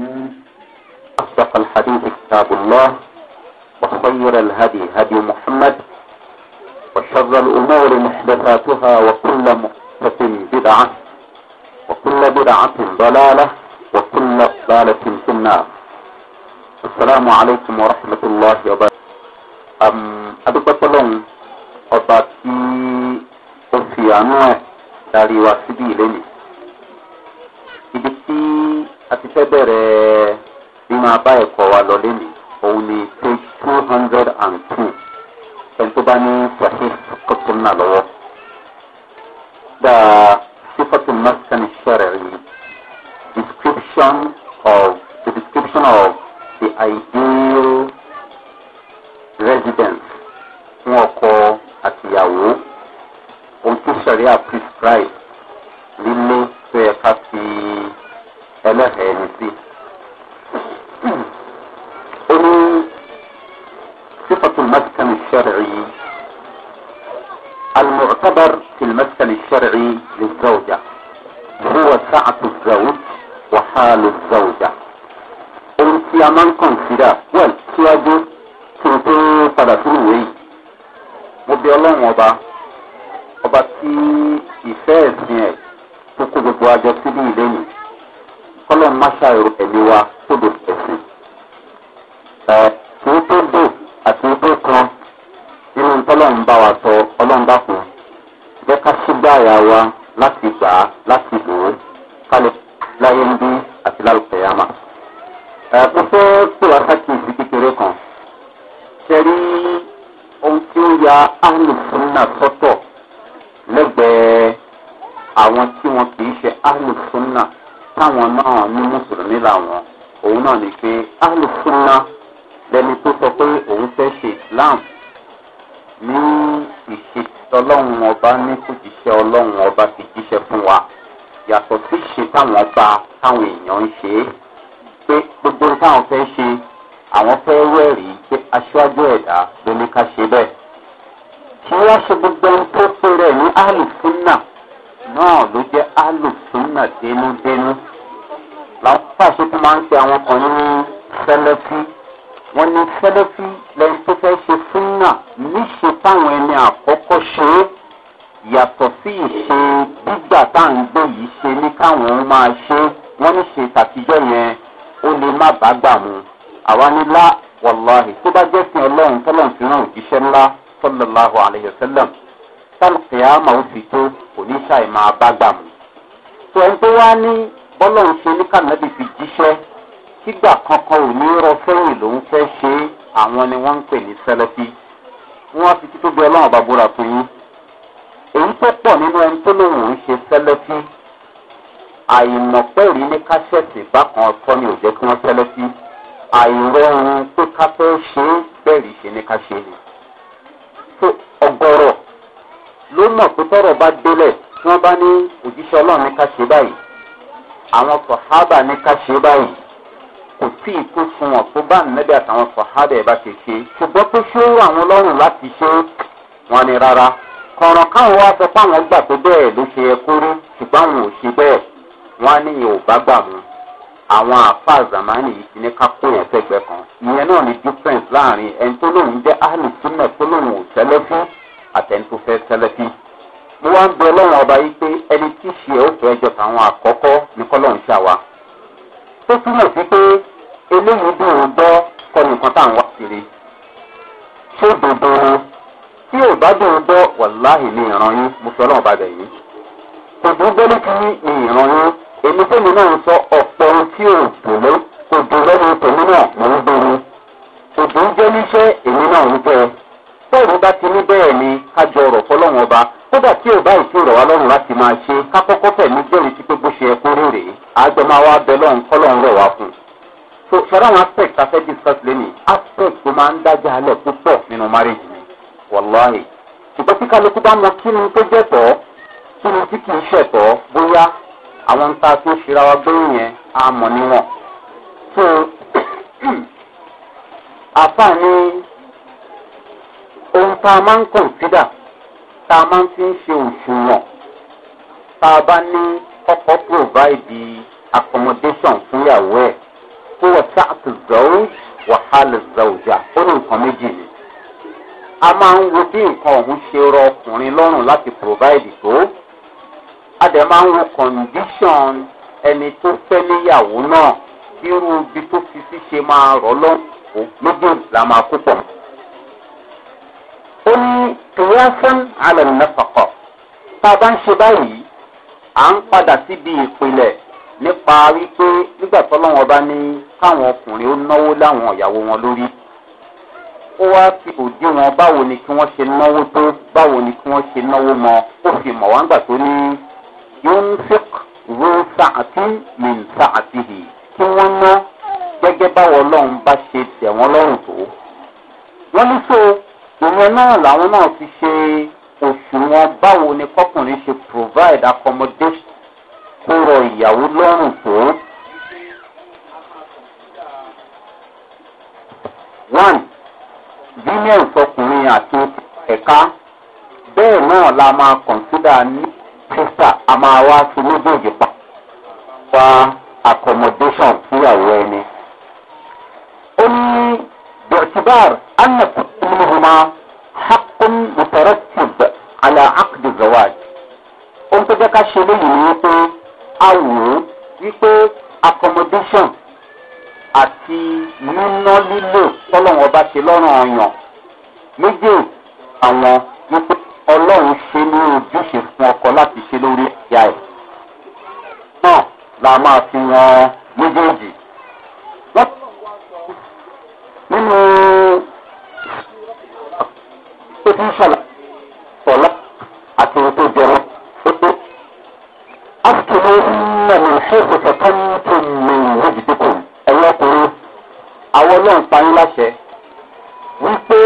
المسلمين أصدق الحديث كتاب الله وخير الهدي هدي محمد وشر الأمور محدثاتها وكل محدثة بدعة وكل بدعة ضلالة وكل ضلالة في النار السلام عليكم ورحمة الله وبركاته أم أدوك أبا تي أفيانوه داري واسدي لني a ti fẹ́ bẹ̀rẹ̀ bí máa bá ẹ̀kọ́ wa lọ lé mi òun ni page two hundred and two ẹni tó bá ní sahih kọ́tùnà lọ́wọ́ dáa sífọ́tù mẹ́sàn-án description of the description of the ideal residence fún ọkọ àtìyàwó ohun tí sọ̀rọ̀ yà prescribe lílé tó yẹ ká fi. ẹlẹ́fẹ̀ẹ́ ẹni sí. ó ní sífàtú mẹ́tíkàn ìṣẹ̀rẹ̀ yìí المعتبر في المسكن الشرعي للزوجة هو سعة الزوج وحال الزوجة ti a máa ń kọ̀nsídà well síwájú kí n tó padà sínú ìwé yìí mo bí ọlọ́run ọba ọba tí ìfẹ́ ẹ̀sìn ẹ̀ tó kó gbogbo àjọ síbí ìlẹ́yìn kọ́lọ̀ máṣá ẹ̀mí wa kódò ẹ̀sìn. Èyí tó dò àti èyí tó kan nínú tọ́lọ́run bá wa sọ ọlọ́run bá kù. Jẹ́ ká ṣúgbà àyà wa láti gbà á láti lò ó ká lè láyé ń bí àti lálùpẹ̀ yá mà. Mo fẹ́ pè wá sákìyèsí kékeré kan. Ṣé rí ohun tí ó ya áhùnsùn náà sọ́tọ̀ lẹ́gbẹ̀ẹ́ àwọn tí wọn kì í ṣe áhùnsùn náà? táwọn náà ní mùsùlùmí làwọn òun náà ni pé alùpùpù lẹni tó sọ pé òun fẹ́ ṣe islam ní ìṣètò ọlọ́run ọba ní kò jíṣẹ́ ọlọ́run ọba ti jíṣẹ́ fún wa yàtọ̀ sí ṣe táwọn ọba táwọn èèyàn ń ṣe é pé gbogbo táwọn fẹ́ ṣe àwọn fẹ́ wẹ̀rí pé aṣáájú ẹ̀dá ló ní ká ṣe bẹ́ẹ̀ kí wọ́n ṣe gbogbo ohun tó péré ní alùpùpù náà ló jẹ́ alùpùpù dénúdénú làwọn fàṣẹ tó máa ń pe àwọn kan ní sẹlẹfì wọn ní sẹlẹfì lẹni tó fẹ́ ṣe súnà níṣe táwọn ẹni àkọ́kọ́ ṣe é yàtọ̀ sí ìṣe gbígbà tá à ń gbé yìí ṣe ní káwọn máa ṣe wọ́n ní ṣe tàtijọ́ yẹn ó lè má bàá gbà mu àwa ní lá wàláhì tó bá jẹ́ sin ọlọ́run tọ́lọ́run fi ràn òjíṣẹ́ ńlá sọ́lọ́láhu àlẹ́yọ̀sẹ́lẹ̀m táwọn kìá máa fi tó kò ní ṣàì máa bá gbà mu. tó ẹni tó wá ní bọ́lọ́run ṣe ní kànáàbì fi jíṣẹ́ sígbà kankan ò ní rọ sẹ́yìn ló fẹ́ ṣe àwọn ni wọ́n ń pè ní sẹ́lẹ́fì wọ́n á fi títú bí ọlọ́run ọba búra fún yín èyí tó pọ̀ nínú ẹni tó lòun ń ṣe sẹ́lẹ́fì àìmọ̀pẹ́rì ní káṣẹ́ẹ̀tì bákan ọ̀tọ́ ni ò jẹ́ kí wọ́n sẹ́lẹ́fì àìrọ̀rùn pé ká fẹ́ ṣe é bẹ́ẹ̀rì ṣe ní ká ṣe ni. tó ọgọrọ ló mọ̀ pé tọrọ bá délẹ̀ tí wọ́n bá ní òjíṣẹ́ ọlọ́run ní ká báyìí àwọn sọ̀hábà ní káṣí báyìí kò tí ì tó fún wọn tó bá nẹ́bí àtàwọn sọ̀hábà ẹ̀ bá ṣe ṣe ṣùgbọ́n pé ṣé ó àwọn lọ́rùn láti ṣe wọn ni rárá kọ̀ọ̀ràn káwọn wá sọ pé àwọn gbà tó bẹ́ẹ̀ ló ṣe yẹ kó rí ṣùgbọ́n àwọn ò ṣe bẹ́ẹ̀ wọn ní ìyẹn ò bá gbà mu àwọn àfa zamani yìí ti ní ká kó yẹn sẹ́gbẹ́ kan ìyẹn náà ni difference láàrin ẹni tó lóun jẹ́ ahlùsúnmẹ̀ tó lóun ò sẹ́lẹ́fí àtẹni tó fẹ́ sẹ́lẹ́fí mo wá ń bẹ ọlọ́run ọba yìí pé ẹni tí ṣe ẹ̀ ó fẹ́ jọ tàwọn àkọ́kọ́ ní kọ́lọ́run ṣà wa. tó túmọ̀ sí pé eléyìí dùn ún gbọ́ kọ́ nìkan tá à ń wá kiri. ṣé dòdò tí ò bá dùn ún gbọ́ wàláhì ní ìran yín mo fi ọlọ́run ọba bẹ̀ yín. kò dùn gbọ́ létí ní ìran yín èmi tèmi náà ń sọ ọ̀pọ̀ ohun tí ò dùn lé kò dùn lẹ́nu tèmi náà mò ń gbèrú. òdùn jẹ́ níṣẹ́ èmi náà ń bẹ́ẹ̀. bẹ́ẹ̀ ni bá ti ní bẹ́ẹ̀ ni ká jọ ọ̀rọ̀ fọlọ́run ọba kódà tí ò báyìí tí ò rọ̀ wá lọ́rùn láti máa ṣe kákọ́kọ́ fẹ̀mí jẹ́rìí sí pé bó ṣe ẹkún rèrè àgbẹ̀ máa wá bẹ lọ́run kọ́lọ́run rẹ̀ wá fún un. so ṣọ́ra àwọn aspect tá a fẹ́ discuss lónìí aspect tó máa ń dájà alẹ̀ púpọ̀ nínú marriage mi wàláhì. ṣùgbọ́n tí kálukú bá mọ kí ni tó jẹ́ tọ́ kí ni tí kì í ṣẹ̀ tọ́ bóyá àwọn ń ta tó ṣera wa gbé yẹn á mọ̀ níwọ̀n. so àfààní ohun tá a máa ń consider tá a máa fi ń ṣe òṣùwọ̀n tá a bá ní kọ́kọ́ provide accommodation fún ìyàwó ẹ̀ kó wọ́n sáàtì zawj wàhálà zawjà ó ní nǹkan méjì ni. a máa ń wo bí nǹkan ọ̀hún ṣe rọ ọkùnrin lọ́rùn láti provide tó a dẹ̀ máa ń wo condition ẹni tó fẹ́ níyàwó náà irú ibi tó fi sí máa rọ̀ lọ́rùn méjèèjì la máa kó pọ̀ ó ní ìwọ́fún alẹ́ nàfàkọ̀ tá a bá ń ṣe báyìí à ń padà síbi ìpìlẹ̀ nípa wípé nígbà tọ́lọ́wọ́n bá ní káwọn ọkùnrin ó náwó láwọn ìyàwó wọn lórí ó wá fi òdi wọn báwo ni kí wọ́n ṣe náwó tó báwo ni kí wọ́n ṣe náwó mọ ó fi mọ̀ wọ́n gbà tó ní yunfiq ru sa'ati min sa'atihi kí wọ́n ná gẹ́gẹ́ báwo ọlọ́run bá ṣe tẹ̀ wọ́n lọ́rùn tó wọ́n ní so ìyẹn náà làwọn náà fi ṣe òṣùwọ̀n báwo ni kọkùnrin ṣe provide accommodation tó rọ ìyàwó lọ́rùn tó. one union tọkùnrin àti ẹ̀ka bẹ́ẹ̀ náà la máa consider ní pẹ́sà a máa wá sí méjèèjì pa wá accommodation fúyàwó ẹni. ó ní. باعتبار أن كل منهما حق مترتب على عقد الزواج أم تجاك jẹ́ ká ṣe léyìn ni wípé a wò ó wípé accommodation àti níná lílò tọ́lọ́wọ́n bá ṣe lọ́rùn ọ̀yàn méjì àwọn wípé ọlọ́run ṣe ní ojúṣe fún ọkọ láti ṣe lórí ẹ̀yà ẹ̀ náà la máa fi wọn méjèèjì nínú petition ọ̀la àti ètò ìjọba pé asùnmọ̀ nàmì ṣèkò kẹ̀kẹ́ tó mìíràn lójijìkò ẹ̀rọ ọkùnrin àwọn náà ń parí láṣẹ wípé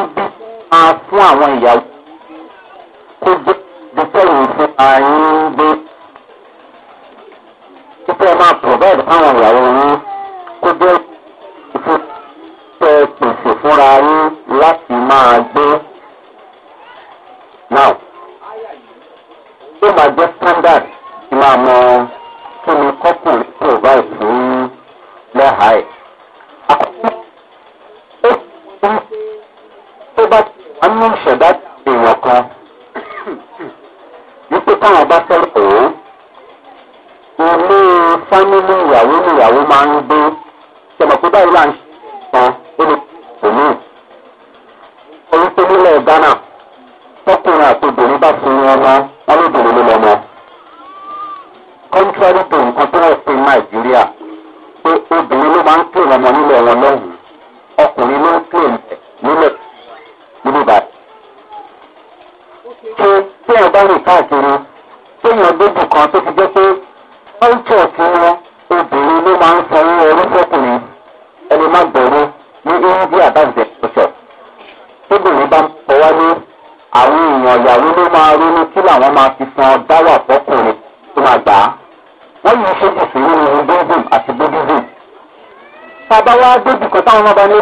ibi máa fún àwọn ìyàwó kó jẹ́ dùtẹ́yìn fún ààyè gbé kí fẹ́ máa provide fáwọn ìyàwó yín kó jẹ́ parun láti máa gbé ما باندې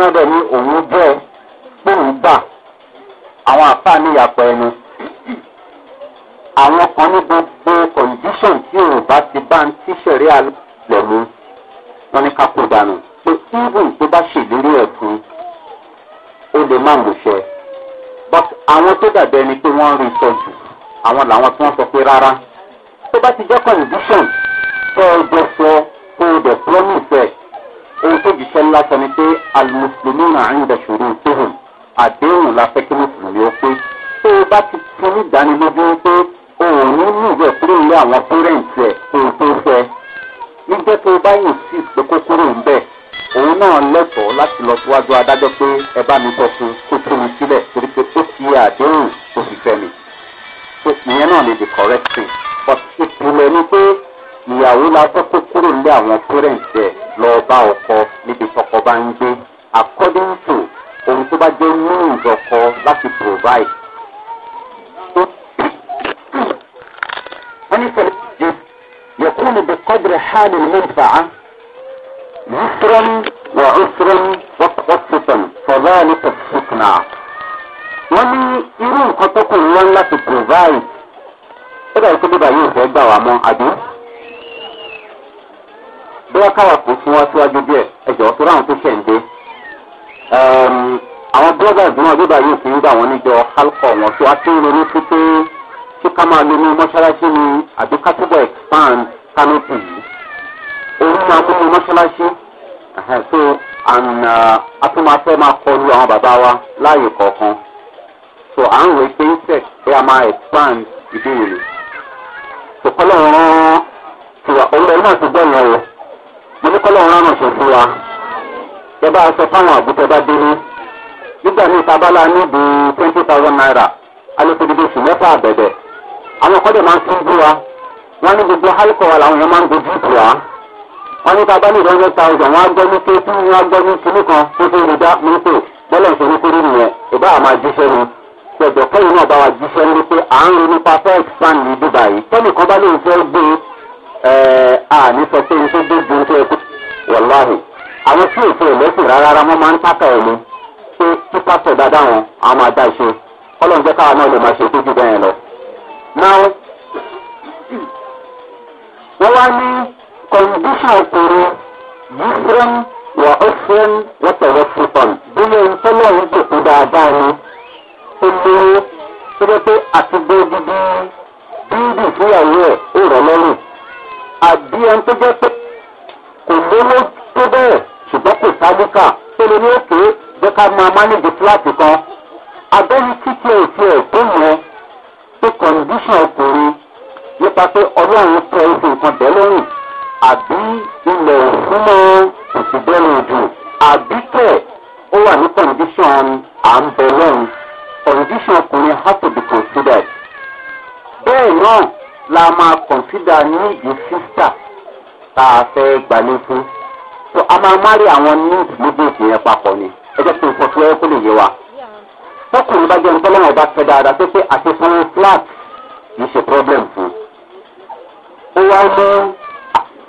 náà dẹ̀ ní òun bẹ́ẹ̀ pé òun gbà àwọn àpá ní ìyàpọ̀ ẹnu àwọn kan ní gbogbo condition tí òun bá ti bá ń tíṣẹ̀rí àlọ́ mi wọn ní ká kó dànù pé even tó bá ṣèlérí ẹ̀ fún ó lè má mọ̀ṣẹ́ but àwọn tó dàbẹ̀ ni pé wọ́n ń rí sọ́jù àwọn làwọn tí wọ́n sọ pé rárá tó bá ti jẹ́ kọ́ńdí. síwájú adájọ́ pé ẹ bá mi sọ fún kó tú mi sílẹ̀ torí pé ó ti àdéhùn ó sì fẹ́ mi. so ìyẹn náà ni the correct thing but ìpìlẹ̀ ni pé ìyàwó la fẹ́ kó kúrò nílé àwọn parents ẹ̀ lọ bá ọkọ níbi tọkọ bá ń gbé according to ohun tó bá jẹ́ means ọkọ láti provide. wọ́n ní sọ̀rọ̀ ìdíje yẹ kúrò níbi kọ́dìrì hàn ní mẹ́fà á. yusran wa usran náà ní tẹ̀síkìnà wọ́n ní irú nǹkan tó kù ńlá ńlá ti provide ó dàbí pé bíbá yóò fẹ́ gbà wá mọ́ àbí bí wọ́n káwà kó fún wa síwájú díẹ̀ ẹ̀jọ̀ tó ráhùn tó ṣẹ̀ ń dé àwọn brothers náà bíbá yóò fi ń gbà wọ́n níjọ alcohol wọn tó wá tó ń ronú sí pé kí ká máa lo ní mọ́ṣáláṣí ni àbí ká túbọ̀ expand canopy yìí òun máa mú ní mọ́ṣáláṣí and uh, a tún máa kọlu àwọn bàbá wa láàyè kọ̀ọ̀kan so à ń rò pé insect a máa expand ìbéèrè so kọ́lọ̀ rán tiwa olùdarí náà ti gbọ́ ìyẹn o mo ní kọ́lọ̀ rán àrùn ṣòfò wa ẹ bá fáwọn àbútẹ bá délé nígbà míì níbi twenty thousand naira alẹ́kùnrin oṣù mẹ́fà àbẹ̀bẹ̀ àwọn kọ́dẹ̀ máa ń tún bú wa wọ́n ní gbogbo hálùkọ́ wa làwọn wọn ní tábà lè lọ́jọ́ ta ọjà wọn á gbọ́ ní kéétí wọn á gbọ́ ní kinní kan tó fi lè dá mi pè bọ́lẹ̀ ìṣòro kúrú nìyẹn ìbá àmà jíṣẹ́ ni gbẹ̀gbẹ̀ kẹ́yìn náà bá wa jíṣẹ́ ni pé à ń ronú pa fẹ́ expand ní dubai yìí tẹ́lẹ̀ kan bá lè fẹ́ gbé àní sọ pé nítorí gbé ju nítorí ẹkú wọláhì àwọn tí èso ìlẹ́sìn rárá wọn máa ń tákà ẹ̀ ni pé pípa tẹ̀ dáadáa wọn àwọn máa dá iṣẹ́ kọ́lọ́n jẹ́ náà lè máa ṣe ìtọ́jú bẹ́ẹ̀ lọ. náà wọ́n wá ní kọndíṣàn òkòrò yusran wà ọsẹn wọtọrọ fúnpọn bóyá ìtọ́lọ́ ń jòkó dáadáa ni ó lówó tó bẹ́ pé àtúgbò gidi bíbí ìfúyàwó ẹ̀ ó rọ̀ lọ́rùn àbí ẹni tó jẹ́ pé kò lówó tó bẹ́ẹ̀ ṣùgbọ́n kò sábúkà tó lè ní òkè jẹ́ ká máa mánéjì fúláàtì kan abẹ́ni títí ẹ̀ ti ẹ̀ tó mọ̀ pé kọndíṣàn òkòrò nípa pé ọlọ́run tẹ ẹ̀sìn kan bẹ́ẹ̀ lọ́rùn àbí ilẹ̀ òfúnmọ́ ìṣùgbọ́n òjò àbí tẹ̀ ó wà ní kọ̀ǹdíṣọ̀n à ń bẹ lọ́run condition ọkùnrin has to be considered. bẹ́ẹ̀ náà la máa kọ̀ǹsídà níìdì sísà tá a fẹ́ gbalé fún. tó a máa má rí àwọn níìdì méjèèjì yẹn papọ̀ ni ẹ jẹ́ pé nǹkan tó yẹ kó lè yé wa. tọkùnrin bá jẹun tọ́lọ́mọ ọba fẹ́ dáadáa pé pé àti sanwó flat kì í ṣe problem fún. ó wá mú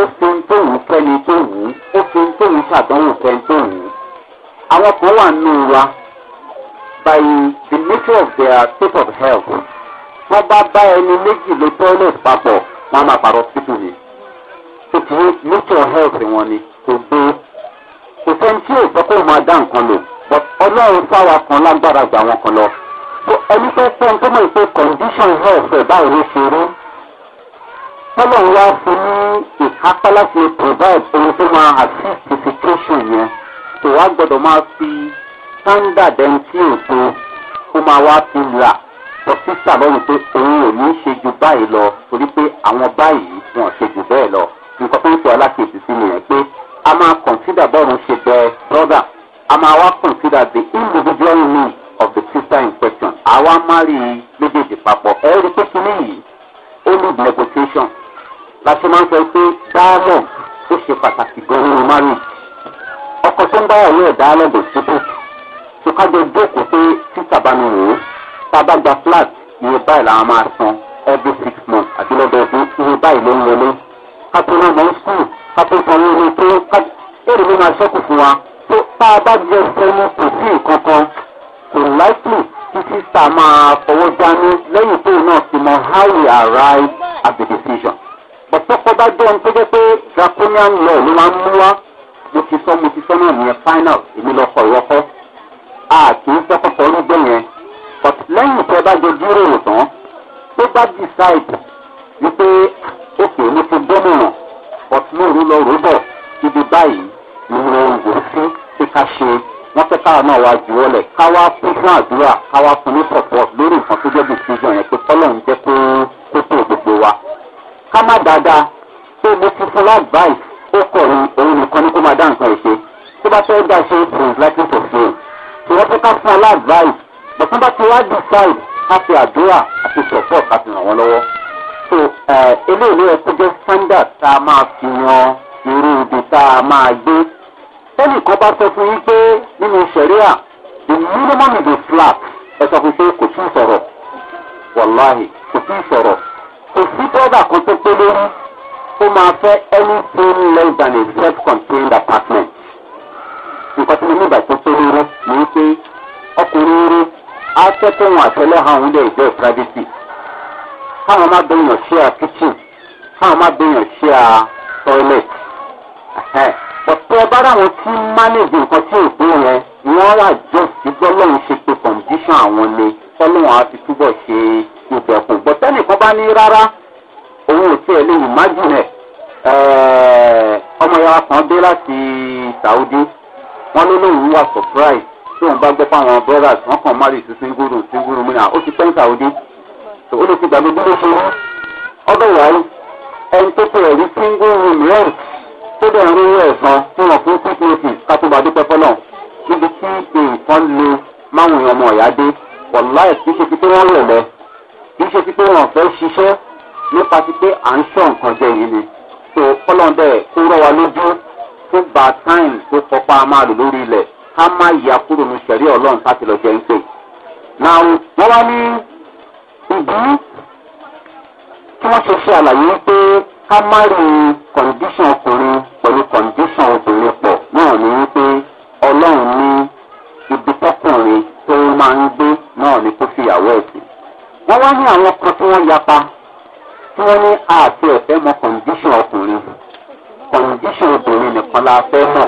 ó fi ń tóun fẹ́ni tó wù ú ó fi ń tóun ṣàdánwò fẹ́ni tó wù ú. àwọn kan wà nù wa by the nature of their state of health wọ́n bá bá ẹni méjì lé toilet papọ̀ wọ́n á máa pàrọ̀ sípò ni. tó ti ní nature health wọn ni kò gbé kò sẹ́ni tí yóò sọ pé òun máa dá nǹkan lò but ọlọ́run sáwa kan lágbára gbà wọn kan lọ. so ẹni tó fẹ́ ń tó mọ̀ pé condition health ẹ̀ báwo ló ṣe rí tọ́lọ́run wá fún ní ìkápá láti provide ohun tó máa assist situation yẹn tó wá gbọ́dọ̀ máa fi standard ẹni tí ò tó ó máa wá fi là lọ sí sàlọ́run pé òun ò ní ṣe ju báyìí lọ torí pé àwọn báyìí wọn ṣe jù bẹ́ẹ̀ lọ nǹkan tó ń sọ alákèésí sí nìyẹn pé a máa consider bọ́ọ̀rù ṣe bẹ brọ́dà a máa wá consider the individual need of the sister in question àwa máa rí méjèèjì papọ̀ ẹ rí pé kí ni yìí ó need negotiation láti máa ń sọ pé dáálọ̀ ó ṣe pàtàkì gan-an nínú márùn ọkọ̀ tó ń bá ọ̀rẹ́ ẹ̀ dáálọ̀ bò síkú tó jókòó pé títà bá mi rò tá a bá gba flat iye báyìí làwọn máa san every six months àti lọ́dọọdún iye báyìí ló ń wọlé kátó náà mọ̀ ń sùn kátó kan ní ilé tó èrè ló máa ṣẹ́kù fún wa tó tá a bá jẹ sẹ́nu kò sí nǹkan kan kò láìpẹ́ kí sísà máa fọwọ́ dání lẹ́yìn tó náà ti mọ how we arrive at the decision bọ̀tọ́kọ bá jẹ́ ohun tó jẹ́ pé draconian law ló máa ń mú wá mo ti sọ mo ti sọ náà nìyẹn final èmi lọ kọ ìwọ́kọ́ a kì í fẹ́ kọ́kọ́ rúgbó yẹn but lẹ́yìn tó bá jẹ jíròrò tán tó bá decide wípé òkè mo ti gbọ́mọ̀ràn but mo rí lọ rò bọ̀ ibi báyìí ni mo ń wò sí pé ká ṣe wọ́n fẹ́ káwọn náà wá ju ọlẹ̀ káwá fún fún àdúrà káwá fún ní support lórí nǹkan tó jẹ́ decision yẹn pé kọ́lọ̀ ń jẹ́ kó kó tó gbogbo wa. Kama dada dáadáa pé mo ti fún láàbáì ó kọ̀ ní òun nìkan ní kó máa dá nǹkan ẹ̀ tó bá fẹ́ dá ṣe he is likely to fail tí wọ́n fẹ́ ká fún láàbáì bàtún bá ti wá decide ká fi àdúrà àti support ká ràn wọ́n lọ́wọ́ so eh, eléyìí ló kó jẹ́ standard tá a máa fi yan irú ibi tá a máa gbé ẹnìkan bá sọ fún yín pé nínú sẹ̀ríà the minimum is a flat ẹ sọ fún pé kò tún sọ̀rọ̀ wàláhì kò tún sọ̀rọ̀. kò sí dọ́gba kan tó pé lórí ó máa fẹ́ anything less than a self contained apartment. nǹkan tí mo ní ìbàjẹ́ pé lórí ni ọkùnrin á fẹ́ wọn àwọn ilé ìjọ privacy. káwọn má bẹ̀yàn ṣe à kitchen káwọn má bẹ̀yàn ṣe à toilet. ọ̀pọ̀ ọba ráwọn manage nǹkan tí ò gbé wọn wà jọ ṣe kù tẹ̀kùn bọ́ sẹ́nìkan bá ní rárá òun ò tiẹ̀ lè ìmájù rẹ̀ ọmọ yàrá kan dé láti saudi wọn ló lóun wà surprise tí òun bá gbọ́ fáwọn brothers wọn kàn má lè sí singuru singuru mìíràn ó ti pẹ́ ní saudi ó lè fi gbàgbé ẹni tó singuru mìíràn fún ká tó bá dúpẹ́ fọlọ́ níbi tí le fi tó wọ́n kì í ṣe sí pé wọn fẹ́ ṣiṣẹ́ nípa ti pé à ń sọ nǹkan jẹ yìí ni tó kọ́lọ́ndẹ̀ kó rọ́ wa lójú tó gba táìmù tó kọpa máa lò lórí ilẹ̀ ká má yà kúrò ní sẹ̀rí ọlọ́run láti lọ jẹ́ ń pè. náà wọ́n wá ní ìdí tí wọ́n ṣe ṣe àlàyé pé ká má rí kọ̀ǹdíṣàn ọkùnrin pẹ̀lú kọ̀ǹdíṣàn obìnrin pọ̀ náà ní wípé ọlọ́run ní ibi tọkùnrin tó máa ń gbé náà ni kó fi ẹ̀sìn wọ́n wá ní àwọn kan tí wọ́n yapa tí wọ́n ní àti ẹ̀fẹ́ mọ kọ̀ǹdíṣàn ọkùnrin kọ̀ǹdíṣàn obìnrin nìkan la fẹ́ mọ̀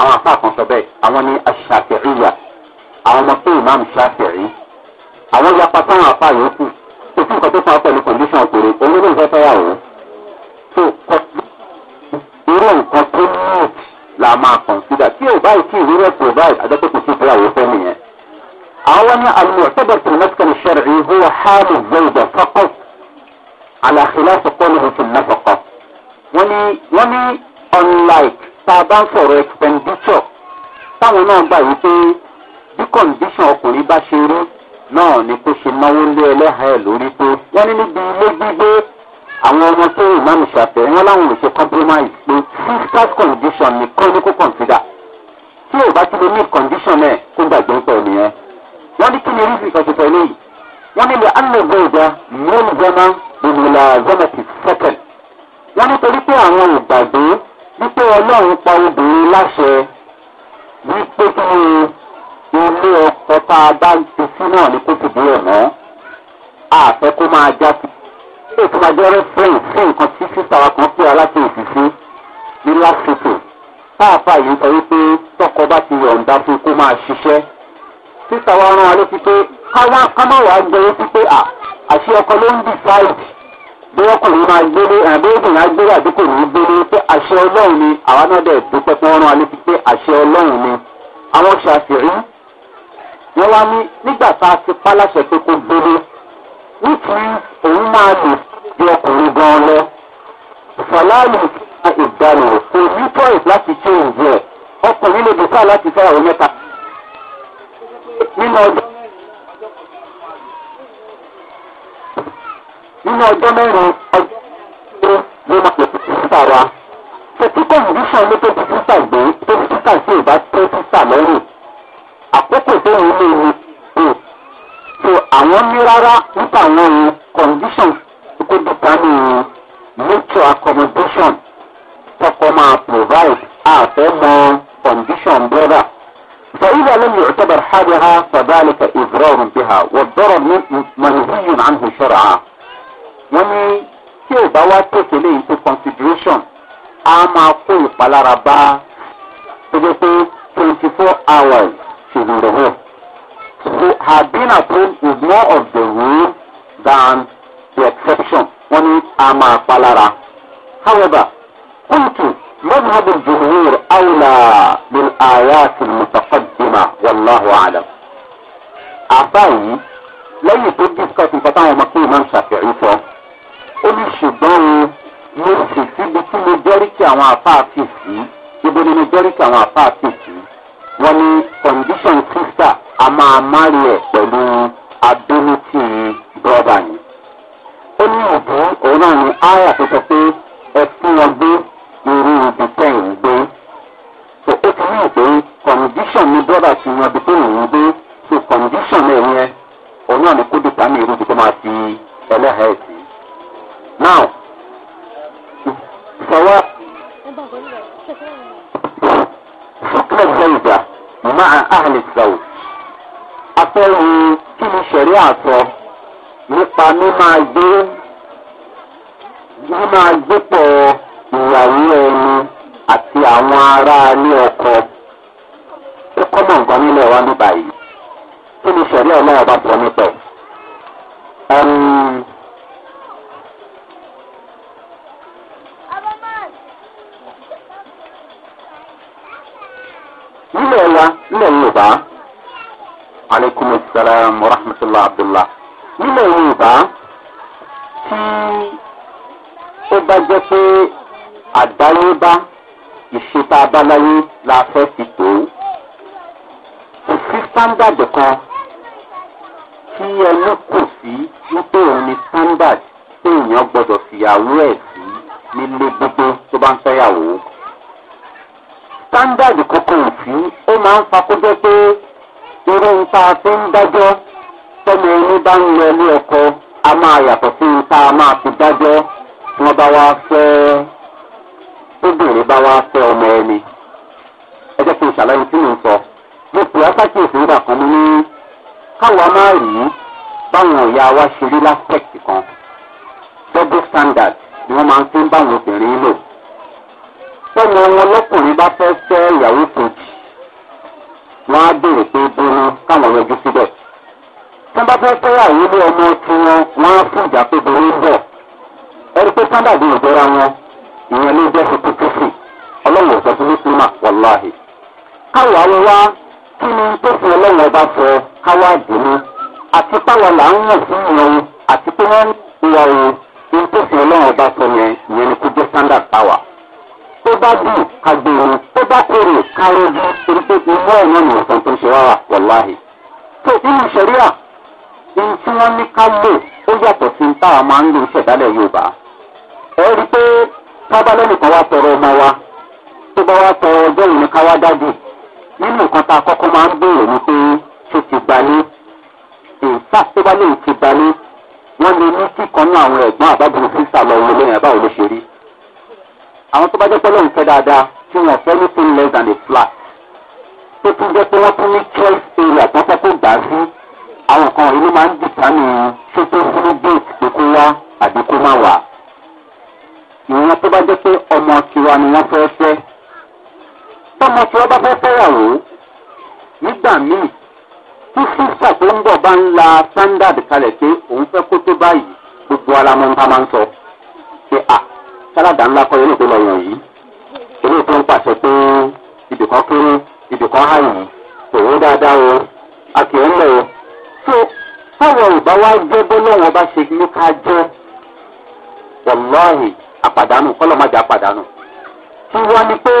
àwọn apá kan sọ bẹ́ẹ̀ àwọn ní aṣàkẹ́ríyà àwọn ọmọ pé ìmáàmù ṣàkẹ́rí àwọn yapa táwọn apá yòókù kò sí nǹkan tó fà á pẹ̀lú kọ̀ǹdíṣàn ọkùnrin òun ló ń fẹ́ fẹ́yàwó tó kọ irú nǹkan tó mú la máa kọ̀ǹsídà tí ò báyìí tí ìrírí ẹ̀ provide àjọpọ̀ kò اولا المعتبر في المسكن الشرعي هو حال الزوجة فقط على خلاف قوله في النفقة وني وني unlike tá a bá ń sọ̀rọ̀ expenditure táwọn náà gbà wípé bí condition ọkùnrin bá ṣe rí náà ni kó ṣe náwó lé ẹlẹ́hàá ẹ̀ lórí pé wọ́n ní níbi ilé gbígbé àwọn ọmọ tó ìmáàmù ṣàfẹ́ wọn láwọn ò ṣe compromise pé fiscal condition nìkan ni kó consider tí ò bá ti lè meet condition ẹ̀ kó gbàgbé ń pẹ̀ nìyẹn wọ́n ní kí ni rí ìfẹ́ ti pẹ̀lú yìí wọ́n ní lè alẹ́gbẹ́ ìjà mẹ́rin zama ìmìlà zama ti sẹ́kẹ̀l wọ́n ní torí pé àwọn ìgbàgbé wípé ọlọ́run pa obìnrin láṣẹ wípé kí ni ilé ọkọ̀ tá a bá ti sí náà ni kó ti bí ẹ̀ mọ́ àfẹ́ kó máa já sí ilé ìtura jẹ́ rẹ́fẹ́rìn fún nǹkan tí sísá wa kan pé aláṣẹ òṣìṣẹ́ ní lásìkò táàpá yìí sọ wípé tọkọ bá ti yọ̀ǹda fún kó máa ṣiṣẹ́ sísà wa rán wa létí pé káwá kámá wàá gbé létí pé à àṣẹ ọkọ ló ń bì sáìdì bí ọkùnrin máa gbélé àbí obìnrin agbélé àbí kò ní gbélé pé àṣẹ ọlọ́run ni àwa náà dẹ̀ dúpẹ́ pé wọ́n rán wa létí pé àṣẹ ọlọ́run ni àwọn ṣàfihàn wọn wá ní nígbà tá a ti pálásẹ pé kó gbélé nítorí òun máa lò bí ọkùnrin gan lọ fàlàlù ìgbàlù kò ní choice láti ṣe òun jẹ ọkùnrin lè dùn sáà láti fẹ́ àwọn mẹ́ta nínú ọjọ́ nínú ọjọ́ mẹ́rin ọjọ́ ló ló máa pè fún sísà wa. ṣètí kọ̀ǹdíṣàn ló tó fi sísà gbé tó fi sísà tí ò bá tẹ́ sísà lọ́rùn. àkókò tó ń lé ni o. so àwọn ní rárá nípa àwọn ohun kọ̀ǹdíṣàn kó dùkà ní nature accommodation tọkọ máa provide àfẹ́ mọ kọ̀ǹdíṣàn brother. فإذا لم يعتبر حالها فذلك إضرار بها والضرر منهي عنه شرعا يعني tí ò bá wá tètè lè into consideration a máa kó ìpalára bá tó jẹ́ pé twenty four hours ṣì ń rẹ̀ hàn. so her being at home is more of the rule than the exception wọ́n ní a however kúntù مذهب الجمهور أولى بالآيات المتقدمة والله أعلم أعطاني لن يتوقف كاتب بطاعة مقيم من شافعي فهم قولي شبان مرسيسي بكي مجاريك عن عطاتي يبني مجاريك عن عطاتي وني condition sister أما عمالي بلو ability brother ni ó ní ọ̀dọ́ òun náà ni irú ibi tẹ́ ń gbé. so ó ti hàn pé condition ni brother ti yan ibi tó ń gbé so condition náà yẹn òun náà ni kó ní irú ibi tó máa fi ẹlẹ́hàá ẹ̀ sí. now ìfọwọ́ fúkúlẹ̀ zẹ́yìdà máa ahàlẹ̀ zàwò afẹ́rù kí ni sẹ̀rí àtọ nípa mímáa gbé mímáa gbé pọ̀ ọ́ ìyàwó ẹni àti àwọn ará ilé ọkọ ó kọ́mọ̀ nǹkan nílẹ̀ wa ní báyìí kí ni sẹ̀rí ọlọ́wọ́ bá sọ nípa ẹ̀. nílẹ̀ wa nílẹ̀ yorùbá aleykum salaam wa rahmatulah abdullah nílẹ̀ yorùbá tí ó bá jẹ́ pé àdáyébá ìṣèta abáláyé la fẹ́ fi tó kò sí standard kan tí ẹnu kò sí wípé òun ni standard tí èèyàn gbọdọ̀ fìyàwó ẹ̀ sí nílé gbogbo tó bá ń fẹ́yàwó standard kankan ò sí ó máa ń fakójọ pé irú nta tó ń dájọ́ tọ́mọ ẹni bá ń lọ ilé ẹ̀kọ́ a máa yàtọ̀ sí nta a máa fi dájọ́ tí wọ́n bá wá fẹ́ẹ́ bá wá fẹ́ ọmọ ẹni ẹ jẹ́ kí n ṣàlàyé tí mò ń sọ mo pè á nígbà kan mo ní káwa máa rí báwọn ìyá wa ṣe rí láspẹ̀tì kan double standard ni wọ́n máa ń fi ń báwọn obìnrin lò tọ́mọ wọn lọ́kùnrin bá fẹ́ fẹ́ ìyàwó kejì wọ́n á béèrè pé bóná káwọn yọjú síbẹ̀ tí bá fẹ́ fẹ́ àwọn ọmọ tí wọ́n á fún ìjà pé bóná ń bọ̀ ẹni pé sábàbí ìjọra wọn ìyẹn ló jẹ́ fún tuntun fún un mà wàláhì. káwọ àwọn wá kí ni tó fi ọlọ́run ọba sọ káwá dìímú àti páwa là ń wọ̀ fún ìran àti pé wọ́n ń wọ ohun ohun tó fi ọlọ́run ọba sọ yẹn ìyẹn ni kò jẹ́ standard power. tó bá dùn ká gbèrú e tó bá kéré ká rojú torí pé inú ẹ̀ náà nìyẹn tó ń ṣe wá wàláhì. tó inú ìṣẹ̀ríà ohun tí wọ́n ní ká lò ó yàtọ̀ sí táwa máa ń lò ń ṣẹ̀dálẹ̀ yorùbá. ẹ rí i pé tábàlẹ́nìkan wá tọrọ ọmọ wa tó bá wá tọrọ ọjọ́ ìlú káwá dájú nínú nǹkan tá a kọ́kọ́ máa ń béèrè ni pé ṣé ti gbalé ìfà tó bá lè ti gbalé wọ́n lè ní kíkan ní àwọn ẹ̀gbọ́n àbábùrù sísà lọ wọ lóyìn àbáwò ló ṣe rí àwọn tó bá jẹ́ pẹ́lú ìfẹ́ dáadáa tí wọ́n fẹ́ ní two less than a flat tó tún jẹ́ pé wọ́n tún ní choice area tó fẹ́ kó gbà á sí àwọn kan ìlú máa ń dìtàmì ṣé tó fún gate pé kó wá àbí kó má wà ìwọ̀n tó bá jẹ́ pé ọmọ tiwa ni wọ́n fẹ́ fẹ́ tọmọ tí wọn bá fẹ́ fẹ́yàwó nígbà míì tí sísà tó ń bọ̀ bá ń la standard kalẹ̀ pé òun fẹ́ kó tó báyìí gbogbo alamọ nǹkan máa ń sọ pé à sálàdà ńlá kọ́ yẹn tó lọ yàn yìí èmi tó ń pàṣẹ pé ibìkan kéré ibìkan hà yìí tòun dáadáa o a kì í mọ̀ o tó táwọn ọ̀bá wa jẹ́ bọ́lọ́wọ́ bá ṣe ní ká jẹ́ wọ̀lọ́ọ̀hìn àpàdánù kọ́lọ́ má jẹ́ àpàdánù tí wọ́n ní pé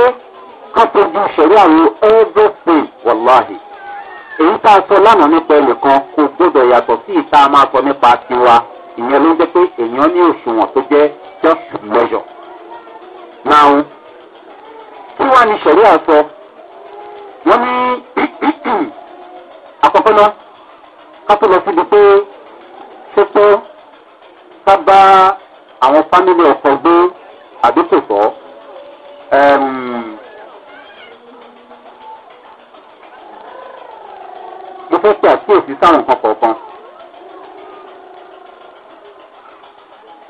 ká tójú ìṣẹ̀rí àwọn everything wàláhì èyí tá a sọ lánàá nípa ẹnìkan kò gbọdọ̀ yàtọ̀ sí ìta máa sọ nípa tiwa ìyẹn ló ń jẹ́ pé èèyàn ní òṣùwọ̀n tó jẹ́ just measure. now kí wàá ní ìṣẹ̀rí àsọ wọ́n ní àkọ́kọ́ náà ká tó lọ síbi pé ṣé tó ká bá àwọn fámìlì ọkọ̀ gbé àdókòtò. pè àkíyèsí sáwọn nǹkan kọ̀ọ̀kan.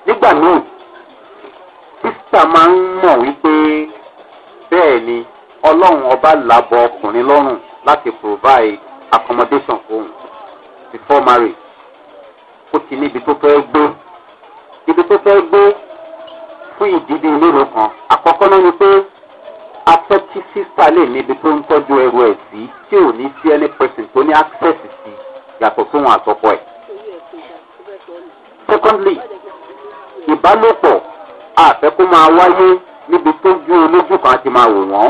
nígbà míì sísà máa ń mọ̀ wípé bẹ́ẹ̀ ni ọlọ́run ọba làbọ̀ ọkùnrin lọ́rùn láti provide accommodation fóun before marriage ó ti níbi tó fẹ́ gbé ibi tó fẹ́ gbé fún ìdí bíi mélòó kan àkọ́kọ́ náà ni pé tọ́ tí sísá lè níbi tó ń tọ́jú ẹrù ẹ̀ sí tí ò ní sí ẹni pẹ̀sìn tó ní access sí yàtọ̀ fún wọn àtọ́kọ ẹ̀. secondly ìbálòpọ̀ àfẹ́ kó máa wáyé níbi tó ju olójú kan ti máa wò wọ́n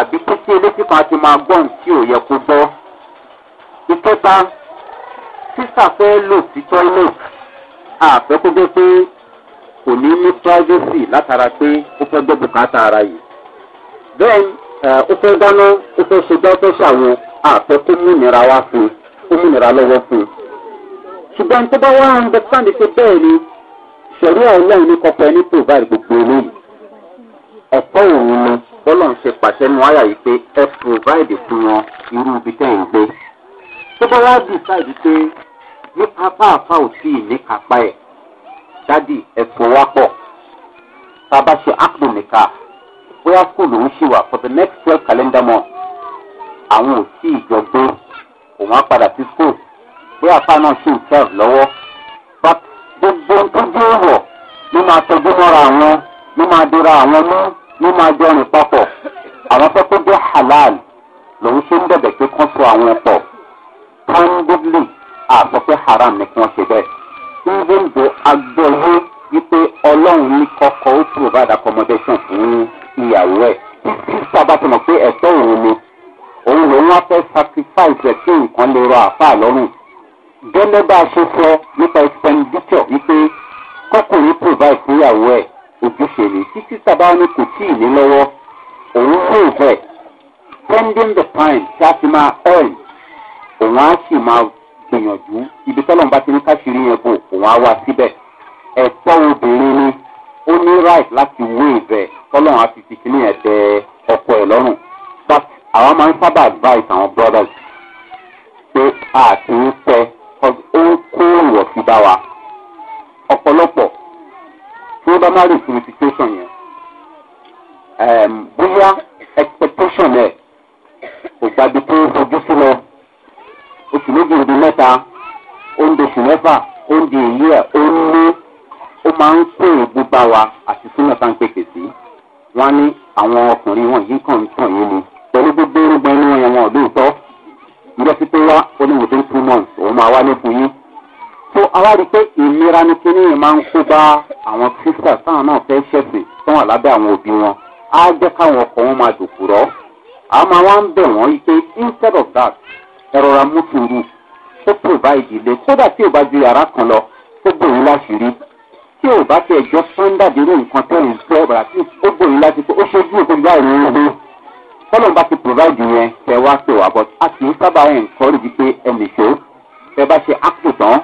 àbí títí elétí kan ti máa gbọ́n tí ò yẹ kó gbọ́. ìkẹta sísá fẹ́ lò sí toilet àfẹ́ kó jẹ́ pé kò ní ní privacy látara pé ó fẹ́ gbọ́ bùkátà ara yìí bẹ́ẹ̀ eh, ó fẹ́ dáná ó fẹ́ ṣe gbọ́ fẹ́ ṣàwọn àfẹ́ kó mú ìnira wá fún kó mú ìnira lọ́wọ́ fún. ṣùgbọ́n tó bá wá ń bẹ sáǹdì pé bẹ́ẹ̀ ni ṣẹ̀rí ọlọ́run ní kọkọ ẹni tó bá gbogbo eléyìí ẹ̀kọ́ òun ni bọ́lá ń ṣe pàṣẹ nu àyà yìí pé ẹ provide fún wọn irú ibi tẹ́ ẹ̀ ń gbé. tó bá wá decide pé ní apá àfa ò tí ì kápá ẹ̀ dádì ẹ̀fọ́ wá pọ̀ tá a bá ṣe ápò nìkan bóyá school lòún ṣì wà for the next twelve calendar month àwọn ò tí ì jọ gbé òun á padà sí school bóyá apá náà ṣì ń serve lọ́wọ́ but gbogbo ohun tó dé wọ̀ ló máa tọjú mọ́ra àwọn ló máa dira àwọn mú ló máa jọ rìn papọ̀ àwọn tó tó jẹ́ halal lòún ṣe ń bẹ̀bẹ̀ pé kán so àwọn pọ̀ poundedly àsọ pé haram ni kí wọ́n ṣe bẹ́ẹ̀ even though agbẹ́wé wípé ọlọ́run ní kọ́kọ́ ó provide accommodation fún yín ìyàwó ẹ̀ sábà tó mọ̀ pé ẹ̀tọ́ òun ni òun lòun wá fẹ́ sacrifice ẹ̀ pé nǹkan lè rọ àfa lọ́rùn gẹ́lẹ́ bá a ṣe sọ nípa expenditure wípé kọkùnrin provide fún ìyàwó ẹ̀ ojúṣe ni títí sábà ní kò tí ì ní lọ́wọ́ òun prove ẹ̀ spending the time tí a fi máa earn òun á sì máa gbìyànjú ibi tọ́lọ́mùbá ti ní káṣírí yẹn bò òun á wá síbẹ̀ ẹ̀tọ́ obìnrin ni ó ní right láti wé ìbẹ̀ tọ́lọ́run á fi fi kíní ẹ̀ tẹ ọkọ ẹ̀ lọ́rùn but àwọn máa ń sábà advice àwọn brothers pé àti ń tẹ ó ń kó ìwọ̀sí bá wa ọ̀pọ̀lọpọ̀ tí ó bá má rí fún situation yẹn um, bóyá expectation ẹ̀ kò gbàgbé tó fojú sí lọ oṣù méjì ìdí mẹ́ta ó ń mẹ́fà ó èyí ẹ̀ ó ń ní ó máa ń kó èébú bá wa àti súnà tá à ń pèsè sí wọn ní àwọn ọkùnrin wọn yìí kàn ń tàn yín ni pẹ̀lú gbogbo orúkọ inú wọn wọn lóòótọ́ ìjọ sí pé wá oníwòsàn two months òun máa wá lẹ́kùn yín tó awárí pé ìnira ni kíní yìí máa ń kó bá àwọn sisters táwọn náà fẹ́ ṣẹ̀sìn tó wà lábẹ́ àwọn òbí wọn á jẹ́ káwọn ọkọ̀ wọn máa dòkú rọ́ a máa wá ń bẹ̀ wọ́n yìí pé instead of that ẹ̀rọra mú sùúrù ó provide ilé kódà tí ò bá ju yàrá kan lọ ó gbòòrò láṣìírí tí o bá tẹ ẹjọ́ standard irú nǹkan tẹ́ ń fẹ́ ọ̀rọ̀ àti ó gbòòrò láti pé ó ṣojú ìpínlẹ̀ báyìí ní ọdún tọ́lọ́n bá ti provide yẹn tẹ wá pè wá but a kì í sábà ẹ̀ ń kọ́ lójú pé ẹnì ṣó tẹ bá ṣe ápò tán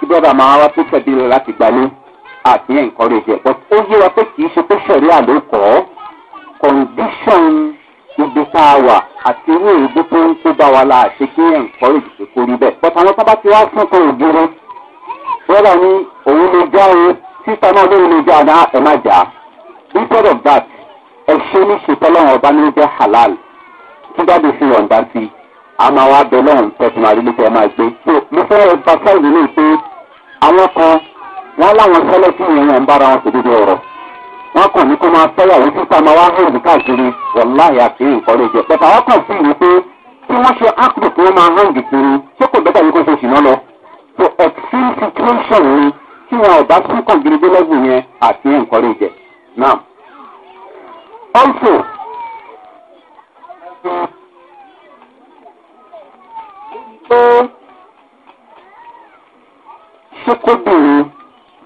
kí bọ́dà máa wá tó tẹ̀lé lọ láti gbalé àti ẹ̀ ń kọ́ lójú ẹ̀ but ó yé wa pé kì í ṣe pé ṣẹ̀rí àló condition ibi tá a wà àti irú èdè tó ń kó bá wa la àti kí ẹ̀ ń kọ́ lójú pé kó rí bẹ́ẹ̀ but àwọn tábà ti wá fún kan ògiri bọ́dà ni òun lè já o sísá náà lórí ló jẹ́ àná má jà of that ẹ ṣe ní ọba ní halal fi yọ̀ǹda sí i a máa wá bẹ ẹ máa gbé. mo fẹ́ ní pé àwọn kan wọ́n láwọn sẹ́lẹ̀ tí ń bára wọn sòdodo ọ̀rọ̀ wọ́n kàn ní kó máa fẹ́yàwó sísá máa wá hàn káàkiri àti pẹ̀tà wọ́n kàn sí pé tí wọ́n ṣe tí wọn ò bá tún kàn gírígé lẹ́gbẹ̀ẹ́ yẹn àti encourage now. also pé ṣé kóbìnrin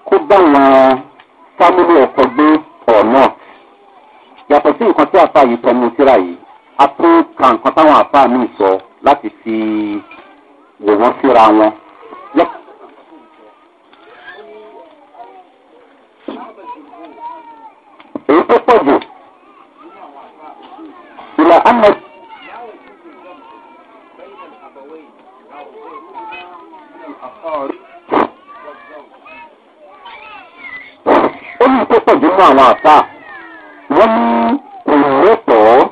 kó bá wọn fámílì ọkọ gbé ọ̀nà yàtọ̀ sí nǹkan tí àfa yìí tọ́ mu síra yìí a tún ka nǹkan táwọn àfa mi sọ láti fi wò wọ́n síra wọn. pọ̀ jù ìlà ahmed. ó ní tó pọ̀ jù mọ́ àwọn àṣà wọ́n ní ìrẹ́pọ̀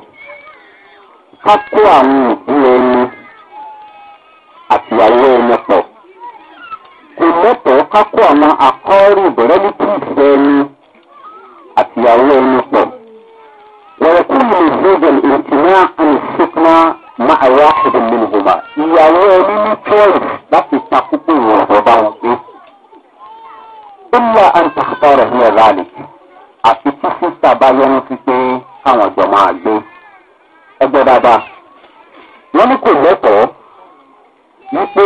ká kó àwọn òbí ẹni àtìyàwó ẹni pọ̀ kò ká kó àwọn akọ́rù bẹ̀rẹ̀ ní kí ìfẹ́ ẹni àtìyàwó ẹni àwọn aṣèlú mìíràn ìyàwó ẹni ní twelve láti ta púpọ̀ ìrànwọ́ bá wọn gbé. ìlà àǹtàkùtà rẹ̀ ní ẹ̀rọ àlè àti tí sísá bá yẹnu sí pé káwọn jọ máa gbé. ẹgbẹ́ dáadáa wọ́n ní kò lẹ́tọ̀ọ́ wípé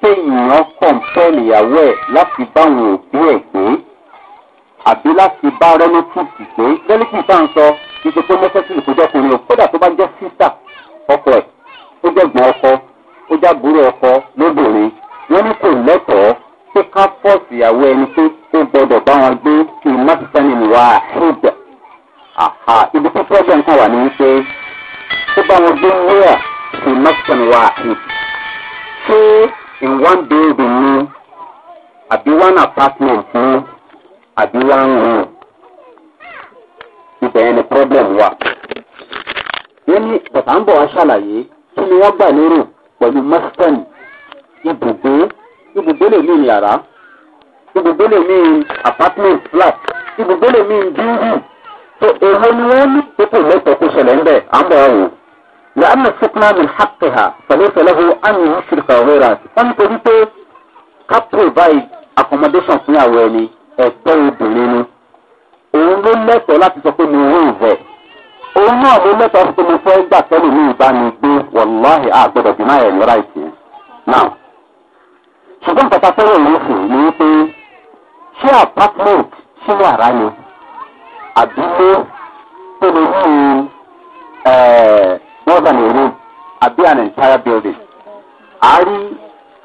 téèyàn kọ̀ǹpẹ́ẹ̀lì ìyàwó ẹ̀ láti báwọn òbí ẹ̀ gbé àbí láti bá rẹ́nu tù sí pé lẹ́lẹ́kì tá à ń sọ ò kódà tó bá jẹ́ sísá ọkọ ẹ̀ ó jẹ̀gbọ́n ọkọ ó jábúrò ọkọ lóbìnrin wọ́n ní kò lẹ́tọ̀ọ́ pé ká fọ́ọ̀sì ìyàwó ẹni pé ó gbọ́dọ̀ bá wọn gbé kí n má ti sẹ́ni wá ṣùgbẹ́. ibi tó fẹ́ẹ́ kan wà ní wípé ó bá wọn gbé wíwà kí n má ti sẹ́ni wá ṣùgbẹ́. ṣé in one building ni àbí one apartment ni àbí one room ibẹ̀ yẹn ni problem wà wọ́n ní bàbá ń bọ̀ wá ṣàlàyé kí ni wọ́n gbà lérò pẹ̀lú mustang ibùgbé ibùgbé lè ní yàrá ibùgbé lè ní apartment flat ibùgbé lè ní bíúrì tó èrò ni wọ́n ní pípò lẹ́tọ̀ọ́ kó ṣẹlẹ̀ ń bẹ̀ à ń bọ̀ wá wò. لأن السكنى من حقها فليس له أن يشرك غيرها wọ́n torí pé ká provide accommodation fún àwọn ẹni ẹ̀tọ́ obìnrin ni òun ló lẹ́tọ̀ọ́ láti sọ pé mo wọ́n ìvọ̀ òun náà ló lẹ́tọ̀ sí mi fẹ́ gbà kẹ́lù ní ìbánigbé wàláhì àgbẹ̀dọ̀ dìnnà ẹ̀ lọ́ra ìtì náà. ṣùgbọ́n pàtà fẹ́rẹ̀ yìí sì ni wípé ṣé apartment ṣé yàrá ni àbílé tó lè ní eh, more than a room àbí an entire building. a rí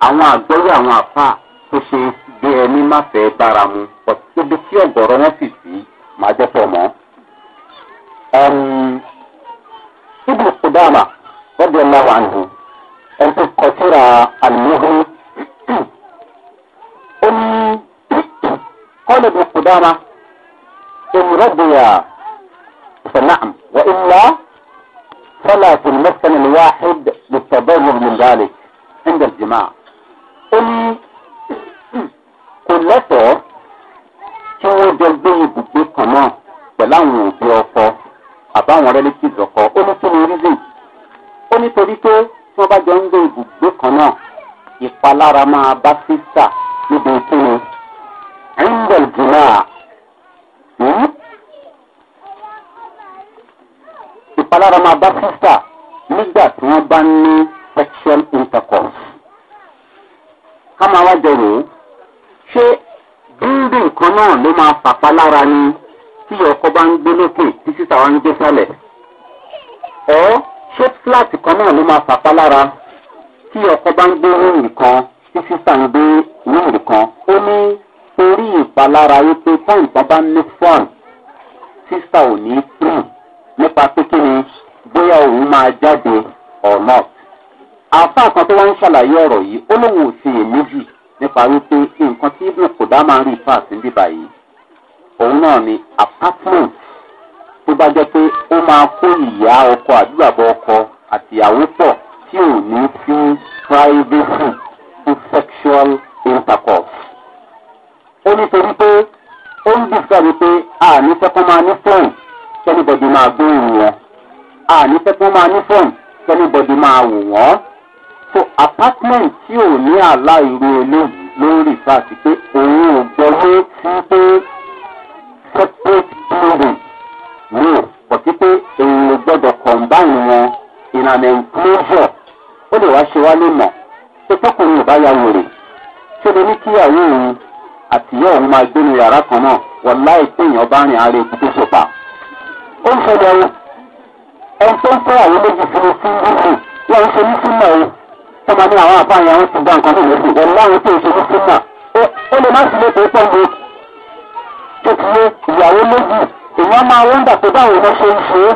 àwọn àgbẹ̀rẹ̀ àwọn àfa tó ṣe bí ẹni má fẹ́ bára mu ibi tí ọ̀gọ̀rọ̀ wọn sì sí máa jẹ́ fọ́ mọ́. ابن قدامة رضي الله عنه أنت قصير المغني أم قال ابن قدامة إن رضي فنعم وإلا فلا في المسكن الواحد للتضرر من ذلك عند الجماع أم قلته شو جلبي jọ gbé ibùgbé àbáwọn relatives ọkọ ó ní kí ni reason ó nítorí pé tí wọ́n bá jọ ń gbé ibùgbé kan náà ìpalára máa bá sísà níbi ìkíni ríndẹ̀l jùlọ ìpalára máa bá sísà nígbà tí wọ́n bá ní sexual intercourse ká máa wá jẹ rèé ṣé bíndìn kan náà ló máa fàpalára ni tí ọkọ bá ń gbé lókè tí sísà wa ń gbé sálẹ̀ ọ́ ṣé fúláàtì kan náà ló máa fàpá lára tí ọkọ bá ń gbé rúùrì kan tí sísà ń gbé rúùrì kan ó ní torí ìpalára wípé táyì kan bá ní fún sísà ò ní tù nípa pé kí ni bóyá òun máa jáde or not àáfàá kan tó wá ń ṣàlàyé ọ̀rọ̀ yìí ó lóun ò sì èméjì nípa wípé nǹkan tí ibùdó kò dá máa ń rí fáàsì ń òun náà ni apartment tó bá jẹ́ pé ó máa kó ìyá ọkọ àdúgbàbọ̀ ọkọ àtìyàwó pọ̀ tí ò ní sí privacy fún sexual intercourse. ó nítorí pé ó ń dùn sí pé àní sẹ́kọ́ máa ní fóònù kẹ́nìbọ̀dì máa gbóhùn wọn àní sẹ́kọ́ máa ní fóònù kẹ́nìbọ̀dì máa wò wọ́n. so apartment tí ò ní àlá ìró eléyìí ló ń rìfà sí pé òun ò gbọ́ lé sí pé separate building no but wípé èèyàn gbọ́dọ̀ combine wọn in an enclosure ó lè wá ṣe wá lè mọ̀ pé tọkùnrin ò bá ya wèrè ṣé mo ní kíyàwó òun àtìyá òun máa gbé ní yàrá kan náà wọ́n láì pé èèyàn bá rìn àárẹ̀ ikú tó ṣèpà ó ń ṣẹlẹ̀ o ẹni tó ń fẹ́ àwọn méjì fún mi sí rúfù wọ́n ń ṣe ní sínú ẹ̀ tó máa ní àwọn àbáyé àwọn ti gba nǹkan náà lẹ́sìn wọ́n láwọn tó ń ṣe ní sínú ó lè má sí lè tó pọ́ńbó tó ti lé ìyàwó méjì èèyàn máa wọ́ndà pé báwo wọ́n ṣe ń ṣe é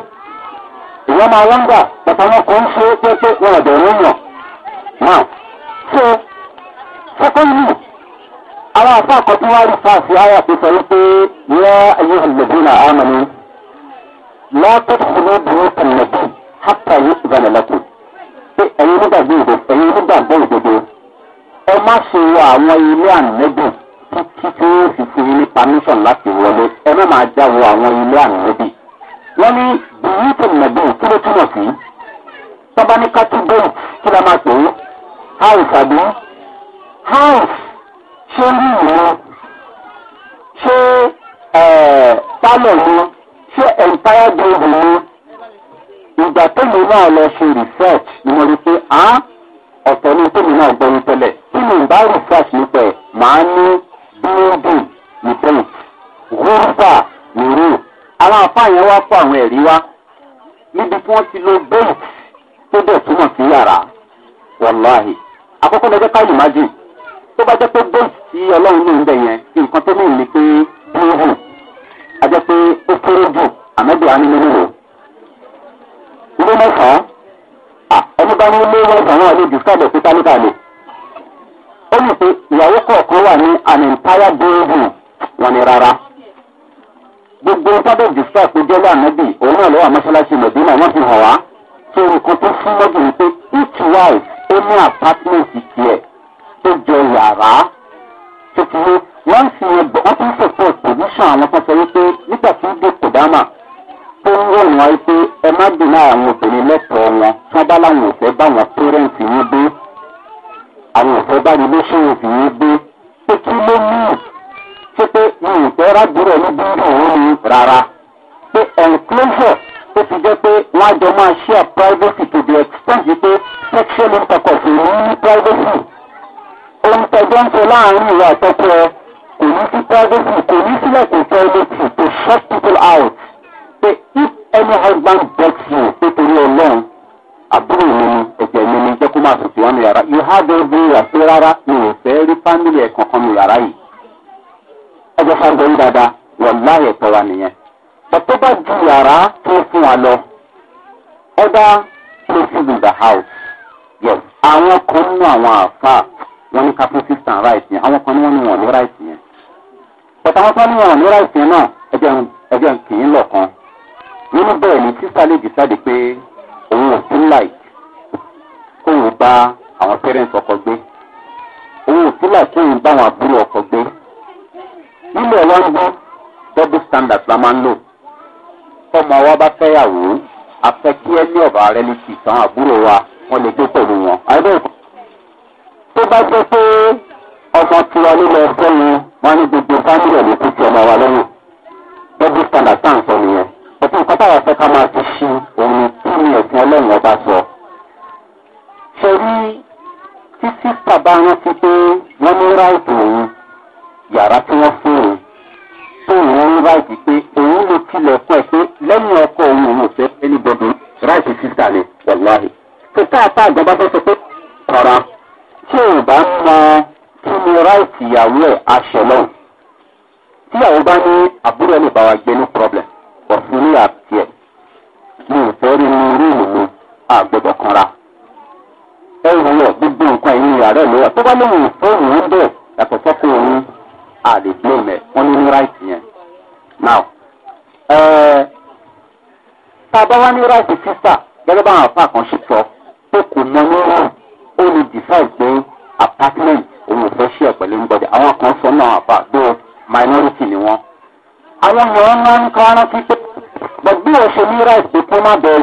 èèyàn máa wọ́ndà bàtà wọn kò ń ṣe é pépé wọn ọ̀dọ̀ ló yàn. náà ṣe sẹ́kọ́ndì àwọn àfa àkọ́tún wá rí fáàsì ayé àpèsè wípé yẹ ayé ìlẹ̀dínà àmàlẹ́ lọ́tọ̀ fúnlẹ̀ burú tẹ̀lẹ̀kì hàtà yìí ìgbàlẹ̀lẹ́kù pé ẹ̀yin nígbàgbọ́ ìgbàgbọ́ ẹ má ṣe wọ àwọn ilé ànẹ́gbọ̀n fún yín ní pamíṣọ̀n láti wọlé ẹ má máa jáwọ àwọn ilé ànábì. wọ́n ní bìyìtì nàbí kí ló túmọ̀ sí. tọ́ba ní kí la máa pè é house àbí house ṣé rí ìlú ṣé pálọ̀ ni deriva probable àfa kan ṣe sọ pé kò mọ níwọ̀n ó lè decide pé apartment òun ò fẹ́ ṣe pẹ̀lú anybody àwọn kan sọ náà àfa tó minority ni wọ́n. àwọn èèyàn ńlá ń kọ́ ọ́nà pípé gbọ̀gbí òṣèlú rice pé kó má bẹ̀ẹ́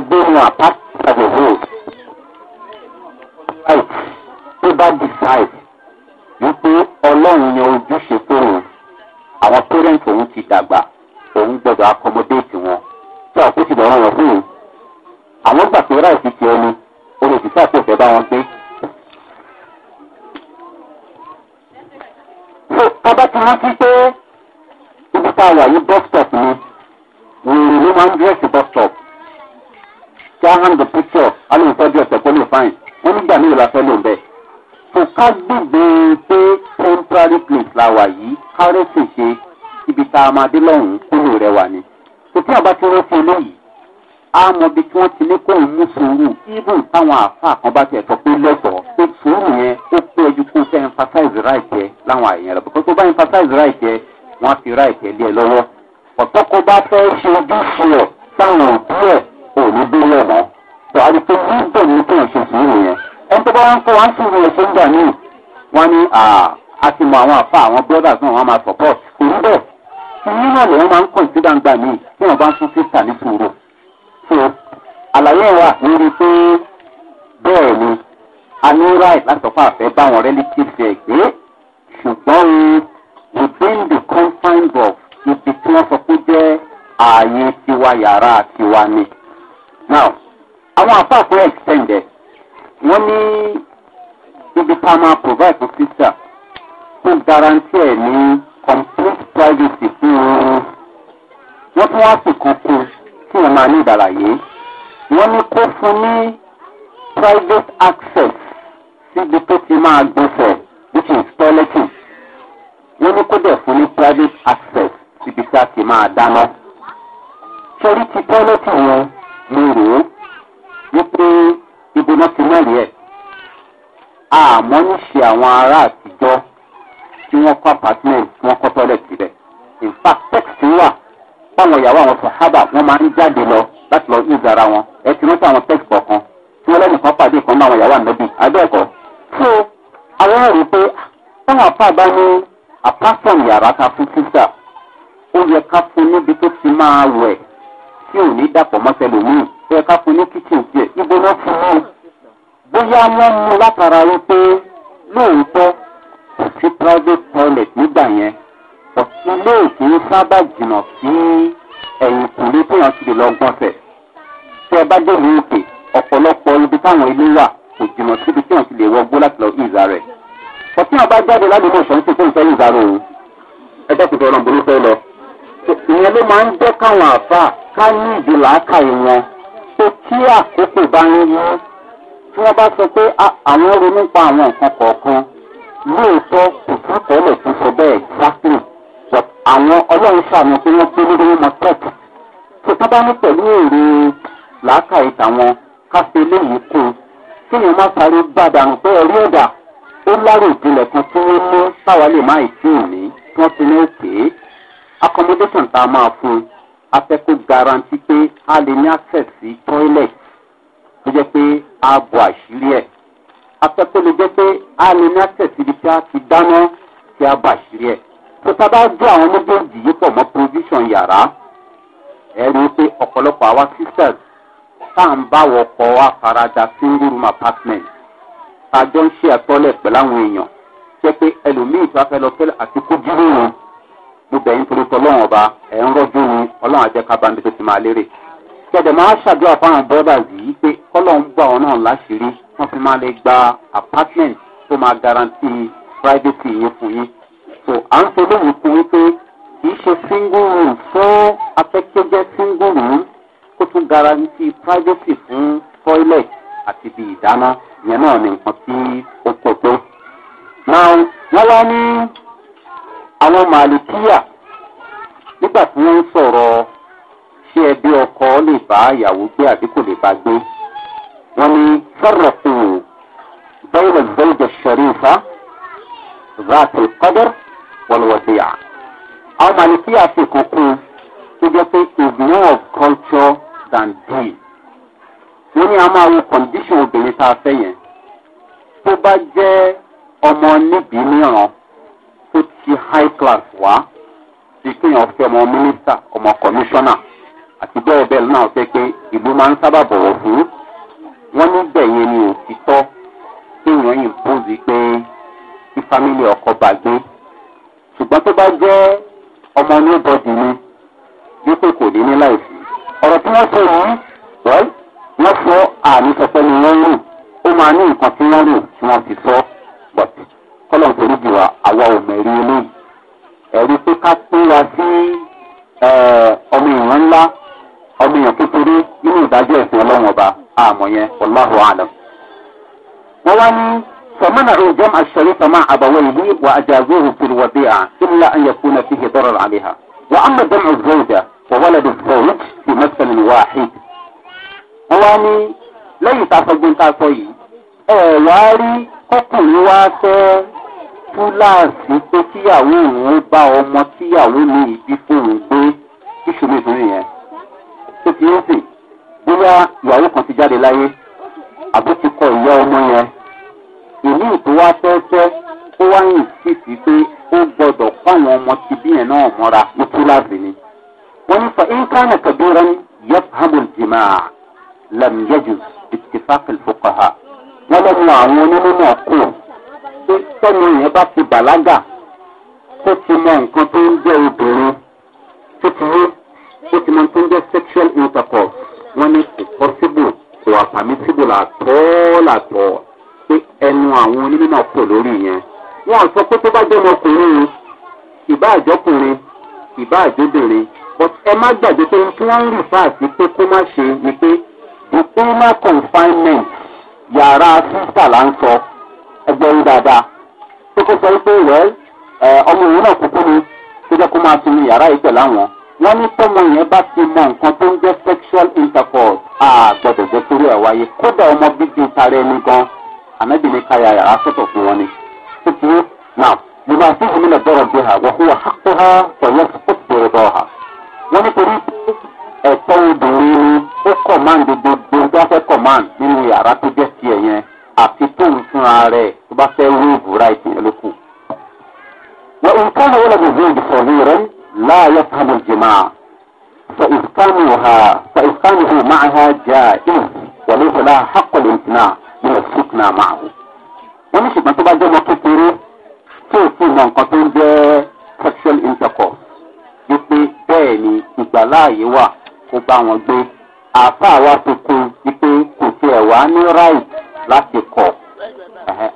exercise right yẹ wọ́n fi right yẹ díẹ̀ lọ́wọ́ ọ̀tọ́kọ bá fẹ́ ṣe ojúṣe ẹ̀ táwọn òbí ẹ̀ ò ní bí lẹ̀ mọ́ tó àdìpé níbẹ̀ ní kí n ṣe sí nìyẹn ẹni tó bá wọn kó wọn sì rìn ẹ̀ṣẹ̀ ń gbà ní wọn ní a ti mọ àwọn àfa àwọn brothers náà wọn máa support èyí bẹ́ẹ̀ ìyí náà lè wọ́n máa ń consider gbà mí tí wọ́n bá ń fún sísà ní sùúrù so àlàyé wa lórí pé bẹ́ẹ̀ ni a ní right láti sọ fún àfẹ́ báwọn relatives ẹ̀ gbé ṣùgbọ́n within the confines of ibi tí wọ́n sọ pé jẹ́ ààyè tiwa yàrá tiwa ni. now àwọn àfààfù extend ẹ̀ wọ́n ní ibi tá a máa provide for sister tó guarantee ẹ̀ ní complete privacy fún oorun wọ́n tún wá sí kankan tí wọ́n máa ní ìdàlàyé wọ́n ní kó fún ní private access síbi tó ti máa gbọ́sẹ̀ which is toileting wọ́n ní kó dẹ̀ fún ní private access ibi tá a ti máa dáná. sori ti tọ́lẹ́tì wọn mo rò ó wípé ibo náà ti mẹ́rin ẹ̀. àmọ́ ní ṣe àwọn ará àtijọ́ tí wọ́n kọ́ apartment tí wọ́n kọ́ tọ́lẹ́tì rẹ̀. in fact text wà fáwọn ìyàwó àwọn sahaba wọ́n máa ń jáde lọ láti lọ ní ìzara wọn ẹ ti rántí àwọn text kọ̀ọ̀kan tí wọ́n lẹ́nu kan pàdé ìkan náà àwọn ìyàwó ànábì abẹ́ẹ̀kọ́. so àwọn rò apáfọ̀n yàrá ta fún sísà ó yẹ ká fún níbi tó ti máa wẹ̀ tí ò ní dàpọ̀ mọ́tẹlómìn ó yẹ ká fún ní kíchìn tiẹ̀ ibo ló fún un bóyá wọ́n mú látara rẹ pé lóòótọ́ kò sí private toilet nígbà yẹn ọ̀sìn ilé òkè sábà jìnnà sí ẹ̀yìn kùnrin tó yàn ti lè lọ gbọ́nsẹ̀ tí ẹ bá dé ní òkè ọ̀pọ̀lọpọ̀ ibi táwọn ilé wà kò jìnnà síbi tí yàn ti lè wọgbó láti lọ ìzà rẹ̀ ọtí àbá jáde ládùúgbò sọ̀nsì tó ń fẹ́ ìzàrò o ẹgbẹ́ kùtù ọ̀nà burú fẹ́ lọ. ìyẹn ló máa ń jẹ́ káwọn àfa ká ní ìdí làákà ìwọn pé kí àkókò bá ń yọ tí wọ́n bá sọ pé ah, àwọn ronú pa àwọn nǹkan kọ̀ọ̀kan lóòótọ́ kò sákọ̀ọ́lẹ̀ tó sọ bẹ́ẹ̀ exactly but àwọn ọlọ́run ṣàmì pé wọ́n pé lórí wọn tẹ̀k tó tó bá ní pẹ̀lú èrè làákà ìtàwọn ká fi eléyìí kún kéèyàn má sáré gbàdànù pé ẹ̀rí ẹ̀dà lárò ìjìnlẹ̀ kan tí wọ́n mú táwa lè má ìtìyàn ní tí wọ́n ti ní òkè accommodation tá a máa fún un a fẹ́ kó garanti pé a lè ní access sí toilet tó jẹ́ pé a bò àṣírí ẹ̀ a fẹ́ kó lè jẹ́ pé a lè ní access ibi tí a ti dáná tí a bò àṣírí ẹ̀ tó tá a bá gbé àwọn méjèèjì yìí pọ̀ mọ́ provision yàrá ẹ rí i pé ọ̀pọ̀lọpọ̀ àwa sisters tá à ń bá wọ̀ ọkọ̀ wa farada single room apartment àjọ ń ṣe àtọ́lẹ̀ pẹ̀lú àwọn èèyàn jẹ́ pé ẹlòmíì tó a fẹ́ lọ fẹ́ àti kó dúró wọn gbogbo ẹ̀yin torí tọ́lọ́wọ̀n ọba ẹ̀ ń rọ́jú ni ọlọ́run àjẹ́ ká bambi tó ti máa lérè. jẹ́jẹ̀ máa ṣàdúrà fáwọn brothers yìí pé kọ́lọ́run gbà wọn náà láṣìírí wọ́n fi máa lè gba apartment tó máa garanti privacy yẹn fún yín. so à ń fi olóyìn fún yín pé kìí ṣe single room fún afẹ́kẹ́jẹ́ single room kó tún garanti privacy fún toilet àti ibi ìdáná ìyẹn náà ni nǹkan tí ó pọ̀ tó. náà wọ́n wá ní àwọn màlìkíyà nígbà tí wọ́n ń sọ̀rọ̀ ṣé ẹbí ọkọ lè bá ìyàwó gbé àbí kò lè bá gbé wọ́n ní fẹ́rẹ̀kù bẹ́ẹ̀rẹ̀ bẹ́ẹ̀jẹ̀ ṣẹ̀rífà ráàtì kọ́dọ̀ wọlọ́wọ́dìyà. àwọn màlìkíyà fi kún tó jẹ́ pé is more of culture than deed wọ́n ní a máa wo kọ̀ǹdíṣìn obìnrin tá a fẹ́ yẹn tó bá jẹ́ ọmọ níbi mìíràn tó ti high class wá ti kéèyàn fẹ́ ọmọ mínísítà ọmọ kọmíṣánná àti bẹ́ẹ̀ bẹ́ẹ̀ náà fẹ́ pé ìlú máa ń sábà bọ̀wọ̀ fún wọ́n níbẹ̀ yẹn ni òtítọ́ kéèyàn yìí pósí pé kí fámìlì ọkọ bá gbé ṣùgbọ́n tó bá jẹ́ ọmọ nobody ni wípé kò ní ní láìsí ọ̀rọ̀ tí wọ́n sọ yìí wọ́n. wọ́n sọ àmì sọpẹ́ ni wọ́n rò ó máa ní nǹkan tí wọ́n rò tí wọ́n ti sọ but kọ́lọ̀ torí jù wá àwa ò mẹ̀rí eléyìí ẹ̀rí pé ká pé wa sí ọmọ èèyàn ńlá ọmọ èèyàn kékeré nínú ìdájọ́ ẹ̀sìn ọlọ́run ọba àmọ̀ yẹn ọláhù àlọ́. wọ́n wá ní sọmọ́nà rẹ̀ jẹ́m àṣẹrí sọmọ́ àbàwọ̀ ìlú wà àjàgbé òfin wọ̀dí à ìmúlá ẹ̀yẹ̀kún náà fi hẹ̀ dọ́rọ̀ àlẹ́ ha. wà á mọ̀ jẹ́m ọ̀zọ́ ìjà wọ́n wọ́n lè dùn fọ́ọ̀rọ̀ fi mọ́sálẹ̀ wáhíd ó wá ní lẹ́yìn ìtafẹ́gbọ́n tá a sọ yìí ẹ̀ wá rí kọkùnrin wá fẹ́ túláàsì pé kíyàwó òun bá ọmọ kíyàwó ní ibi fóun gbé ìṣòro ìṣòro yẹn tó fi ń sìn bóyá ìyàwó kan ti jáde láyé àbó ti kọ ìyá ọmọ yẹn ìlú tó wá fẹ́ẹ́fẹ́ ó wá yìn síìtì pé ó gbọdọ̀ fáwọn ọmọ ti bí yẹn náà mọ́ra ní túláàsì ni wọ́n ní fa íńkánẹ̀ kẹ́bí rẹ́ yẹ́pù jìmáà lam yẹju ìtìfáàkì fòkàhà wọn lẹnu àwọn onímọ̀ kù pé tẹ́nu yẹn bá ti bàlágà tó ti mọ nǹkan tó ń jẹ́ obìnrin tó ti mú tó ti mọ tó ń jẹ́ sexual intercourse wọn ní possible kò wà permissible àtọ́ làtọ́ pé ẹnu àwọn onímọ̀ kù lórí yẹn wọn sọ pé tó bá jẹ́ ọmọkùnrin ìbá àjọkùnrin ìbá àjọbìnrin ẹ má gbàgbé pé kí wọ́n ń rìfáàsì pé kó má ṣe ni pé inner confinement yàrá sísà là ń sọ ẹgbẹ́ yín dáadáa tó kó sọ pé rẹ ọmọ òun náà kúkú ni tó jẹ́ kó máa sinmi yàrá yìí pẹ̀lú àwọn wọ́n ní tọ́mọ yẹn bá ti mọ nǹkan tó ń jẹ́ sexual intercourse àgbọ̀dọ̀ jẹ́ torí ẹ̀ wáyé kódà ọmọ bíbí tara ẹni gan anábìnrin káyà yàrá sọ̀tọ̀ fún wọn ni tó ti náà mo máa fún ìmúlẹ̀ dọ́rọ̀ bí ha wọ́n kó wà hákó ha pẹ̀lú ọ̀pọ̀ ìrọ̀dọ̀ ha wọ́n nítorí ẹ̀tọ́ obìnrin ni ó kọ̀máǹdì gbogbo tó fẹ́ kọ̀máǹd nínú yàrá tó jẹ́ tiẹ̀ yẹn àfi tóun fúnra rẹ̀ tó bá fẹ́ wéèvù ra ìpín lóko. wọ́n nǹkan náà láàyè pàmò jìmá wọ́n ní ṣùgbọ́n tó bá jẹ́ kékeré nǹkan tó ń jẹ́ sexual intercourse wípé bẹ́ẹ̀ ni ìgbàláàyè wà kó bá wọn gbé àáfàá wa ti kún wípé kò tiẹ̀ wá ní right láti kọ̀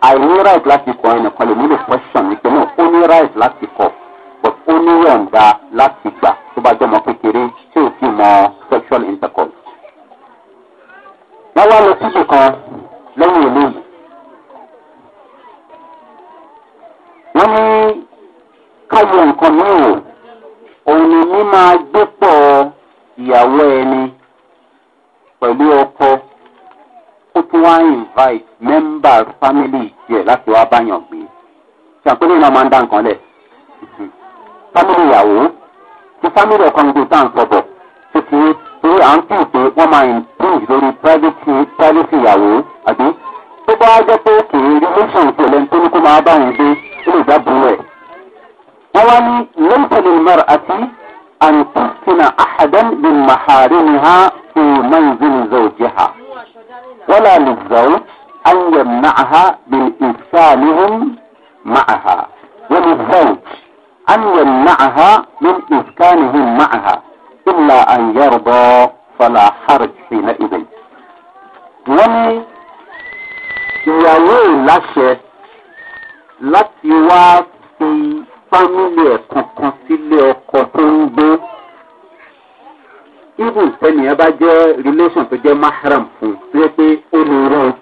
àìní right láti kọ̀ ẹnìkan lè nílò question wípé náà ó ní right láti kọ̀ but ó ní yọ̀ǹda láti gbà tó bá jọmọ kékeré tí ò fi mọ sexual intercourse. wọ́n wá lọ síbi kan lẹ́yìn ìlú wọ́n ní káyọ̀ nǹkan mìíràn òun ni mímọ́ agbépọ̀ ìyàwó ẹni pẹ̀lú ọkọ ó tún wá invite member family tiẹ̀ láti wá báyàn gbé ṣàpèjì náà máa ń dá nǹkan lẹ̀ family ìyàwó ti family ọkọ níbi tá à ń sọ̀bọ̀ tó ti pé à ń kí pé wọ́n máa improve lórí privacy ìyàwó àbí tó bá jẹ́ pé kì í relation ti ẹ̀lẹ́ni tó ní kó máa báyàn gbé ó lè dá burú ẹ̀. wọ́n wá ní lẹ́yìn tẹ̀lé mẹ́rẹ̀ àti. أن تحسن أحدا من محارمها في منزل زوجها ولا للزوج أن يمنعها بالإسكانهم معها وللزوج أن يمنعها من إسكانهم معها إلا أن يرضى فلا حرج حينئذ wọ́n ní ìyàwó láṣẹ láti wá fámílì ẹ̀ kankan sílé ọkọ tó ń gbé even tẹnìyàn bá jẹ́ relation tó jẹ́ mahram fún tó yẹ pé ó lè rán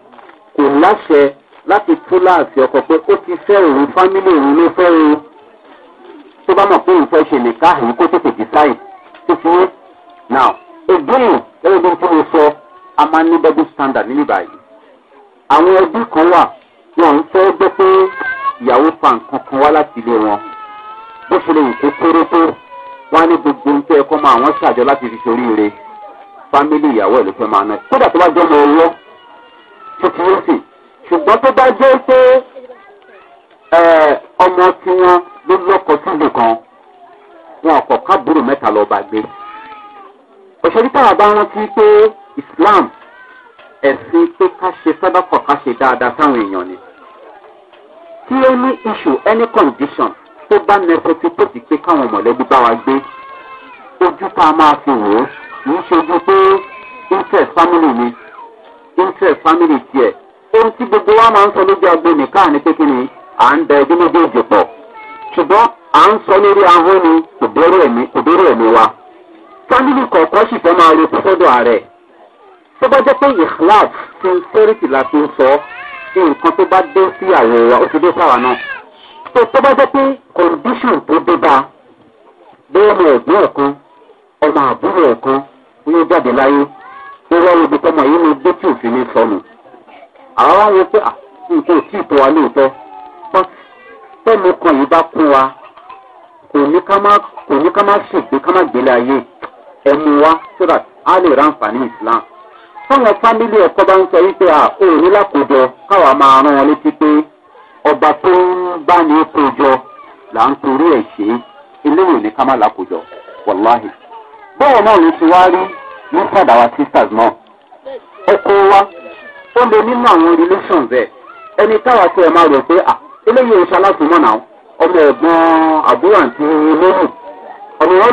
kò láṣẹ láti tún láàfin ọkọ pé ó ti fẹ́ òun fámílì òun ló fẹ́ o tó bá mọ̀ pé òun fẹ́ ṣe nìka àyè kó tètè decide tó fi wé now again lẹ́yìn tó ń fún mi sọ a máa ní double standard nínú ìbàyìí àwọn ẹbí kan wà wọn ń fẹ́ gbé pé ìyàwó fa nǹkan kan wá láti ilé wọn bó ṣe lè wù kó tó wọn á ní gbogbo ohun tó máa wọn ṣàjọ láti fi ṣoríire fámílì ìyàwó ẹ̀ ló fẹ́ máa ná kódà tó bá jẹ́ ọmọ ọwọ́ tó ṣùgbọ́n tó bá jẹ́ pé ọmọ tí wọ́n ló lọ́kọ̀ síbi kan wọn ọkọ̀ kábúrò mẹ́ta lọ bá gbé òṣèlú táwa bá rántí pé islam ẹ̀sìn pé ká ṣe sọ́dọ̀kọ̀ ká ṣe dáadáa sáwọn èèyàn ni tí ó ní issue any condition tó bá nẹsẹsítéètì pé káwọn mọ̀lẹ́bí bá wa gbé ojú tá a máa fi wò ó kì í ṣe ojú pé interest family mi interest family tiẹ̀ ohun tí gbogbo wa máa ń sọ lójú agbo nìkan ni pé kí ni à ń da ẹbí méjèèjì pọ̀ ṣùgbọ́n à ń sọ lórí ahọ́n ni kò bẹ̀rẹ̀ ẹ̀mí wa family kọ̀ọ̀kan sì fẹ́ máa retí sọ́dọ̀ ààrẹ tó bá jẹ́ pé ìhlaf sincerity la fi ń sọ nǹkan tó bá dé sí àwọ̀ wa ó ti dé sáwa náà. tó tó bá jẹ́ pé kọ̀ǹdíṣàn tó dé bá bóyá ẹ̀gbọ́n ẹ̀kan ọmọ àbúrò ẹ̀kan bóyá jáde láyé bóyá ibi tọmọ yìí ni tí òfin ní sọnù àwọn pé ah, nǹkan ò tó wa lóòótọ́ wa kò a lè ra islam ẹ̀kọ́ bá ń sọ a ah, ò ní lákòjọ káwa máa rán wọn ọba tó ń bá ní kójọ là ń torí ẹ̀ ṣe ní ká má wàláhì. bẹ́ẹ̀ náà ló ti wá rí ní sàdáwà sisters náà ọkọ wa ó lè nínú àwọn relations ẹni táwa tó ẹ máa rò pé à ọmọ ẹ̀gbọ́n àbúrò àti wọn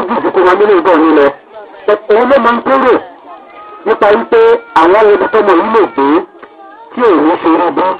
jù jù kó wọn nílé lọ ló máa ń nípa wípé àwọn yìí lè tí òun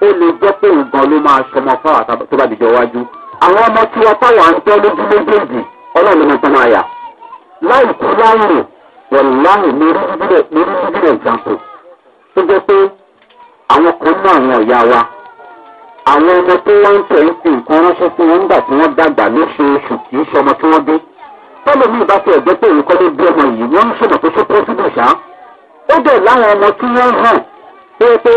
ó lè jẹ́ pé nǹkan ló máa sọmọ fáwà tó bá dìjọ wájú. àwọn ọmọ tí wọ́n táwọn à ń tọ́ lójú méjèèjì ọlọ́run ló tán máa yà. láì kú láàrùn wọ̀láhì ní orílẹ̀-èdè ìjàmpò tó jẹ́ pé àwọn kan mú àwọn ọ̀yà wa àwọn ọmọ tó wá ń tẹ̀ ń fi nǹkan ránṣẹ́ sí wọn nígbà tí wọ́n dàgbà lóṣooṣù kì í ṣọmọ tí wọ́n bí tọ́lọ̀ mi ìbá fi ẹ̀jẹ̀ pé nǹkan ló bí ọmọ yìí wọ́n ń ṣèmọ̀ tó ṣe pọ́sibù ṣá ó dẹ̀ láwọn ọmọ tí wọ́n hàn pé pé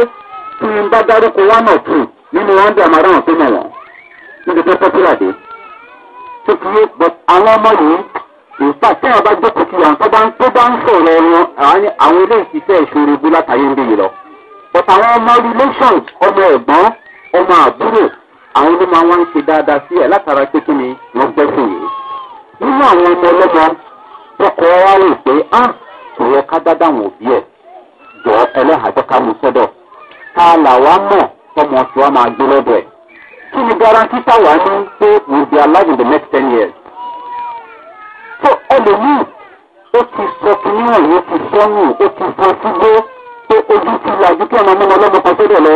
tí n bá dárúkọ one or two nínú one day àmàràn tó mọ̀ wọ́n níbi tó pọ́pílà dé. tó fi àwọn ọmọ yìí tí bá tó bá ń tó bá ń sọ̀rọ̀ wọn àwọn ilé ìṣòro ibú látàyè ń lọ. but àwọn ọmọ relations ọmọ ẹ̀gbọ́n ọmọ àbúrò àwọn ló máa wá ń ṣe dáadáa sí ẹ̀ wa rò pé ah, kò yẹ ká dá ta làwa mọ̀ tọmọ tí wọ́n máa gbé lọ́dọ̀ ẹ̀. kí ni garanti táwa ní pé we be alive in the next ten years. so ẹlòmíì ó ti sọ kínní ọ̀hún ó ti sọ́nù ó ti sọ sígbó pé ojú ti la ju kí ọmọ mímọ ọlọ́mọ kan sódò lọ.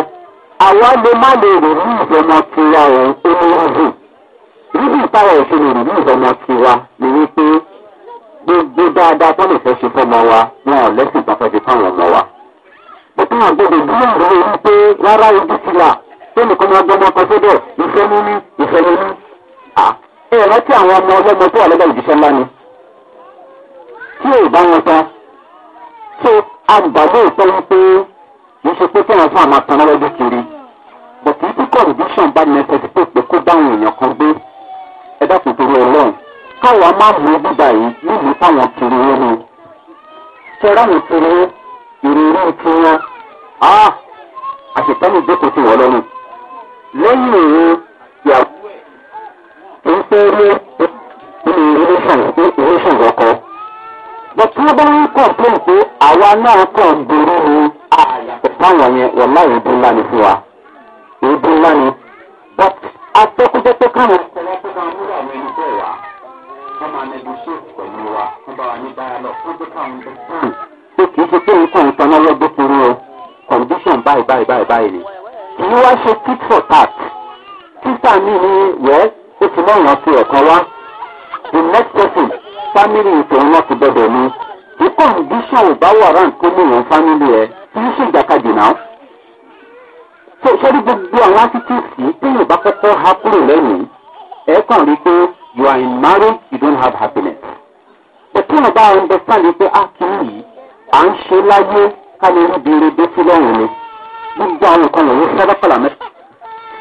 àwa lè má lè rò ní ìjọmọ tiwa òun onírúurú. rídì táwa ò ṣe lè rò ní ìjọmọ tiwa ni wípé gbogbo dáadáa tó lè fẹ́ ṣe fọ́mọ wa wọn ò lẹ́sìn tó fẹ́ ṣe fáwọn ọmọ wa bàtà àgbọ̀dọ̀ bí àrùn yìí pé rárá ojú ti là tó nìkan máa gbọmọ kan sódò ìfẹ́ nínú ìfẹ́ nínú. ẹ rántí àwọn ọmọ ọlọ́mọ tó wà lọ́dọ̀ ìjíṣẹ́ ńlá ni tí ò bá wọn tán tó àgbàdo ìpẹ́ wọn pé mo ṣe pé kí wọn fún àmà tán lọ́dún kiri bọ̀tí tí condition bá necessity pé kó dáhùn èèyàn kan gbé ẹ dákun torí ọlọ́run káwọn máa mú bíbá yìí nílùú táwọn kiri wọn ni. tẹ́lá mi kiri wọn. ìrírí tiwọn á àṣetánù jókòó ti wọ́n lọ́rùn lẹ́yìn èrè ìyàwó ẹ̀ ń pẹ́ rí nínú ọkọ but tí wọ́n bá ń kọ̀ pé pé àwa náà kàn ń ni táwọn yẹn ni fún wa ni but atẹ́kùjẹ́ pé káwọn wọ́n máa nẹbi kì í ṣe pé nǹkan ìtàn náà lọ́gbọ́n fúnra o condition báyìí báyìí báyìí báyìí ni. kì í wá ṣe tit for tat títà mi ni wẹ́ ó ti mọ̀ràn ti ẹ̀kan wá the next person family ìtòun náà ti gbọdọ̀ mu tí condition ò bá wà ráǹkó mú ìwọ̀n family ẹ̀ kì í ṣe ìjàkadì náà. sọ́dí gbogbo àwọn attitudes yìí téèyàn bá kọ́kọ́ ha kúrò lẹ́yìn ẹ̀ kàn rí pé you are in marriage you don't have happiness. òtún ọba understand pé a ah, kì í yìí à ń ṣe láyé ká lè rí bèrè dé sí lọ́rùn ni gbogbo àwọn nǹkan wọ̀nyí sọ́dọ́kọ̀ làmẹ́.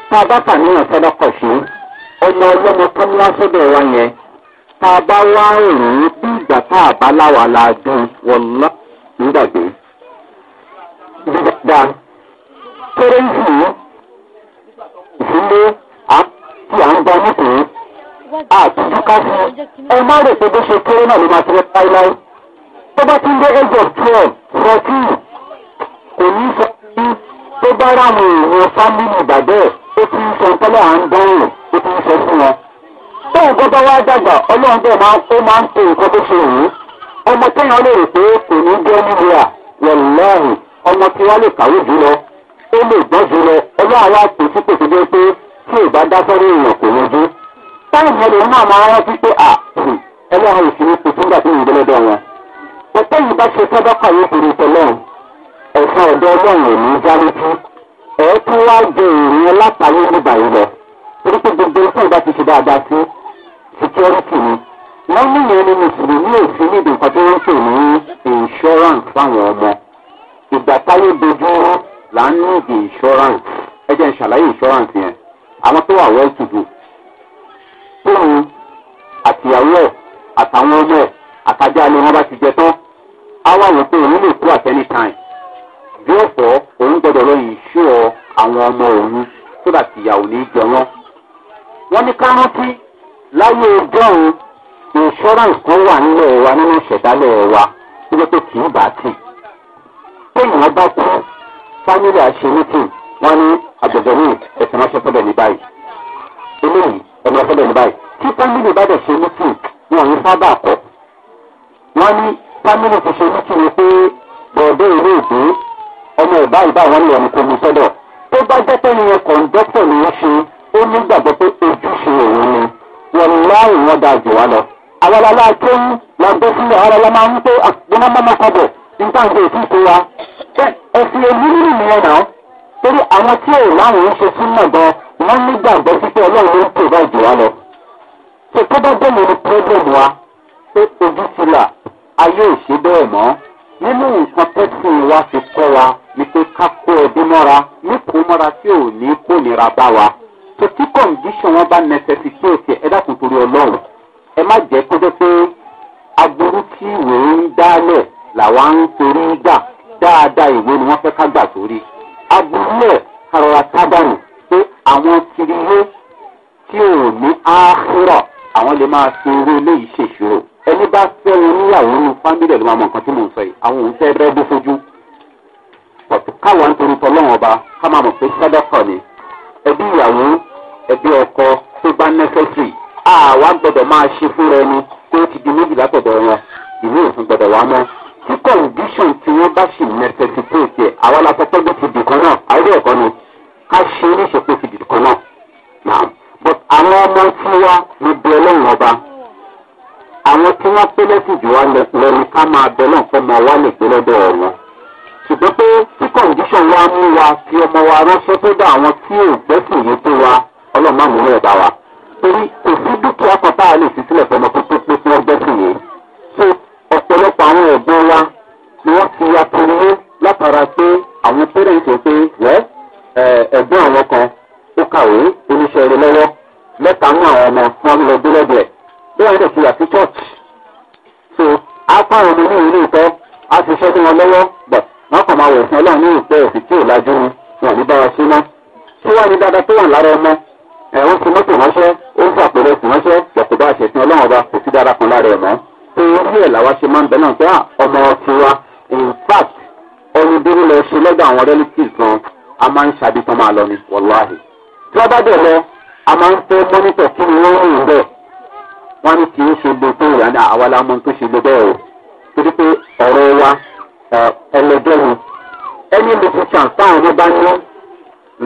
tá a bá pàníyàn sọ́dọ́kọ̀ sí ọmọ ọlọ́mọ tó ń wá sọ́dọ̀ wa yẹn tá a bá wá rìn ín bí ìgbà tá a bá láwa la dùn wọ̀lọ́ nígbàgbé. dídá kéré ń sìn ìdílé àti à ń bọ nítorí àtúntò ká fún ẹ má rò pé bó ṣe kéré náà ló máa ti rẹ láéláé tó bá ti ń dé age of twelve fourteen kò ní sọ pé tó bá ráwọn èèyàn fámìlì ìgbàgbẹ́ ó ti ń sọ tọ́lá à ń dánwò ó ti ń sọ fún wọn. tóun kọ́ bá wá dàgbà ọlọ́run bẹ́ẹ̀ máa ó máa ń pe nǹkan tó ṣe òun ọmọ téèyàn lè rò pé kò ní jẹ́ nílé à wọ̀lọ́ọ̀hìn ọmọ tí wọ́n lè kàwé jùlọ ó lè gbọ́ jùlọ ọlọ́run wá pè sí pèsè dé pé tí ò bá dá sọ́rọ́ èèyàn kò yanjú. táwọn ọmọdé náà máa rántí pé à ẹlẹ́hàn ìsinmi tuntun gbà tó ń gbẹ́lẹ́dọ̀ wọn pẹ̀tẹ́ yìí bá ṣe sábàkà yìí kò rí tọ́lọ́ ẹ̀sán ọ̀dọ́ ọlọ́run ò ní já létí ẹ̀ tún wá jẹ èèyàn látàrí nígbà yìí lọ torí pé gbogbo ikú ìbá ti ṣe dáadáa sí security ni wọ́n ní ìyẹn ní mùsùlùmí òfin níbi nǹkan tó ń pè ní insurance fáwọn ọmọ ìgbà táyé dojú là ń ní ìdí insurance ẹ jẹ́ ń ṣàlàyé insurance yẹn àwọn tó wà well to do tóun àtìyàwó ẹ̀ àtàwọn ọmọ ẹ̀ àtàjà ni wọ́n bá ti jẹ tán àwa wò pé òun lè kú at any time yóò fọ òun gbọdọ̀ lọ ìṣó àwọn ọmọ òun tó bá ti yàwó ní jẹ wọn. wọ́n ní ká rántí láyé ọjọ́run insurance kan wà nílẹ̀ wa nínú ìṣẹ̀dálẹ̀ wa tó jẹ́ pé kì í bá tì. téèyàn bá kú family àṣemítì wọ́n ní àgbẹ̀dẹ̀mí ẹ̀sìn ránṣẹ́ fọ́dọ̀ ní báyìí. eléyìí ẹ̀mí ọ̀fọ́dọ̀ ní báyìí. tí family bá dẹ̀ ṣe mítì wọn ò ní sábà kọ̀. wọ́n ní fámìlì kò ṣe ní kí ni pé bọ̀dọ̀ ìlú ìgbé ọmọ ìbá ìbá wọn lè ní kò ní sọ́dọ̀ tó bá jẹ́ pé ìyẹn kọ̀ǹdọ́tọ̀ ni wọ́n ṣe ó nígbàgbọ́ pé ojúṣe òun ni wọn láì wọn da jù wá lọ. àwọn alálá akéwì la gbé sílẹ̀ ara la máa ń pé àgbọ̀nà máma kọ̀bọ̀ nígbà tó ètí ìṣe wa. ẹ̀sìn èmúrírì nìyẹn náà torí àwọn tí ò láwọn ń ṣe sínú gan wọn nígbàgbọ́ pípẹ́ ọlọ́run ló ń pè bá jù wá lọ. tó tó bá jẹ́ mi ni pírọ́blẹ̀mù wa pé ojú ti là ayé ò ṣe bẹ́ẹ̀ mọ́ nínú nǹkan tẹ́sán wa ti kọ́ wa ni pé ká kó ẹbí mọ́ra nípò mọ́ra tí ò ní kó nira bá wa tó tí kọ̀ǹdíṣàn wọn bá nẹsẹ̀sì tí ò ṣe ẹ torí ọlọ́run ẹ má jẹ́ kó jẹ́ pé aburú tí ìwé ń dálẹ̀ làwa ń torí gbà dáadáa ìwé ni wọ́n fẹ́ ká gbà torí aburú ẹ̀ karọ̀ra tábàrù pé àwọn kiri yé tí ò ní áhírọ̀ àwọn lè máa fi irú eléyìí ṣèṣirò ẹni bá fẹ́ wọn níyàwó nínú fámílì ẹ̀ ló máa mọ nǹkan tí mò ń sọ yìí àwọn òun fẹ́ rẹ́ bó fojú pọ̀tù káwọn nítorí tọ́lọ́wọ́n ọba ká máa mọ̀ pé sádọ́kọ̀ ni ẹbí ìyàwó ẹbí ọkọ tó bá nẹ́sẹ̀sì àwa gbọ́dọ̀ máa ṣe fúnra ẹni tó ti di méjìlá pọ̀dọ̀ wọn ìlú òfin gbọ́dọ̀ wá mọ́ tí kọ̀ǹdíṣọ̀n tí wọ́n bá sì nẹ́sẹ̀sì tó ti ẹ̀ àwa la sọ pé ó ti dì kan náà àìrí ẹ̀kọ́ ni ká ṣe oníṣòpó ti dì kan náà. but àwọn ọmọ tí wá níbi ọlọ́run ọba àwọn tí wọ́n pé lẹ́sìn jù lẹ́nu ká máa wa lè gbé wọn tí wa mú wa fi ọmọ wa ránṣẹ́ tó dá àwọn tí ò gbẹ́sìn yìí tó wa ọlọ́run a lè fi sílẹ̀ pé kí wọ́n gbẹ́sìn yìí so ọ̀pọ̀lọpọ̀ àwọn ẹ̀gbọ́n wa ni wọ́n ti ya torí látara pé àwọn kàwé oníṣẹ́ eré lọ́wọ́ mẹ́ta mú àwọn ọmọ wọn lọ gbé lọ́dọ̀ ẹ̀ bí wọ́n dẹ̀ ti yà sí church so apá àwọn ọmọ ní ìlú ìtọ́ á ti ṣẹ́ sí wọn lọ́wọ́ bọ̀ wọ́n kàn máa wọ̀ fún ọlọ́run ní ìpẹ́ ẹ̀sìn tí ò lajú ni wọn ní bára sí mọ́ tí wọ́n ní dáadáa tó wà lára ọmọ ẹ̀ ń fi mọ́tò ránṣẹ́ ó ń fàpẹ̀rẹ̀ sí ránṣẹ́ pẹ̀tẹ̀ bá ṣẹ̀sìn ọlọ́run ọba kò sí dáadáa kan lára ẹ̀ mọ́ tó orí ẹ̀ làwa ṣe máa ń bẹ̀ náà pé ah, ọmọ tiwa in fact ọdún dúró lọ ṣe lọ́dọ̀ àwọn relatives gan a máa ń ṣàbí tán máa lọ ni wàláhì tí wọ́n bá dẹ̀ lọ a máa ń fẹ́ mọ́nítọ̀ kí ni wọ́n rìn bẹ́ẹ̀ wọ́n ní kì í ṣe lo tó rà ní àwa la mọ tó ṣe lo bẹ́ẹ̀ o torí pé ọ̀rọ̀ wa ẹlẹgbẹ́ ni ẹni mo ti ṣàn táwọn ọmọ bá ní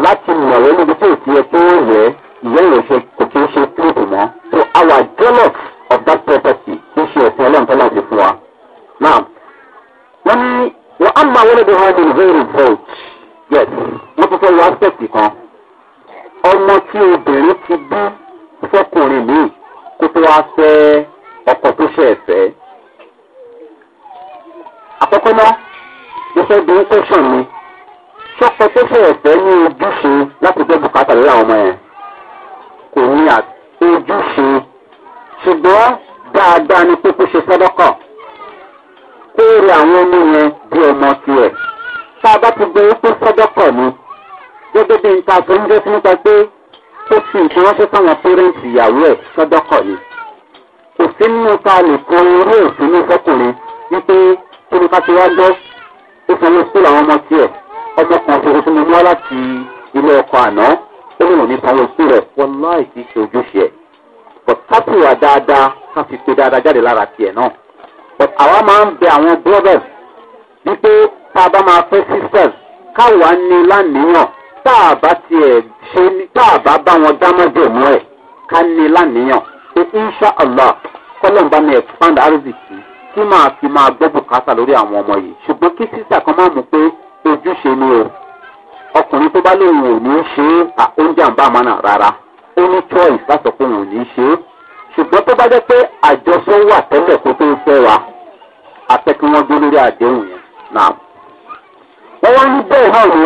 láti mọ̀ rẹ níbi tí òsì ẹ tó rẹ̀ ìyá ìrẹsẹ̀ kò kí ń ṣe kílìpù mọ́ so our jealous of that property ń ṣe ẹ̀sìn ọlọ́ntọ́lá ti fún wa náà wọ́n ní wọ́n á máa wọlé bí wọ́n ní ìwé ìrìn yes wọ́n tún fẹ́ wọ aspect kan ọmọ tí obìnrin ti bí fọkùnrin míì kó tó wá fẹ́ ọkọ tó ṣe ẹ̀fẹ́. àkọ́kọ́ náà mo fẹ́ bí kẹ́sàn mi sọ́kọ tó ṣe ẹ̀fẹ́ ní ojúṣe láti jẹ́ bùkátà lórí àwọn ọmọ yẹn kò ní ojúṣe ṣùgbọ́n dáadáa ni pé kó ṣe sọ́dọ́kọ̀ kó rẹ àwọn ọmọ yẹn bí ọmọ tiẹ̀ tá a bá ti gbé e pé sọ́dọ́kọ̀ ni gẹ́gẹ́ bí nǹkan àforíjọ́ sí nípa pé ó fi nǹkan ránṣẹ́ sáwọn pẹ́rẹ́ǹtì ìyàwó ẹ̀ sọ́dọ́kọ̀ ni kò sí nínú ta lè kan orí òfin ní fọkùnrin wípé tóbi ká ti wá gbọ́ ó sanwó skul àwọn ọmọ tiẹ̀ ọmọ kan ṣòro fún mi wá láti ilé ọkọ̀ àná ó lè wọ̀n ní sanwó skul rẹ̀ wọ́n láì kìí ṣe ojúṣe ẹ̀ but kápìwà dáadáa ká fi pe dáadáa jáde lára tiẹ̀ náà but àwa máa ń bẹ àwọn brothers wípé tá a bá máa fẹ́ sisters káwa ní láníyàn tá a bá tiẹ̀ ṣe ní tá a bá bá wọn dámọ́jẹ̀ mọ́ ẹ̀ ká ní lánìyàn pé insha allah kọ́lọ̀ ń bá mi expand arzikì kí máa fi máa gbọ́ bùkátà lórí àwọn ọmọ yìí ṣùgbọ́n kí sísà kan máa mú pé ojúṣe ni o ọkùnrin tó bá lóun ò ní ṣe é oúnjẹ àǹbá àmọ́nà rárá ó ní choice láti sọ pé òun ò ní ṣe é ṣùgbọ́n tó bá jẹ́ pé àjọṣe wà tẹ́lẹ̀ kó tó ń fẹ́ wa àtẹ́kí wọ́n dé lórí àdéhùn yẹn náà. wọ́n wá ní bẹ́ẹ̀ náà ni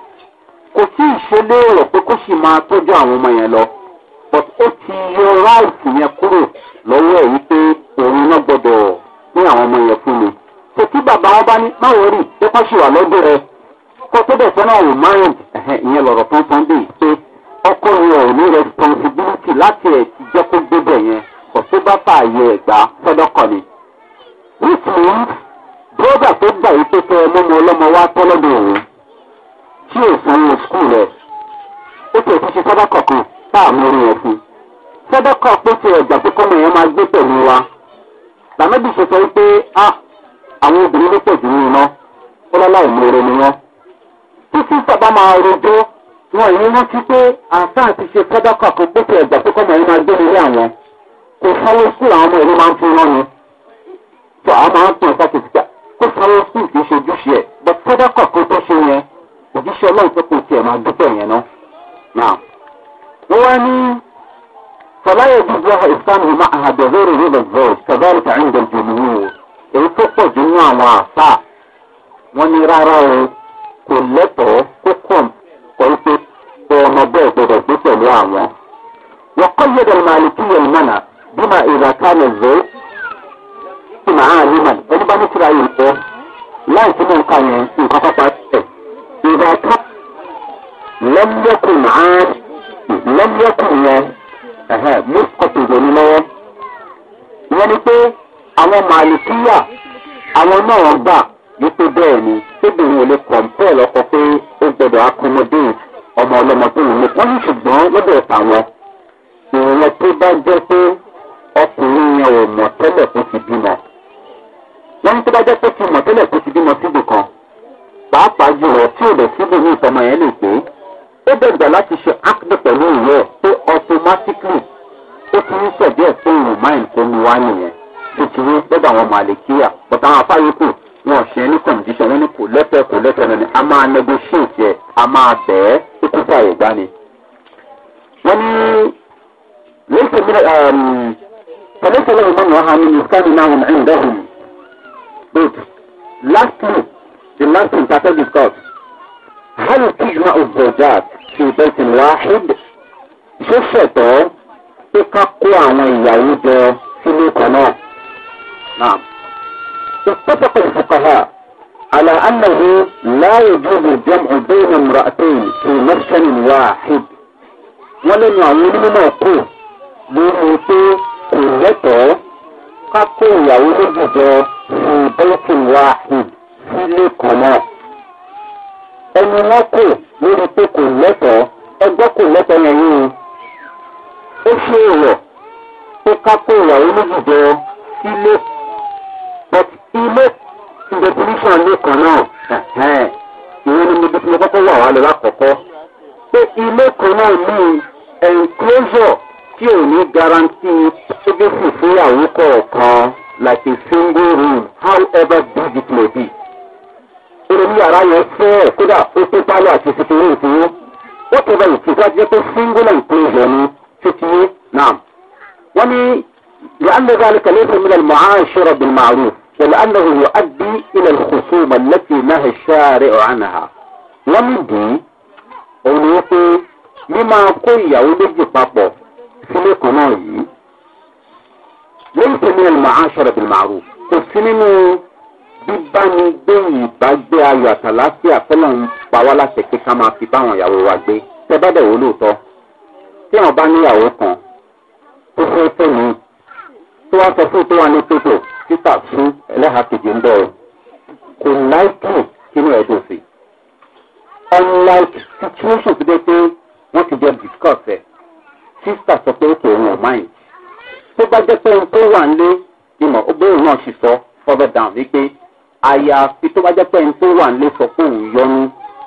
kò tí ì ṣe léèrò pé kó sì máa tọ́jú àwọn ọmọ yẹn lọ but ó ti yọ ráìtì yẹn kúrò lọ́wọ́ ẹ̀ wípé òun náà gbọ́dọ̀ ní àwọn ọmọ yẹn fún mi. tó tí bàbá wọn bá ní báwo lọ́dọ̀ rẹ kó tó bẹ̀ fẹ́ náà wò lọ̀rọ̀ tán tán pé ọkọ ò tí ò sanwó skul rẹ̀ ó tẹ̀ tó ṣe sọ́dọ̀kọ̀ kan tá à mú orí yẹn fún sọ́dọ̀kọ̀ pé ṣe ẹ̀gbà pé kọ́mọ yẹn máa gbé pẹ̀lú wa làmẹ́bí ṣe sọ wípé a ah, àwọn obìnrin ló pẹ̀ jù ní iná ó lọ́lá ìmúre ni wọ́n tí sísọ bá máa rojọ́ wọn ìní rántí pé àǹfààní ti ṣe sọ́dọ̀kọ̀ kan pé ṣe ẹ̀gbà pé kọ́mọ yẹn máa gbé nílé àwọn kò sanwó skul àwọn ọmọ ìlú máa ń fún wọn ni tó a máa ń pọ̀ sákìtìkà kó sanwó skul kì í ṣe ojúṣe ẹ̀ bọ́ sọ́dọ̀kọ̀ kan tó ṣe yẹn òjíṣẹ́ ọlọ́run tó kò tiẹ̀ máa dúpẹ́ yẹn ná. wọ́n wá ní fọláyé gbígbọ́ ìsánù àhàdọ̀lẹ́rẹ̀ rẹ̀ lọ́gbọ́ kàdáàlì kàrí ìdọ̀jọ́ mi wò èyí tó pọ̀ jù nínú àwọn àṣà wọn ní rárá o kò lẹ́tọ̀ọ́ kó kàn kọ́ pé pé ọmọ bẹ́ẹ̀ gbọdọ̀ gbé pẹ̀lú àwọn. wọ́n kọ́ yẹ̀dọ̀ màlìkí yẹn mọ́nà bí mà ìràká lè zó sì máa mọ̀ ẹni bá ní kíra yìí pẹ́ láì إذا كان لم na عاش لم يكن يعني ẹ̀hẹ́ mọ́sọ̀tò ìgbòho lọ́wọ́. wọ́n àwọn màlìkíyà àwọn náà gbà wípé bẹ́ẹ̀ ni tóbìnrin ò lè kọ̀ǹpẹ́ lọ́kọ pé ó gbọ́dọ̀ akọmọdé ọmọ ní ṣùgbọ́n lọ́dọ̀ ìrìnlẹ̀ tó bá jẹ́ pé pàápàá jùlọ tí ò lè síbi ní ìtọ́mọ yẹn lè ó dẹ̀gbà láti ṣe pẹ̀lú ìwé ẹ̀ automatically ó ti ń sọ̀dí ẹ̀ pé ìwò máìn tó ní wá nìyẹn tó ti rí lọ́dọ̀ bọ̀tà wọn ò ṣe ní condition wọn ní kò lẹ́tẹ̀ kò lẹ́tẹ̀ a máa negotiate ẹ̀ a máa bẹ̀ ẹ́ ó kú fún àyè gbani. wọ́n ní lẹ́sẹ̀ um, mi The last important discuss هل تجمع الزوجات في بيت واحد؟ شفته تكقوا عن اليهود في ميكونا نعم اتفق الفقهاء على أنه لا يجوز الجمع بين امرأتين في مسكن واحد ولم يعلم موقوف بموت كلته قطو يولد في بيت واحد sílé kan náà ẹni wọn kò lórí pé kò lẹ́tọ̀ọ́ ẹgbẹ́ kò lẹ́tọ̀ọ́ yẹn yín ó ṣe èrò pé ká kó ìwà olóògbé sílé but ilé definition lé kan náà ìwé ni níbi tí mo kọ́kọ́ wà wá lọ lákọ̀ọ́kọ́ pé ilé kan náà ní enclosure tí ò ní guarantee privacy fún ìyàwó kọ̀ọ̀kan like a single room however big it may be orí yàrá yẹn fẹ́ kódà ó tó pálí àti kékeré ìfowó wọ́n tó bá ìtura jẹ́ pé singular enclosure ni títí náà wọ́n ní لأن ذلك ليس من المعاشرة بالمعروف ولأنه يؤدي إلى الخصومة التي نهى الشارع عنها wọ́n ní dì í òun ni pé mímọ kó ìyàwó méjì papọ̀ sílé kan náà yìí lẹ́yìn tó ní المعاشرة بالمعروف kò sí nínú bíbáni gbé ìbágbé ayọ̀ àtàláfíà tọ́lọ̀ ń pa wá láṣẹ pé ká máa fi báwọn ìyàwó wa gbé tẹ bá dẹ̀ wò lóòótọ́ tí àwọn bá níyàwó kan tó fẹ́ fẹ́ mi tó wá sọ fún tó wà ní pépè títà fún ẹlẹ́hàá kejì ń bẹ̀ ọ́ kò láìpẹ́ kínú ẹ̀dùn sí unlike situation tó dé pé wọ́n ti jẹ́ discuss ẹ̀ sísà sọ pé kò wọ́n mind tó bá jẹ́ pé ohun tó wà ń lé ìmọ̀ ó gbé òun náà ṣe sọ further down wípé. àyàfi tó bá jẹ́ pé ẹni tó wà nílé sọ pé òun yọnu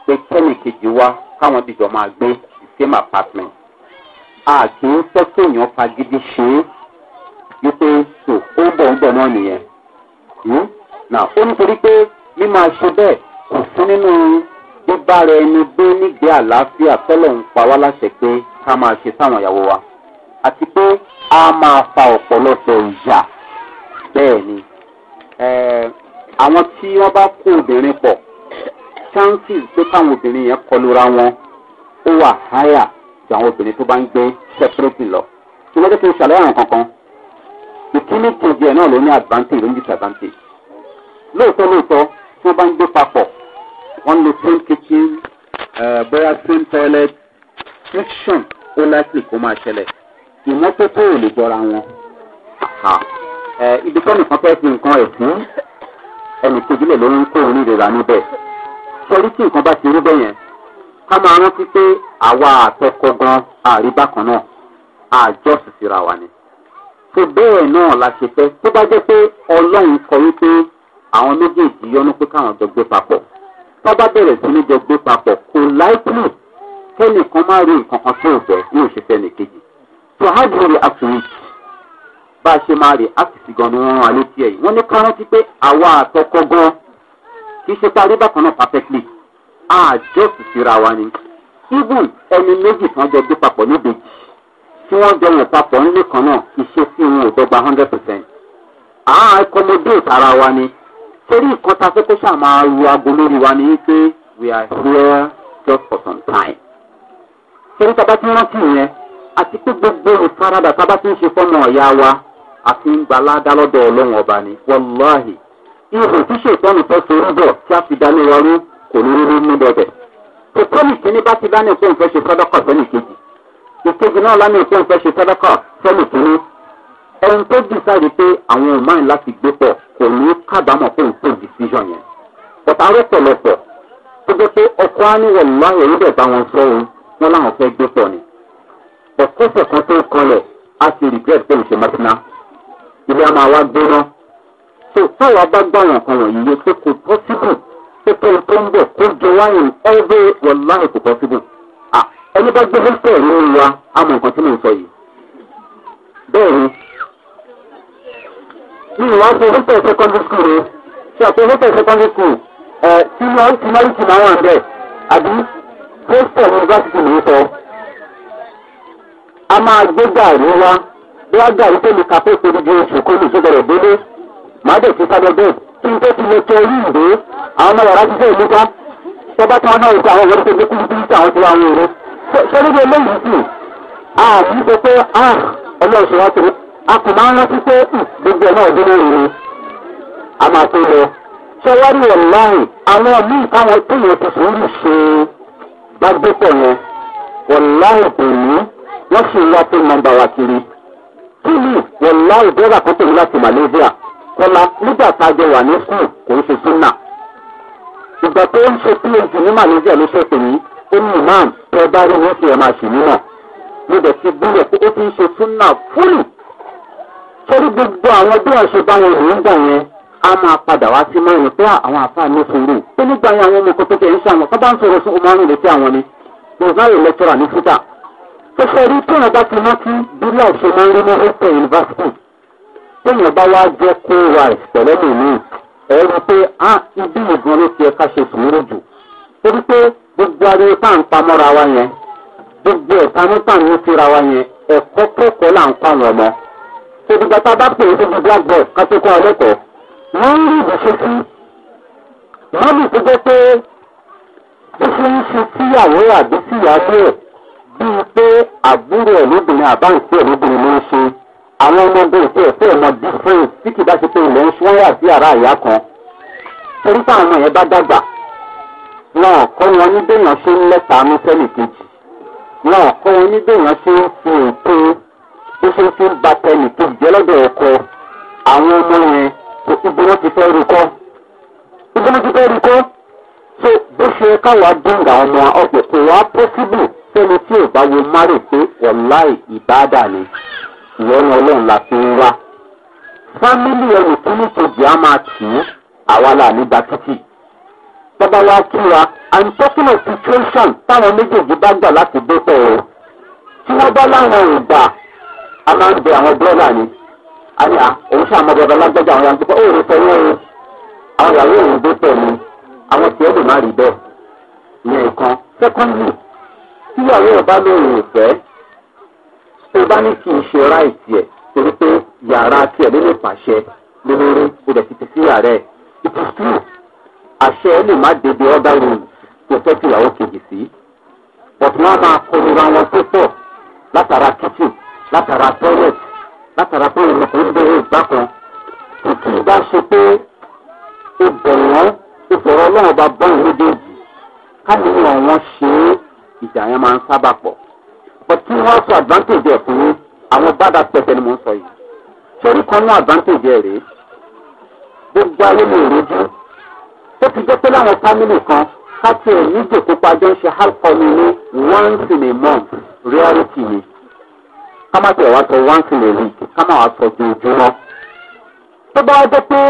pé wa káwọn dìjọ máa gbé the same apartment. a kì í fẹ́ kéèyàn fagidi ṣe é wípé tó ó bọ̀ ń bọ̀ náà nìyẹn. Hmm? nà ó nítorí pé mímọ aṣọ bẹ́ẹ̀ kò sí nínú ẹni gbé àlàáfíà tọ́lọ̀ ń pa wá láṣẹ pé ká máa ṣe sáwọn ìyàwó wa àti pé a máa fa ọ̀pọ̀lọpọ̀ ìyà bẹ́ẹ̀ ni. àwọn tí wọ́n bá kó obìnrin pọ̀ chances pé káwọn obìnrin yẹn kọlura wọn ó wà háyà ju àwọn obìnrin tó bá ń gbé separately lọ tí wọ́n jẹ́ kí n ṣàlàyé àwọn kankan ìkíní kejì ẹ̀ náà ló ní advantage ló ní disadvantage lóòótọ́ lóòótọ́ tí wọ́n bá ń gbé papọ̀ wọ́n lo same kitchen bóyá same toilet friction ó láti kó máa ṣẹlẹ̀ ìmọ́tótó ò lè jọra wọn ibi tó nìkan fẹ́ fi nǹkan ẹ̀ fún ẹnìkejì lè ló ń kó òun nírera níbẹ̀ sọrí tí nǹkan bá ti rí bẹ́yẹn ká máa rántí pé àwa àtọkọ gan àrí bákan náà àjọsìn síra wa ni tó bẹ́ẹ̀ náà la ṣe fẹ́ tó bá jẹ́ pé ọlọ́run kọ wípé àwọn méjèèjì yọnu pé káwọn jọ gbé papọ̀ tó bá bẹ̀rẹ̀ sí ní jọ gbé papọ̀ kò láìpẹ́ kẹ́nìkan má rí nǹkan kan tó fẹ́ ní òṣìṣẹ́ nìkejì so how do you react to it? bá a ṣe máa rè áfìsì gan ni wọ́n rán alé tiẹ̀ yìí wọ́n ní ká rántí pé àwa àtọkọ gan kì í ṣe parí bákan náà perfectly àjọsì síra wa ni even ẹni méjì kan jọ gbé papọ̀ níbejì tí wọ́n jọ wò papọ̀ nílé kan náà iṣẹ́ tí wọn ò dọ́gba hundred percent àá accommodate ara wa ni torí nǹkan ta fẹ́ kó ṣáà máa ru aago lórí wa ni wípé we are here just for some time torí tá a bá ti rántí yẹn àti pé gbogbo ìfaradà tá a bá ti ń ṣe fọ́mọ ọ̀yá wa àti ń gba aládá lọ́dọ̀ ọlọ́run ọba ni wàláhì ihò tí ṣètọ́nù fẹ́ sorí bọ̀ tí a fi dání wa rú kò ní rírú mú bọ̀bẹ̀. ìkọ́ni kìíní bá ti lánàá pé nǹkan ṣe sọ́dọ́kọ̀ sẹ́nì kejì ìkejì náà lánàá pé nǹkan ṣe sọ́dọ́kọ̀ sẹ́nì kìíní. ẹni tó dì sáré pé àwọn ò máa ń láti gbé pọ̀ kò ní kábàámọ̀ pé nǹkan decision yẹn. bàtà rẹ̀ pọ̀lọpọ̀ tó gbé pé ọkọ̀ á ní wàláhì ẹ̀rú bẹ̀ bá wọn sọ wọn láwọn fẹ́ gbé pọ̀ ni. bọ̀kọ́sẹ̀ kan tó kanlẹ̀ á ti regret pé òṣèmọ́síná ilé a máa wá gbóná so táwa bá gbà wọn kan wọ̀nyí yẹ pé kò pọ́sibù pé pẹ́ẹ́n tó ń bọ̀ kó jẹ wáyìn ẹ́ẹ́dẹ́ wọláhìn kò pọ́sibù ẹni bá gbé hẹ́sẹ̀ lórí wa á mọ nǹkan tí mò ń sọ yìí bẹ́ẹ̀ ni mi ìwà ṣe hẹ́sẹ̀ secondary school rẹ ṣe àpò hẹ́sẹ̀ secondary school ẹ̀ tí wọ́n ti máa ń tì máa wà ń bẹ̀ àbí hẹ́sẹ̀ university ló sọ a máa gbé gàrí wá wọ́n á gbà wípé mi kà pé ìpinnu di oṣù kó lè sọ́dọ̀ rẹ̀ délé màá dẹ̀ fi sábẹ́ bẹ́ẹ̀ kí n tó ti lè tẹ orí ìwé àwọn ọmọ yàrá ti fẹ́ ìlú ká tọ́ba tí wọ́n náà ti àwọn ọmọdé tó kúrú bíi táwọn ti wá wọn rẹ. ṣé níbi eléyìí sì àmì sọ pé ọlọ́run ṣe wá tó a kò máa ń rántí pé gbogbo ẹ̀ náà dé lórí rẹ a máa tó lọ. ṣé wá rí ẹ̀ láàrin àwọn míì káwọn tóyàn ti sòórì ṣe bá gbé pọ̀ yẹn wọ̀láì pè ní wọ́n sì ń wá pé nọmba wa kiri. kúlù wọ̀lá ìbẹ́rẹ́ àkótó mi lati malaysia kọlá nígbà tá a jẹ wà ní skul kò ń ṣe súnà ìgbà tó ń ṣe phd ní malaysia ló ṣẹ̀ṣẹ̀ yìí ó ní imam tó ẹ bá rí wọn fi ti pé ó ti ń ṣe súnà fúlù sórí gbogbo àwọn bí wọn a máa padà wá sí pé àwọn àfáà ní sùúrù pé nígbà yẹn àwọn ọmọ ń tó bá ń sọ̀rọ̀ sí ṣẹṣẹ rí tóun bá ti rántí bílà ṣe máa ń rí ní hẹ́tẹ̀ yunifásitì tóun bá wá jẹ́ kó wa ìṣẹ̀lẹ́mù mi ẹ rí pé á ah, ibi ìgbọ̀n ló ti ẹ ká ṣe sùúrù jù torí pé gbogbo ariwo tá à ń pamọ́ra wa yẹn gbogbo ẹ̀ka nípa ní fira wa yẹn ẹ̀kọ́ kẹ́kọ̀ọ́ là ń pa wọn mọ́ ṣèdìgbà tá a bá pè é síbi blackboard ká tó kọ́ wọ́n ń rí ìbùsùn sí wọ́n tó jẹ́ pé bó ṣe ń ṣe síyàwó àbí síyàwó ẹ̀ i pé àbúrò ẹ̀ lóbìnrin àbáǹtí ẹ̀ ló ń ṣe àwọn ọmọdé ìfẹ́ ìfẹ́ ọmọ different tí kì bá ṣe pé ilẹ̀ ń ṣe wọ́n ara ìyá kan torí táwọn àwọn yẹn bá dàgbà náà kọ́ wọn ní bẹ́yàn ṣe ń lẹ́ta ní sẹ́nì kejì náà kọ́ wọn ní bẹ́yàn ṣe ń fi tó ṣe ń ibi wọn ti ibi wọn ti fẹ́ rúkọ́ bó ṣe ọmọ ọ̀pẹ̀ kò wá sẹ́ni tí ò bá wo márùn pé ìbáàdà ni ìyọnu ọlọ́run la fi ń wá. fámílì ẹrù tí nìkejì á máa tì í àwa là nígbà títì. bàbá kí wa i'm talking of situation táwọn méjèèjì bá gbà láti dé pẹ́ tí wọ́n bá láwọn ò a máa ń bẹ àwọn ni. òun ṣàmọ́ lágbájá tíyàwó ẹ̀ bá lóyún ìfẹ́ tó bá ní kì í ṣe ráìtì ẹ̀ torí pé yàrá tiẹ̀ ló lè pàṣẹ lórí ó lè fi ti sí yàrá ẹ̀ ìtùtù àṣẹ ẹ̀ lè má débi ọ́dà room tó fẹ́ tíyàwó kejì sí bọ̀tún wọn máa kọlura wọn tó pọ̀ látara kitchen látara toilet látara pé ìmọ̀kò ń bẹ̀rẹ̀ ìgbàkan kìkì bá ṣe pé ó bẹ̀rẹ̀ wọn ó fọ̀rọ̀ ọlọ́run bá bọ́ ìlú déjì káàdì wọn wọn ṣe ìjà yẹn máa ń sábà pọ̀ but kí wọ́n sọ advantage ẹ̀ fún àwọn bàdà pẹ̀tẹ́ ni mo ń sọ yìí torí kan ní advantage ẹ̀ rèé gbogbo ayé lè rojú ó ti jẹ́ pé láwọn family kan káti ẹ̀ ní jòkópa jọ ń ṣe alcohol ní once in a month reality ni ká má tẹ̀ wá sọ once in a week ká má wá sọ jòjúmọ́ tó bá wá jẹ́ pé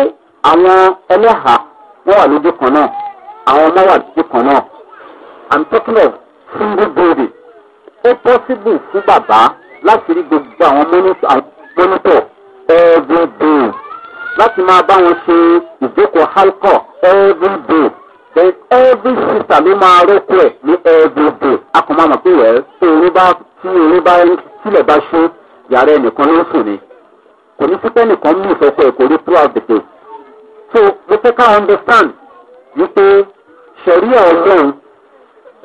àwọn ẹlẹ́hàá wọ́n wà lójú kan náà àwọn ọmọ wà lójú kan náà i'm talking of single-body ó possible fún bàbá láti rí gbogbo àwọn Every day, láti máa bá wọn ṣe ìjókòó halkọ day, then every sister ló máa rókò ẹ̀ ní everyday a kò máa mọ̀ pé wẹ́ẹ́ tí orí bá tí orí bá sílẹ̀ bá ṣe yàrá ẹnìkan ló sùn ni kò ní sípẹ́ nìkan mú ìfẹ́fẹ́ kò rí throughout the day so mo fẹ́ ká understand wípé ṣẹ̀ríà ọlọ́run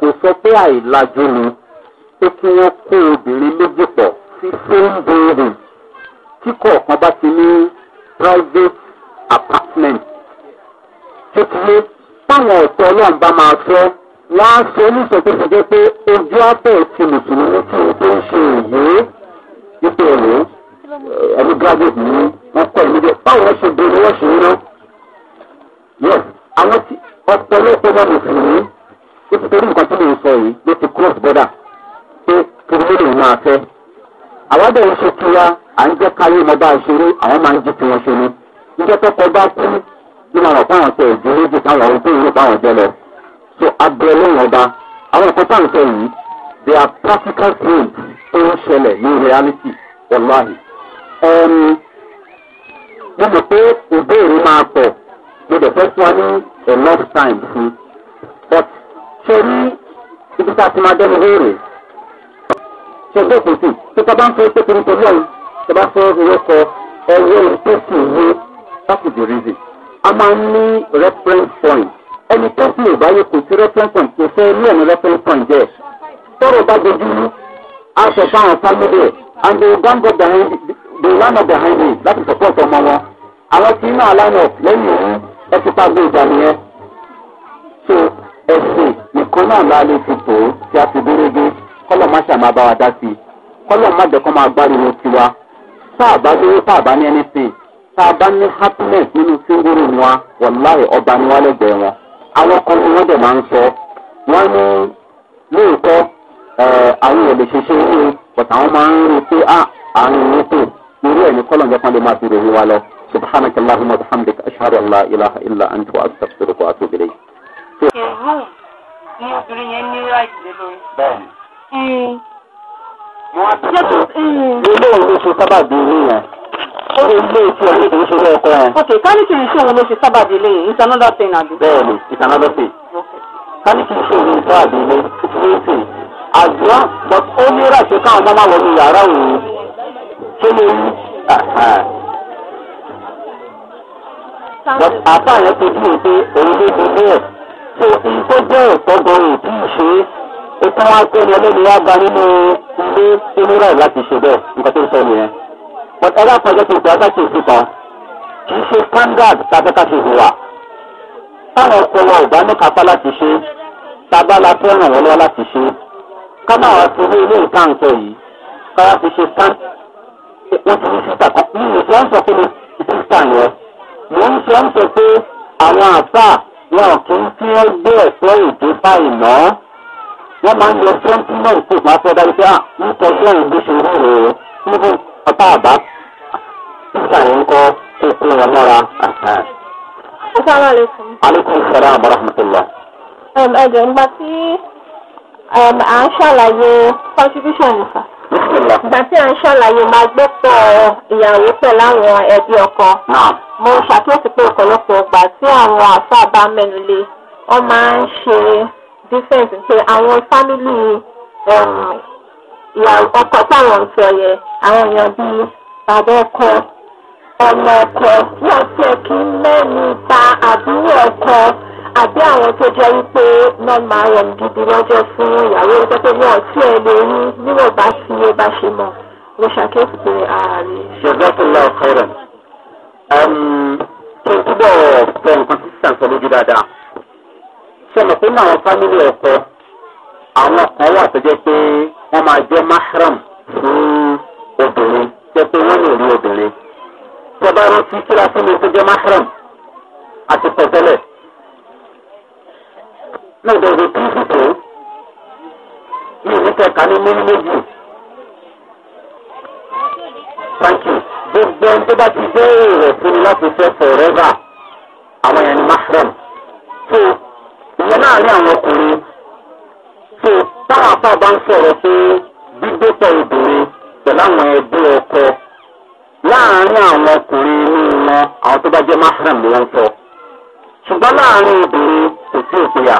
kò sọ pé àìlajú ni pé kí wọ́n kó obìnrin méjì pọ̀ sí sóńbóhùn tí kọ̀ọ̀kan bá ti ní private apartment tó ti lé táwọn ọ̀tọ̀ ọlọ́run bá máa fẹ́ wọ́n á sọ oníṣègùn tó jẹ́ pé ojú abẹ́ ti mùsùlùmí tí o tó ń ṣe èyí wípé ẹ̀rọ ẹni graduate ni wọ́n kọ́ ẹ̀ níbẹ̀ báwọn ṣe bẹ̀rẹ̀ wọ́n ṣe ń rán. yes àwọn tí ọ̀pọ̀lọpọ̀ ọmọ mùsùlùmí ó ti torí nǹkan tí mò ń sọ yìí ló ti cross border pé kìnìún lòun máa fẹ́ àwádọ̀ ń ṣe tiwa à ń jẹ́ káyé mọ bá a ṣeré àwọn máa ń jí tiwọn ṣe ni níjẹ́ tọ́kọ bá kú ní màmá fáwọn tẹ̀ ju méjì fáwọn ohun tó yìí fáwọn jẹ lọ so abẹ lẹ́yìn ọba àwọn nǹkan táwọn sọ yìí they are practical things tó ń ṣẹlẹ̀ ní reality wàláhì mo mọ̀ pé ìbéèrè máa pọ̀ mo dẹ̀ fẹ́ fún wa ní a long time fún but torí ibi tá a ti máa dẹ́nu léèrè ṣẹgbẹ́ òkùnkùn tí tá a bá ń fẹ́ pé torí torí ọ̀hún tí a bá fẹ́ owó kọ ẹ̀wọ́ tó sì wé láti bèrè rè a máa ń ní reference point ẹni tó sì ò báyé kò sí reference point kò fẹ́ ní ẹ̀mí reference point jẹ́ tọ́rọ̀ bá dojú rú a sọ fáwọn family ẹ̀ and they don go behind they line up behind me láti support ọmọ wọn àwọn tí iná line up lẹ́yìn òun ẹ ti pa gbé ìjà nìyẹn ẹ̀sìn nìkan náà la lè fi tò ó tí a fi bérége kọ́lọ̀ má ṣàmà bá wa dá sí i kọ́lọ̀ má jẹ́ kó máa gbáriwo tiwa tá a bá dúró tá bá ní anything tá bá ní happiness nínú síngúrú wa wàláì ọba ni wọ́n lẹ́gbẹ̀ẹ́ wọn àwọn kan ni wọ́n dẹ̀ máa ń sọ wọ́n ní lóòótọ́ àwọn èèyàn lè ṣe ṣe é bọ̀tà àwọn máa ń rí pé àárín yín tò irú ẹ̀ ní ń jẹ́ máa fi ròyìn wa lọ subhanakallahumma wa bihamdika ashhadu an la ilaha illa anta wa astaghfiruka wa atubu ilayk kẹrùn ni obìnrin yẹn ní ráìtì lórí. bẹẹni. wọn ti sọ ilé ìwé ṣe sábàbí ilé yẹn ilé ìtì ọ̀sẹ̀ kìí ṣe ilé ẹ̀kọ́ yẹn. ok káni kì í ṣe òun ló ṣe sábàbí it's another thing àbí. bẹẹni it's another thing. káni kì í ṣe òun It's another thing, àjọ but only ní ráìtì káwọn máa wọ ní yàrá òun tó lè rí but àbá yẹn tó dúró pé òun ló ṣe bẹ́ẹ̀ so èyí tó jẹ́ ẹ̀tọ́ gan-an ò tí ì ṣe é ó tún wá pé ní ẹlẹ́ni wá ba nínú ilé tó ní ráì láti ṣe bẹ́ẹ̀ nǹkan tó ń sọ nìyẹn. but ẹ̀rọ àpẹjọ ti gbà láti èsì kan kì í ṣe standard tàbí ká ṣe hùwà. táwọn ọpọlọ ọ̀gbá ní kápá láti ṣe tábà la fẹ́ ràn wọ́n lọ́wọ́ láti ṣe. ká má wá sí ilé ìkáǹtọ̀ yìí ká wá fi ṣe tán. wọ́n ti ní sísà kan ní ìṣẹ́ ń sọ pé ní sísà ń sọ pé àwọn àfáà wọn kì í tí wọ́n gbé ẹ̀tọ́ ìdí báyìí mọ́ wọ́n máa ń lọ sentiment tó máa fẹ́ dájú pé à ń kọjá ìdí ṣe rí rèé níbi ọba àbá ìsàlẹ̀ ń kọ́ tó kún wọn lára. asalaamualeykum. aleykum salaam wa rahmatulah. ẹ̀jẹ̀ ìgbà tí à ń ṣàlàyé contribution nìkan ìgbà tí à ń ṣàlàyé máa gbé pọ̀ ìyàwó pẹ̀lú àwọn ẹbí ọkọ mo ṣàkíyèsí pé ọ̀pọ̀lọpọ̀ ọgbà tí àwọn àáfàá bá mẹ́nu lé wọ́n máa ń ṣe difference pé àwọn fámìlì um, ọkọ̀ táwọn ń sọ yẹn àwọn èèyàn bíi bàbá ọkọ ọmọ ọkọ wọn tiẹ̀ kí ń mẹ́nu ta àbúrò ọkọ àbí àwọn tó jẹ́ wípé wọ́n máa rọ̀ gidi lọ́jọ́ fún ìyàwó pẹ́pẹ́ wọn tí ẹ lè rí níwọ̀n bá sí ó bá ṣe mọ̀ mo ṣàkíyèsí pé ààrẹ. ṣe gbọ́dọ̀ lọ kọ́rọ̀ kí n túbọ̀ fẹ́ nǹkan tí sàn sọ lójú dáadáa ṣe mọ̀ pé ní àwọn fámìlì ọkọ àwọn kan wà tó jẹ́ pé wọ́n máa jẹ́ mahram fún obìnrin jẹ́ pé wọ́n lè rí obìnrin tó bá rántí kíláàsì mi tó jẹ́ mahram àti pẹ̀tẹ́lẹ̀ náà dọ̀dọ̀ kí n fìfò mi ò ní kẹ́ka ní mímú méjì. Thank you gbogbo ẹni tó bá ti jẹ́ èrè fún mi láti fẹ́ forever àwọn yẹn ni mahram tó ìyẹn láàrin àwọn ọkùnrin tó táwọn afá bá ń sọ̀rọ̀ pé gbígbé pọ̀ obìnrin pẹ̀lú àwọn ẹbí ọkọ láàrin àwọn ọkùnrin inú wọn àwọn tó bá jẹ́ mahram ni wọ́n ń sọ ṣùgbọ́n láàrin obìnrin kò sí ìpínyà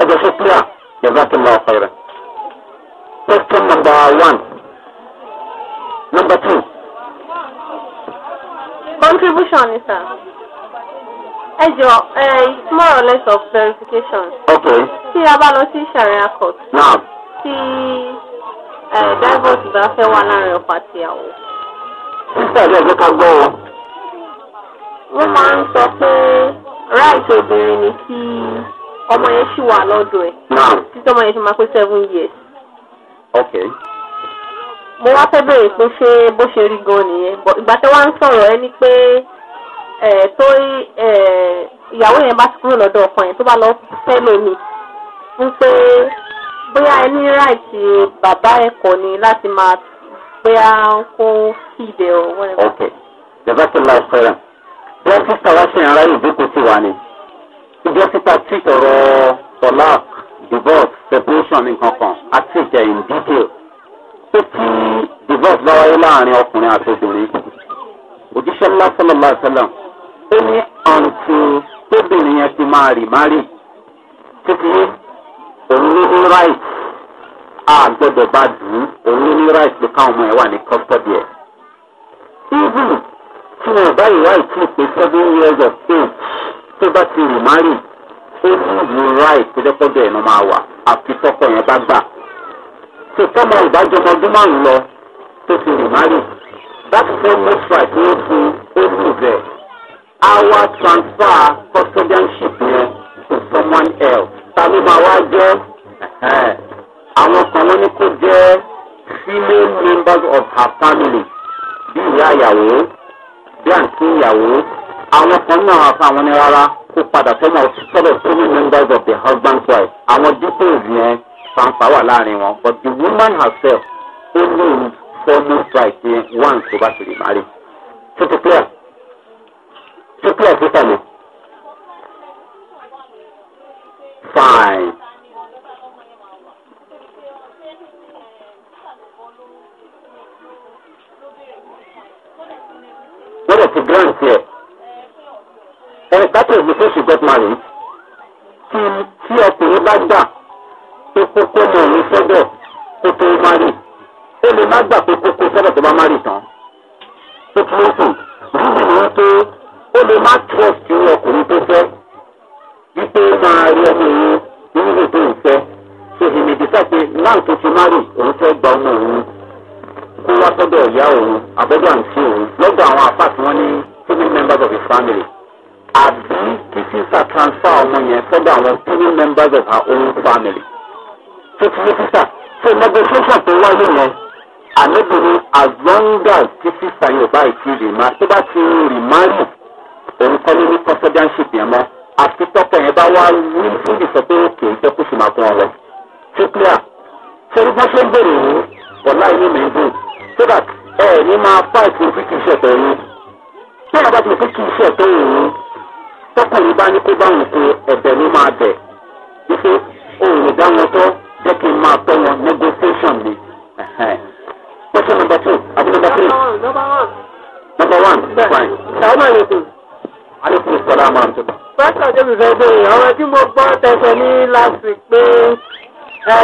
ẹjọ́ ṣe clear jazakallah khairan question number one number two contribution ni sir. ẹ jọ ẹ more or less of verification. ok. tí a bá lọ sí sharia court. naam. tí ẹ divorce bá fẹ́ wà láàrin ọkọ àti ìyàwó. sísè ilé ẹjọ́ ká gbọ́ o. wọ́n máa ń sọ pé right obìnrin ni kí ọmọ yẹn ṣì wà lọ́dọ̀ ẹ̀. naam. títí ọmọ yẹn ṣe máa pé seven years. ok mo wá fẹ́ bèrè pé ṣé bó ṣe rí gan nìyẹn ìgbà tí wọ́n ń sọ̀rọ̀ ẹni pé tó ìyàwó yẹn bá ti kúrò lọ́dọ̀ ọkàn yẹn tó bá lọ fẹ́ lómi ń pé bóyá ẹni ráìtì bàbá ẹ̀kọ́ ni láti máa bóyá kó fìdè ọ̀ wọ́n. ok jabakila fẹ́ràn bí wọ́n ti sàwá ṣe ìrànlá ìdínkù sí wa ni ìjọ síta tí ọ̀rọ̀ tọ́lá divorce separation nǹkan kan àti ìjà detail pé tí divorce bá wáyé láàrin ọkùnrin àti obìnrin òjíṣẹ́ ńlá sọ́lọ́lá sọ́lọ́m ó ní àǹtí tóbìnrin yẹn ti máa rì márì títí òun ló ní right àgbẹ̀dẹ̀ bá dùn òun ló ní right pé káwọn ọmọ ẹ̀ wà ní custody ẹ̀. even tí wọn bá ìwà ìtì pé seven years of age tó bá ti rì márì ó ní right pé dẹ́kọ́dọ̀ ẹ̀ ló máa wà àfi tọkọ yẹn bá gbà tó tọ́mọ ìbájọmọ ọdún márùn lọ tó ti rìn márì that same most right ni ó fi ó lù bẹ̀ á wá custodianship yẹn to someone else ta ló máa wá jẹ́ àwọn kan wọn ní kó jẹ́ female members of her family bí ìyá ìyàwó bí àǹtí ìyàwó àwọn kan náà wà fún àwọn ní rárá kó padà sọ́mọ sọ́dọ̀ female members of the husband wife àwọn dípò ìyẹn fanfa wà láàrin wọn but the woman herself ó lóun follow right yẹn once tó bá ti lè marry tó ti clear tó clear tó tẹ̀lé fine. wọ́n lè ti grant yẹ ẹni pátá ìgbésẹ̀ ṣùgbọ́n marry tí ọkùnrin bá gbà tó kókó mọ̀ ní sọ́dọ̀ kó tó má rì ó lè má gbà pé kókó sọ́dọ̀ tó bá má rì tán tó tún sùn báyìí ni wọ́n tó ó lè má trust ní ọkùnrin tó fẹ́ wípé ó máa rí ọmọ òun nínú tó ń fẹ́ ṣe ìmìdí sáfẹ́ náà tó ti má rì òun fẹ́ gba ọmọ òun kó wá sọ́dọ̀ ìyá òun àbọ́dọ̀ àǹtí òun lọ́dọ̀ àwọn àpá tí wọ́n ní three members of his family àbí kí sísà transfer ọmọ yẹn sọ́dọ̀ àwọn three members of her own family fifty sita so negotiation tó wáyé yẹn àníbìnrin as long as tí sísá yóò bá ìtì rìmá tó bá ti rìmárì òun kọ́ ní ní custodianship yẹn mọ́ àti tọ́kọ̀ yẹn bá wá wí fún ìsọ pé òkè jẹ́ kó sì máa kún ọ lọ. ṣé clear ṣé bí wọ́n ṣe ń bèrè yìí wọ̀lá ìlú mi ń dùn so that ẹ ní máa fight ní kí kì í ṣe ẹ̀tọ́ yín. bí wọ́n bá ti kí kì í ṣe ẹ̀tọ́ yìí bá ní kó bá òun kó ẹ̀bẹ̀ ló máa bẹ̀ wípé òun ò dá wọn tọ́ jẹ́ kí n máa tọ́ wọn negotiation ni. Eh? question number two àbí number three. number one. number one fine. sàmà yòókù. aleykum salaam wa rahmatulah. pásítọ̀ jẹ́bi fẹ́ bẹ́ẹ̀ àwọn tí mo gbọ́ tẹ̀sẹ̀ ní last week pé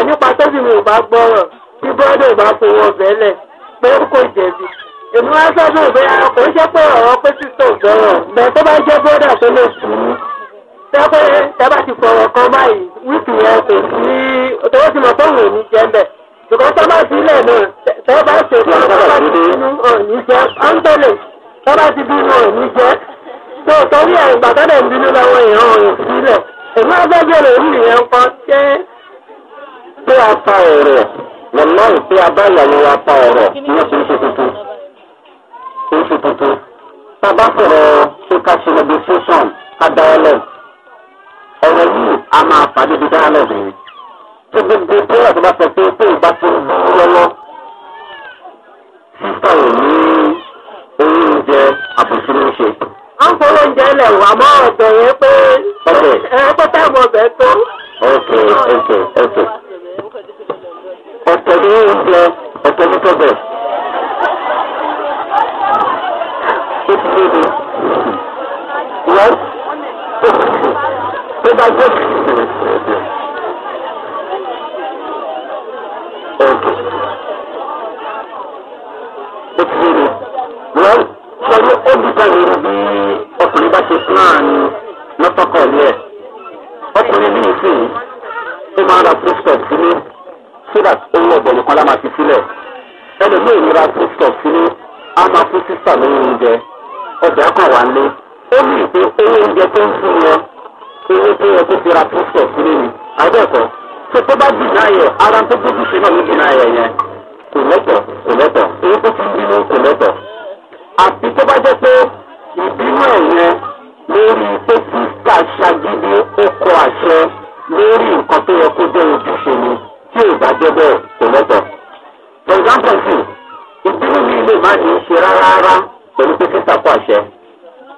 nípa tóbi mi ò bá gbọ́rọ̀ tí bọ́dọ̀ bá fowó bẹ́lẹ̀ pé kò jẹ̀bi èmi wá sọ́dún ìgbé kò ń jẹ́ pé ọ̀rọ̀ pé títò gbọ́rọ̀ bẹ́ẹ̀ tó bá jẹ́ bọ́dà tó lè sùn tẹ́pẹ́ tẹ́bá ti fọ̀rọ̀ kan báyìí wíìkì yẹn kò sí tọwọ́ sí ma fọ́ọ̀mù òní jẹ́ ń bẹ̀ ṣùgbọ́n tọ́ bá sí ilẹ̀ náà tọ́ bá ṣe fún bá ti bínú òní jẹ́ áńtọ́lẹ̀ tọ́ bá ti bínú òní jẹ́ tó torí ẹ̀ gbàtọ́dẹ̀ ń bínú lọ́wọ́ èèyàn òní sílẹ̀ èmi abẹ́gbẹ̀rẹ̀ orí yẹn kọ́ ṣé. pé a fa ọ̀rọ̀ lọ́nà ìpè abáyàwó wa fa ọ̀rọ̀ ní oṣù tuntun oṣù tuntun tá a ṣe ká ṣe negotiation ká dialogue ọ̀rọ̀ yìí a máa pàdé di dialogue yìí tí gbogbo prayer tó bá sọ pé pé ìbá tó ń bú lọ́wọ́ sísá ò ní oúnjẹ àbùsùn ló ń ṣe. a ń fọwọ́ oúnjẹ lẹ̀ wà mọ́ ọ̀bẹ̀ yẹn pé ẹ kó táwọn ọbẹ̀ tó. ok ok ok ọ̀tọ̀ ní oúnjẹ ọ̀tọ̀ ní tọ́bẹ̀. Yes bá gbé. ọkùnrin bá ṣe plan lọ́tọ́kọ̀ ní ẹ̀ ọkùnrin ní ìsìn ó máa ra foodstuff sílé so that owó ọ̀bọ̀ nìkan lá máa fi sílẹ̀ ẹlòmíì ní ra foodstuff sílé á máa fún sísà lórí oúnjẹ ọ̀dẹ̀ á kàn wá lé ó ní ìpín owó oúnjẹ tó ń fún wọn owó tó yẹ kó fi ra pósítọ̀ sílé ni àbẹ̀kọ́ tó tó bá dìnnà yẹ ara tó gbójú ṣe náà ló dìnnà yẹ yẹn kò lẹ́tọ̀ kò lẹ́tọ̀ owó tó fi ń bínú kò lẹ́tọ̀ àti tó bá jẹ́ pé ìbínú ẹ̀ yẹn lórí pé sísá ṣàgídí oko àṣẹ lórí nǹkan tó yẹ kó jẹ́ ojúṣe ni tí ò bá jẹ́ bẹ́ẹ̀ kò lẹ́tọ̀ for example ìbínú mi lè má ní í ṣe rárá rárá pẹ̀lú pé sísá kó àṣẹ.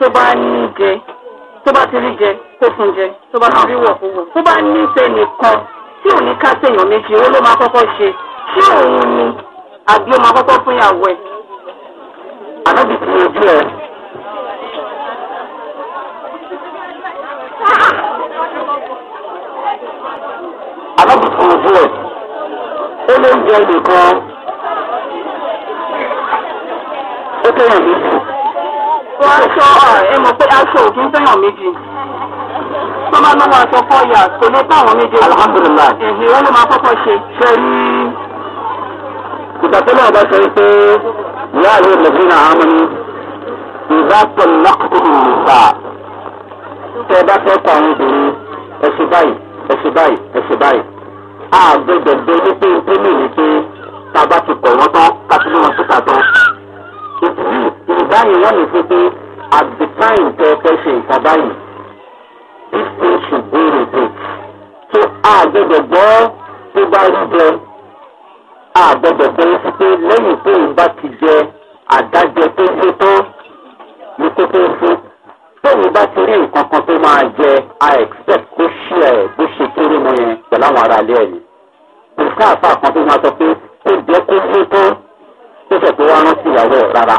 tó bá ní jẹ tó bá ti rí jẹ kó fún jẹ tó bá ti rí wọ̀ kó wọ̀ tó bá ní sẹ́nìkan tí ò ní ká sèèyàn méjì owó ló máa kọ́kọ́ ṣe ṣé òun ni àbí ó máa kọ́kọ́ fún ìyàwó ẹ̀. ànábì ti ojú ẹ. ànábì ti ojú ẹ. ó ló nìkan ó kéèyàn méjì so aṣọ ẹ mọ̀ pé aṣọ òkín fẹ́yàn méjì tó bá lọ́wọ́ aṣọ four years kò lè táwọn méjì alhamdulilayi ẹ̀hìn wọn ló máa kọ́kọ́ ṣe. ṣe rí ìgbàgbọ́ náà bá pé ìyá àlè lẹ́gbẹ̀ẹ́ náà á mọ́ ní ìbátan lọ́kùnrin nìta tẹ́ ẹ bá fẹ́ pa àwọn obìnrin ẹ̀sìn báyìí ẹ̀sìn báyìí ẹ̀sìn báyìí àgbẹ̀gbẹ̀gbẹ̀ ní pé pé mi ní pé tá a bá ti kọ̀ wọ́n tán ká tún lọ́wọ́ síta tán yorùbá yìí wọ́n lè fi pé at the time tẹ ẹ fẹ́ ṣe nǹkan báyìí this thing should go repeat so a gbọ́dọ̀ gbọ́ tó bá rí jẹ a gbọ́dọ̀ gbọ́ sí pé lẹ́yìn tó ń bá ti jẹ àdájọ tó ń ṣe tán ní kó tó ń tóun bá ti rí nǹkan kan tó máa jẹ a expect kó ṣí ẹ bó ṣe kéré mọ yẹn pẹ̀lú àwọn ará ilé ẹ̀yìn kò sáà fà kan tó máa sọ pé kó jẹ́ kó ń tán tó sọ pé wọ́n rántí ìyàwó rárá.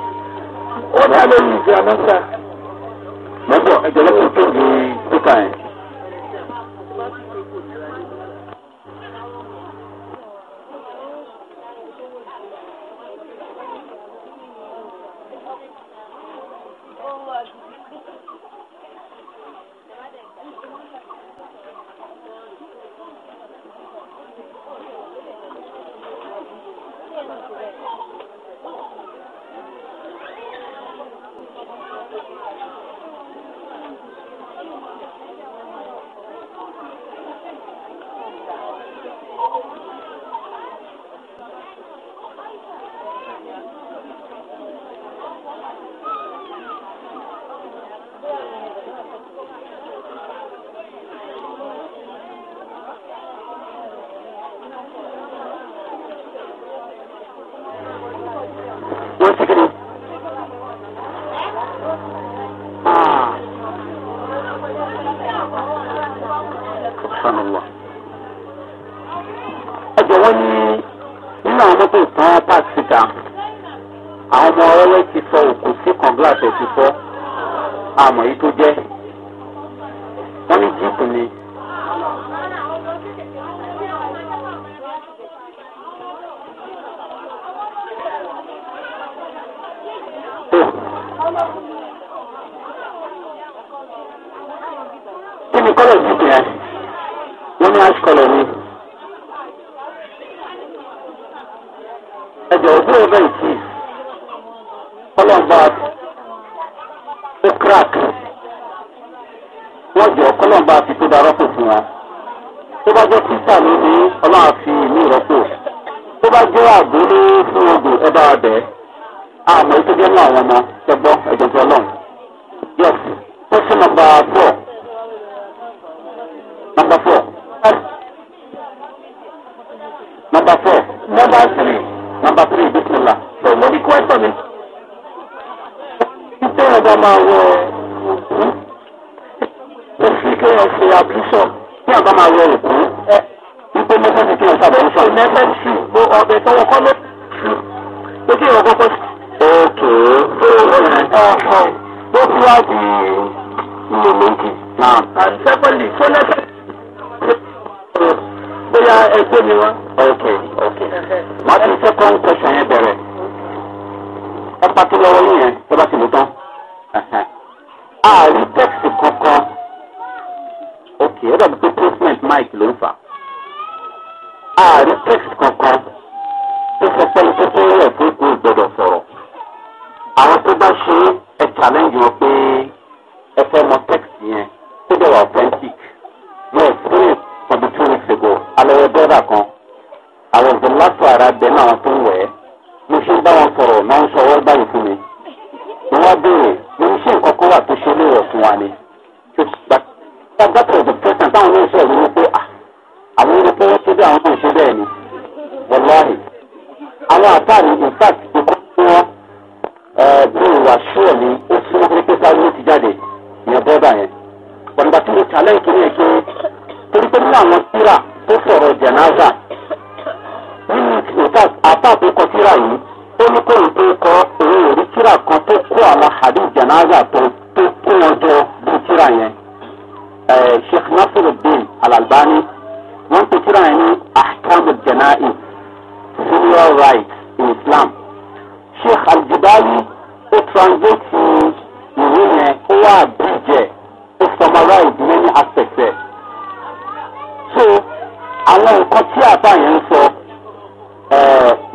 wọ́n ní alẹ́ yìí ìfẹ́ àmọ́sá mọ́tò ẹ̀jẹ̀ lọ́kùnrin tó ní kúkà yẹn. tó bá ṣe ẹ challenge wọn pé ẹ fẹ́ mọ text yẹn tó dẹ̀ wà authentic mo experience twenty two weeks ago alẹ́wọ̀ dọ́là kan àwọn ọ̀dọ́ látọ̀ ara bẹ náà wọn tó ń wẹ̀ ẹ́ mo ṣe ń bá wọn sọ̀rọ̀ náà ń ṣọwọ́ báyìí fún mi mo wá béèrè mo ń ṣe nǹkan kan wà tó ṣe léèrè fún wa ni gbàgbọ́tò the president táwọn náà sọ̀rọ̀ ní pé ah, àwọn olùkọ́ wọn ṣe bẹ́ẹ̀ àwọn náà ṣe bẹ́ẹ̀ ni wọ́n lọ́ọ̀rì àwọn àtàrí in fact bí ìwà ṣúọ̀ ni ó fi wọ́n pé pépà ló ti jáde ìyẹn bọ́ọ̀dà yẹn ọ̀nà tí mo tàlẹ́ ìkíní èké torí pé nínú àwọn tíra tó sọ̀rọ̀ jẹ̀náza nínú àpapọ̀ kọ tíra yìí ó ní kóyè tó kọ òun ò rí tíra kan tó kó àwọn hadith jẹ̀náza tó tó kó wọn jọ bí tíra yẹn sheikh nasiruddin alalbani wọ́n pe tíra yẹn ní ahkamu jẹ̀náì civil rights in islam sheikh aljibali ó translate ìwé yẹn ó wá àbíjẹ ó summarize many aspects ẹ̀. so àwọn nǹkan tí àbá yẹn ń sọ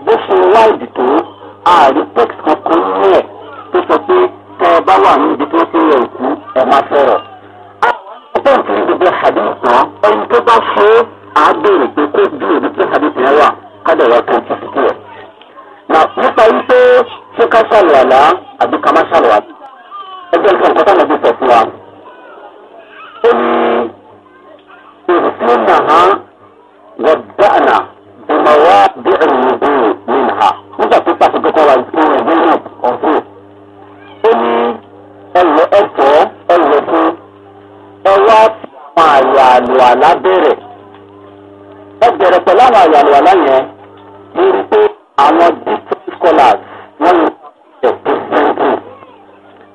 bó ṣe wáìdì tó ààrùn text kankan nínú ẹ̀ tó sọ pé tẹ ẹ bá wà níbi tó ṣe yẹ òkú ẹ máa fẹ́rọ̀. ọ̀pọ̀ nǹkan gbogbo ṣàdé ìtàn ẹni tó bá ṣe é àá béèrè pé kó bí òbí tó ṣàdé ìtàn wà ká dẹ̀ wá tó ń kú ẹ̀. nípa wípé ṣé ká ṣàlùwàlá àbí ká má ṣàlùwàlá ẹgbẹ́ nǹkan nǹkan táwọn ẹbí sọ fún wa. ó ní ìrìsílẹ̀ náà wọ́n dáná ìmọ̀wá bí ẹ̀rù ìbéèrè nínú ha nígbà tó pàṣẹ kọ́kọ́ wa ìṣòro ìbéèrè ọ̀fun. ó ní ẹ̀lọ́ ẹ̀fọ́ ẹ̀lọ́ fún ẹwà àwọn àyà àlùwàlá bẹ̀rẹ̀ ẹ bẹ̀rẹ̀ pẹ̀lú àwọn àyà àlùwàlá yẹn mo rí pé àwọn different scholars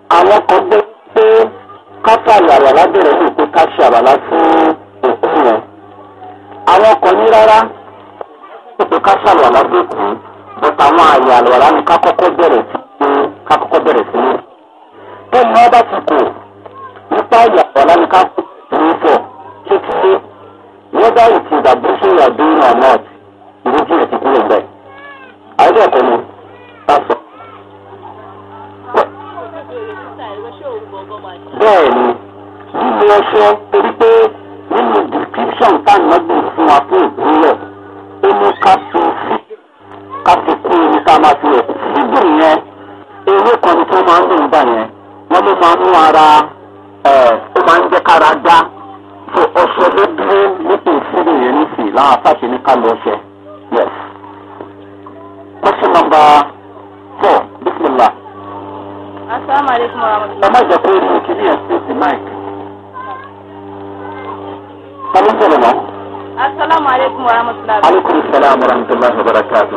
àwọn kan gbé pé kátàlì ká ṣe fún òkú àwọn kan ní rárá pé ká ṣàlùwàlá fún òkú bọ́tà àwọn àyè àlùwàlá ni ká kọ́kọ́ bẹ̀rẹ̀ sí ká kọ́kọ́ bẹ̀rẹ̀ sí ní. bá ti kù nípa ni ká kọ́ ní ìrújú bẹ́ẹ̀ni nílé ọṣẹ torí pé nínú description tánàbì fún wa fún ìpínlẹ̀ ó ní ká fi ká fi kú omi ká máa fi ẹ̀kú fídùn yẹn ewé kan ni tí wọ́n máa ń dùn gbà yẹn wọ́n ló máa ń mú ara ó máa ń jẹ́ kára dá so ọṣẹ ló dúró nípa ìfúnni yẹn nísìnyí láwọn afáṣe ní ká ọṣẹ yes question number. Assalamu alaikum warahmatullahi. Màmá ìjọ pé èsì kìíní ẹ̀ ṣe ti máìk. Sọlá sọ̀rọ̀ mọ́. Asalaamu aleykum wa rahmatulahi. Aleykum salaam wa rahmatulahi wa barakatu.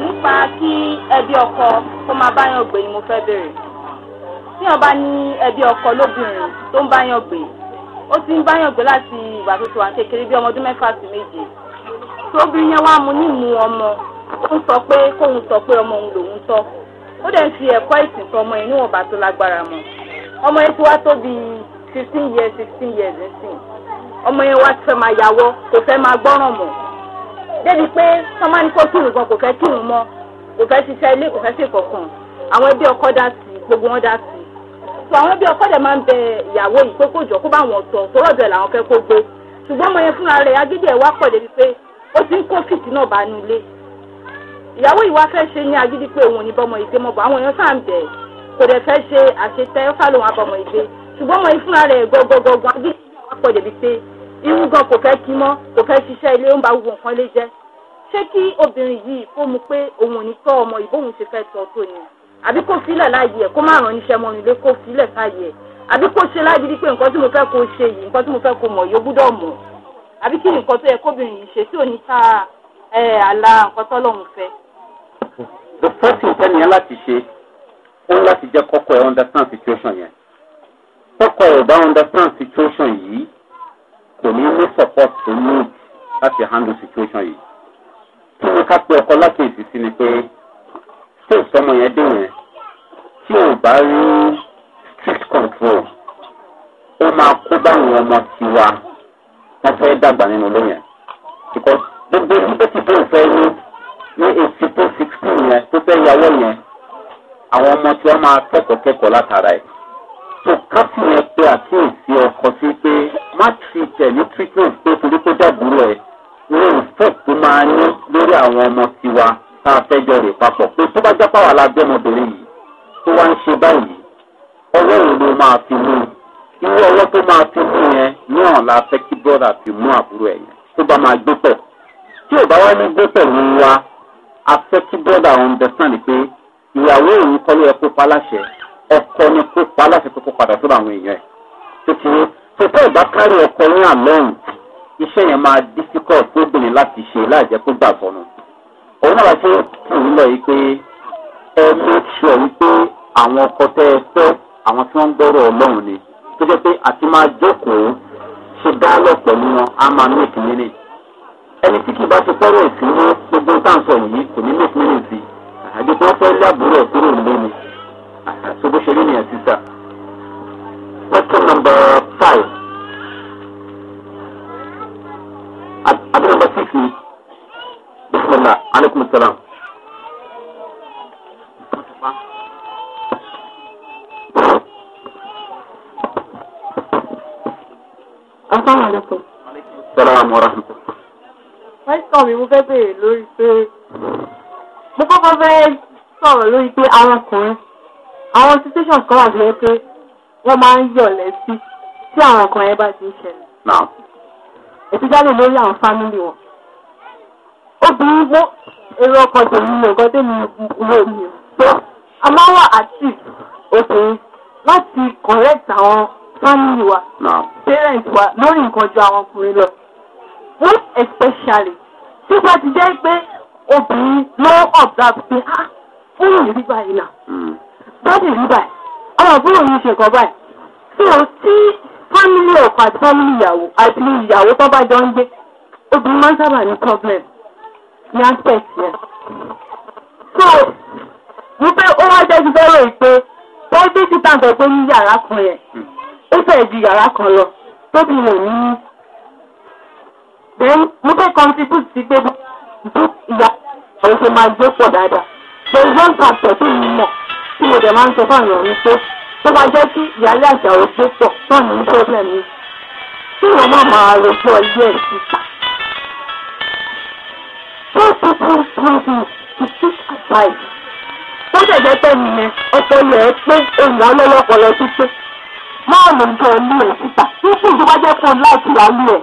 Nípa kí ẹbí ọkọ tó máa báyàn gbé ni mo fẹ́ bèrè. Tí wọ́n bá ní ẹbí ọkọ lóbìnrin tó ń báyàn gbé, ó ti ń báyàn gbé láti ìgbà tó ti wà kékeré bí ọmọ ọdún mẹ́fà sí méje. Tóbi yẹn wá mu ní ìmú ọmọ, ó ń sọ pé kóun sọ pé ọmọ òun lòun tọ́ ó dẹ̀ ń fi ẹ̀kọ́ ìsìn fún ọmọ yẹn níwọ̀n bá tó lágbára mọ́ ọmọ yẹn ti wá tó bí fifteen years sixteen years nsìn ọmọ yẹn wá ti fẹ́ máa yàwọ́ kò fẹ́ máa gbọ́ràn mọ́ débi pé sọ́mání kó kírun gan kò fẹ́ kírun mọ́ kò fẹ́ ṣiṣẹ́ ilé kò fẹ́ ṣe kọ̀ọ̀kan àwọn ẹbí ọkọ dá sí gbogbo wọn dá sí so àwọn ẹbí ọkọ dẹ̀ máa ń bẹ ìyàwó yìí pé kó jọ kó bá wọn tọ̀ tóró ọ̀dọ̀ làwọn fẹ́ kó gbé ṣùgbọ́n ọmọ yẹn fúnra rẹ̀ agídí ẹ̀ wá pọ̀ débi pé ó ti ń kó fìtì náà bá nílé ìyàwó ìwà fẹ́ ṣe ní agídí pé òun ò ní bọ́mọ ìgbé mọ́ bọ́ àwọn èèyàn sáà ń bẹ̀ kò dẹ̀ fẹ́ ṣe àṣetẹ́ ó fà lóun abọ́mọ ìgbé ṣùgbọ́n ọmọ ìfúnra rẹ̀ gọ́gọ́gọ́gọ́ agídí náà pọ̀ débi pé irú gan kò fẹ́ kí mọ́ kò fẹ́ ṣiṣẹ́ ilé ó ń ba gbogbo nǹkan lé jẹ́ ṣé kí obìnrin yìí kó mu pé òun ò ní tọ́ ọmọ ìbóhùn ṣe fẹ́ tọ́ tó ni àbí kó filẹ̀ láàyè ẹ̀ kó má ràn níṣẹ́ mọ́ nílé kó filẹ̀ fàyè ẹ̀ àbí kó ṣe lágídí pé nǹkan tí mo fẹ́ kó ṣe yìí nǹkan tí mo fẹ́ kó mọ̀ yóò gbúdọ̀ mọ̀ àbí kí nǹkan tó yẹ kóbìnrin yìí ṣe tí ò ní ta àlà nǹkan tọ́lọ́run fẹ́ the first thing tẹ́ni yẹn láti ṣe ó láti jẹ́ kọ́kọ́ ẹ̀ understand situation yẹn kọ́kọ́ ẹ̀ ò bá understand situation yìí kò ní ní support tó need láti handle situation yìí kí ni ká pe ọkọ lákèésí sí ni pé ṣé ìsọmọ yẹn dé yẹn tí ò bá rí strict control ó máa kó báwọn ọmọ tiwa wọn fẹ́ dàgbà nínú ilé yẹn because gbogbo ibi tó ti fẹ́ ní ní eighty two sixteen yẹn tó fẹ́ yàwó yẹn àwọn ọmọ tí wọ́n máa kẹ́kọ̀ọ́ kẹ́kọ̀ọ́ látara ẹ̀. tó káfí yẹn pé àkíyèsí ọkọ sí pé má ti tẹ̀ ní treatment pé torí kó dàgbúrò ẹ̀ ní respect tó máa ní lórí àwọn ọmọ tiwa tá a fẹ́ jọ rè papọ̀ pé tó bá jápá wà lábẹ́ ọmọbìnrin yìí tó wá ń ṣe báyìí ọwọ́ òun ló máa fi mú irú ọwọ́ tó máa fi mú yẹn náà la fẹ́ kí brọ́dà fi mú àbúrò ẹ̀ yẹn tó bá máa gbé pọ̀ tí ò bá wá ní gbé pẹ̀lú wa afẹ́ kí brọ́dà understand pé ìyàwó òun kọ́ ló yẹ kó paláṣẹ ọkọ ni kó paláṣẹ tó kó padà tó àwọn èèyàn ẹ̀ tó ti tètè ìbá kárí ọkọ ní àlọ́hùn iṣẹ́ yẹn máa difficult tó gbìyànjú láti ṣe láìjẹ́ kó gbà sọnù òun náà ṣe kì í lọ yìí pé ẹ make sure wípé àwọn ọkọ tẹ ẹ fẹ́ àwọn tí wọ́n ń gbọ́rọ̀ ọlọ́run ni tó jẹ́ pé àti máa jókòó ṣe dáálọ̀ pẹ̀lú wọn á máa make meaning ẹni tí kì bá ti fẹ́rẹ̀ sí ní gbogbo táǹsọ̀ yìí kò ní lè pín nìsí àdìpọ̀ fẹ́ lábúrò kúrò nílé ni àti bó ṣe rí nìyẹn sísà. question number five àbí number six ni bisimilah aleykum salaam. السلام عليكم. السلام ورحمة الله pẹ́sítọ̀ mi mo fẹ́ bèèrè lórí pé mo kọ́kọ́ fẹ́ sọ̀rọ̀ lórí pé àwọn ọkùnrin àwọn situation kan wà fẹ́ pé wọ́n máa ń yọ̀ lẹ́sí tí àwọn ọkùnrin yẹn bá ti ń ṣẹlẹ̀. ètò jáde lórí àwọn fámìlì wọn. obìnrin gbọ́ èrò ọkọ̀ tèmi ní ọ̀gọ́ tèmi wò mí pé a máa wà àti obìnrin láti correct àwọn fámìlì wa parents wa lórí nǹkan ju àwọn ọkùnrin lọ most especially tí wọ́n ti jẹ́ pé obìnrin ló observe pé ah fúnù rí báyìí náà hmm. bọ́dì rí báyìí ọmọ fúnù yìí ṣe nǹkan báyìí so tí fámìlì ọkọ àti fámìlì ìyàwó àti ìyàwó tó bá jọ ń gbé obìnrin máa ń sábà ní problem ní aspect yẹn so wípé ó wá jẹ́ jíjẹ́ rò pé bọ́dì títà ń sọ pé ní yàrá kan yẹn ó fẹ́ ju yàrá kan lọ tóbi lè ní then mo fẹ́ contribute sí pé bí ìyá àwọn ṣe máa gbé pọ̀ dáadáa there is one factor tó mi mọ̀ tí mo dẹ̀ máa ń sọ fún àwọn ọ̀run tó bá jẹ́ kí ìyáálé àti àwọn gbé pọ̀ náà ní problem yìí tí wọ́n máa máa rojọ́ ilé ẹ̀ síta. Ṣé tuntun tuntun ti ti advice? Tó dẹ̀jẹ̀ pẹ́ mi yẹn, ọpọlọ ẹ pé èèyàn lọ́lọ́pọlọ pípé. Máa lò ń tọ́ ẹ̀ síta. Ní kí ìjọba jẹ́ kó láìpẹ́ ìyáálé ẹ̀.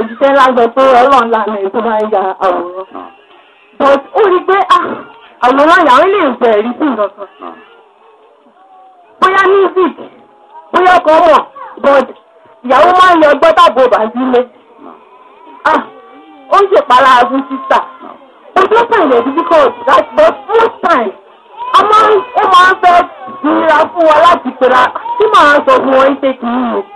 òṣìṣẹ́ lágbẹ pé ọlọ́run lànà èyí tó máa ń ya àwòrán but ó rí pé ah, àwòrán ìyàwó lè bẹ̀ rí sí nǹkan bóyá music bóyá ọkọ̀ mọ̀ but ìyàwó máa ń lọ ẹgbẹ́ tàbí ọba sílé ah, ó ń ṣèpara fún sísà ó tó pẹ̀lú difficult that but most times a máa ń ó máa ń fẹ́ nira fún wa láti pera tí màá sọ fún wọn ṣe kì í yìí.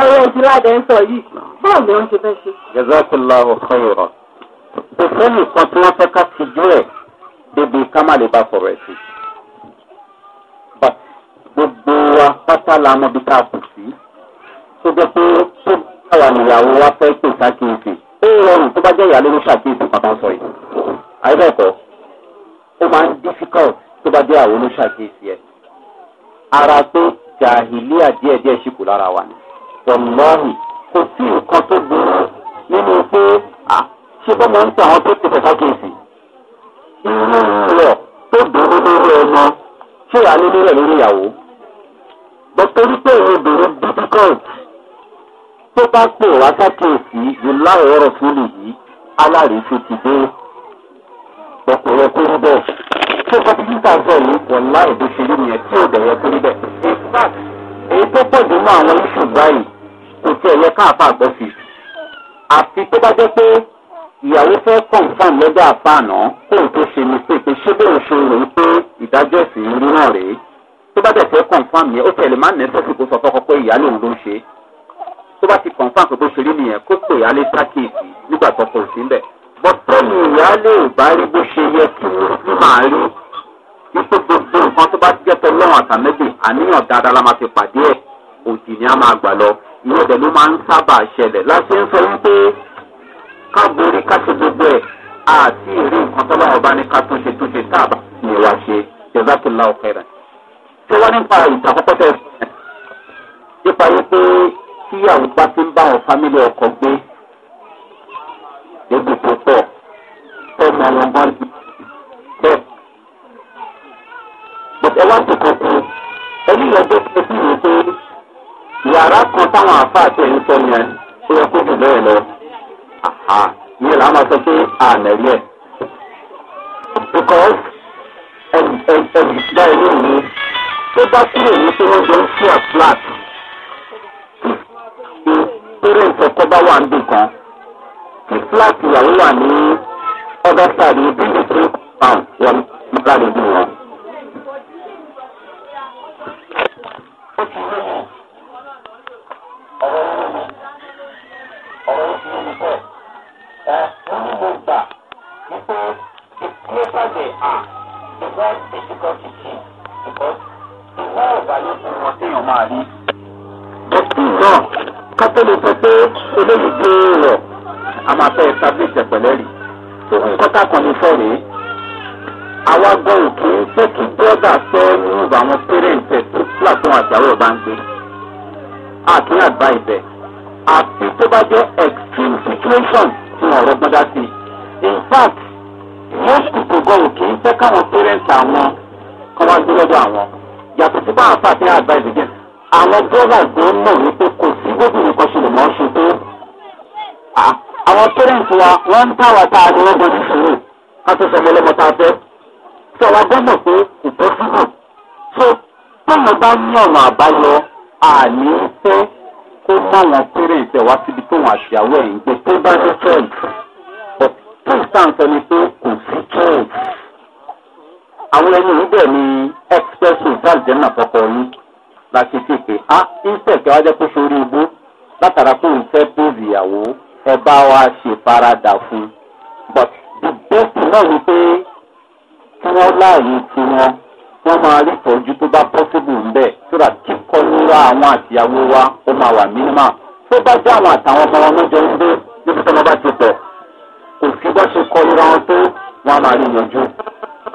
ọ̀rọ̀ ìdíládẹ ń sọ yìí báwo ni wọ́n ṣe fẹ́ ṣe. jẹ́sàkìlá ọ̀sán ìrọ̀ kò sẹ́yìn kan tí wọ́n fẹ́ ká ti jó ẹ̀ débi ká má lè bá sọ̀rọ̀ ẹ̀ sí. gbogbo wa pátá la mọ bí tá a kù sí. tó jẹ́ pé tó báwa nìyàwó wa fẹ́ pè sákìyèsí. ó rọrùn tó bá jẹ́ ìyá lórí ṣàkíyèsí pàtó sọ yìí. àyẹ̀bẹ̀kọ́ ó máa ń difficult tó bá jẹ́ àwọn olóṣàkíyèsí ẹ̀. ara pé jàhìlíà díẹ̀díẹ̀ ṣì kù lára wa ni wọ̀nyí kò sí nǹkan tó burú nínú pé ṣé bọ́ máa ń tẹ àwọn tó ti fẹ̀fà kéèsì irú rẹ̀ tó dúró lórí ọmọ ṣé wàá ní nílẹ̀ lórí ìyàwó bọ́tọ́rí pé òun obìnrin difficult tó bá pè wá sákèèsì ìláwọ̀ ọ̀rọ̀ fúnni yìí alárèéfé ti dé ọ̀pọ̀lọpọ̀ kó rí bẹ́ẹ̀ tó bá ti tà sọ yìí wọ̀nlá ìdóṣèlú nìyẹn tí ò dẹ̀yẹ kó rí bẹ́ẹ̀ in fact èyí tó pọ̀ jù mọ́ àwọn iṣu báyìí kò tí ẹ yẹ káàpá àgbọ̀ sí. àfi tó bá jẹ́ pé ìyàwó fẹ́ kọ̀ǹfàm lọ́jọ́ àpá àná kóun tó ṣe mistake pé ṣé bóun ṣe rò ó pé ìdájọ́ ẹ̀sìn rí náà rèé tó bá dẹ̀ fẹ́ kọ̀ǹfàm yẹn ó tẹ̀lé má nẹ́sẹ̀sì kó sọ fọ́kọ pé ìyá lòun ló ń ṣe tó bá ti kọ̀ǹfàm pé bó ṣe rí nìyẹn kó pè á lé sákèèkì nígbà tó kò sí ńbẹ̀ ìyá lè bá rí bó ṣe yẹ kí mùsùlùmí máa rí ipò gbogbo nǹkan tó bá jẹ́ tọ́lọ́run la máa fi pàdé ẹ̀ ìwé ọ̀dẹ̀ ló máa ń sábà ṣẹlẹ̀ láti ń sọ wípé ká borí ká ṣe gbogbo ẹ̀ àti ìrí nǹkan tó báwọn bá ní ká túnṣe túnṣe tá a bá ní wá ṣe jẹ́sàkìlá ọ̀kẹ́rẹ̀. ṣé wọ́n nípa ìtàkọ́kọ́ tẹ̀ nípa wípé tíyàwó bá ti ń bá àwọn fámílì ọkọ̀ gbé ebi tó pọ̀ tọ́mọ wọn bá ti bẹ́ẹ̀. bọ̀dẹ̀ wá ti kọ̀ọ̀kan ẹni ìyàgbẹ́ ẹbí rẹ̀ pé. yàrá kan táwọn àáfàá àti ń sọ yẹn ó yẹ kó jù bẹ́ẹ̀ lọ ní ìlànà máa sọ pé ànẹ́yẹ. because ẹ̀dùnkúdá ilé mi tó bá kúrò ní pé wọ́n jọ ń ṣí àflat péré ìfọ̀kọ́ bá wà níbì kan tí flat ìyàwó wà ní ọ̀dọ́ sáré bíbí tó pound wọ́n lára ìlú wọn. ó ti wọn. ọ̀rọ̀ yìí ni ọ̀rọ̀ yìí ti yí bẹ́ẹ̀ ẹ̀ wọ́n ní mo gbà wípé ìpínlẹ̀ bàjẹ́ à ìgbà ìṣúkọ̀ títì ìkọ́ ìwọ́ ìbálòpọ̀ wọn téèyàn máa rí. náà kátólì sọ pé eléyìí dé rọ̀ a máa fẹ́ establish ẹ̀pẹ̀lẹ́ rì tó nǹkan tákan ní fẹ́ rèé àwa gbọ́ òkè pé kí brọ́dà sọ nínú àwọn pérèǹtẹ̀ tó platform àtàwọn ọba ń àti advice ẹ̀ àti tó bá jẹ́ extreme situation tí wọ́n rọgbọ́n dá sí. in fact most people go kì í fẹ́ káwọn parents àwọn kan wá gbé lọ́dọ̀ àwọn yàtọ̀ sí báwọn fà sí advice again àwọn brother gan mọ̀ wípé kò sí gbogbo nǹkan ṣe lè mọ́ ṣe tó àwọn parents wa wọ́n ń táwa tá a ní wọ́n gbọ́dọ̀ sùúrù ká tó sọmọ ọlọ́mọ tá a fẹ́ sọ wa gbọ́dọ̀ pé kò tọ́ sí hàn a n'i kó má wọn péré ìtẹ̀wá síbi tó wọn àṣìyàwó ẹ̀ ń gbé tó bá but church ni pé kò sí ni express road jáde yín láti kéèké a instead kí kó sórí ibú látara kó ìyàwó ẹ wa ṣe farada fún but di base náà ni pé kí láàyè tiwọn. wọ́n máa rí ìtọ́jú tó bá pọ́sibù ń bẹ̀ sódà kíkọ́ nira àwọn àtìyàwó wa ó máa wà mínímà tó bá jẹ́ àwọn àtàwọn ọmọ wọn lọ́jọ́ ń dé níbi tí wọ́n bá ti pọ̀ kò sí bá ṣe kọ́ nira wọn tó wọ́n á máa rí yanjú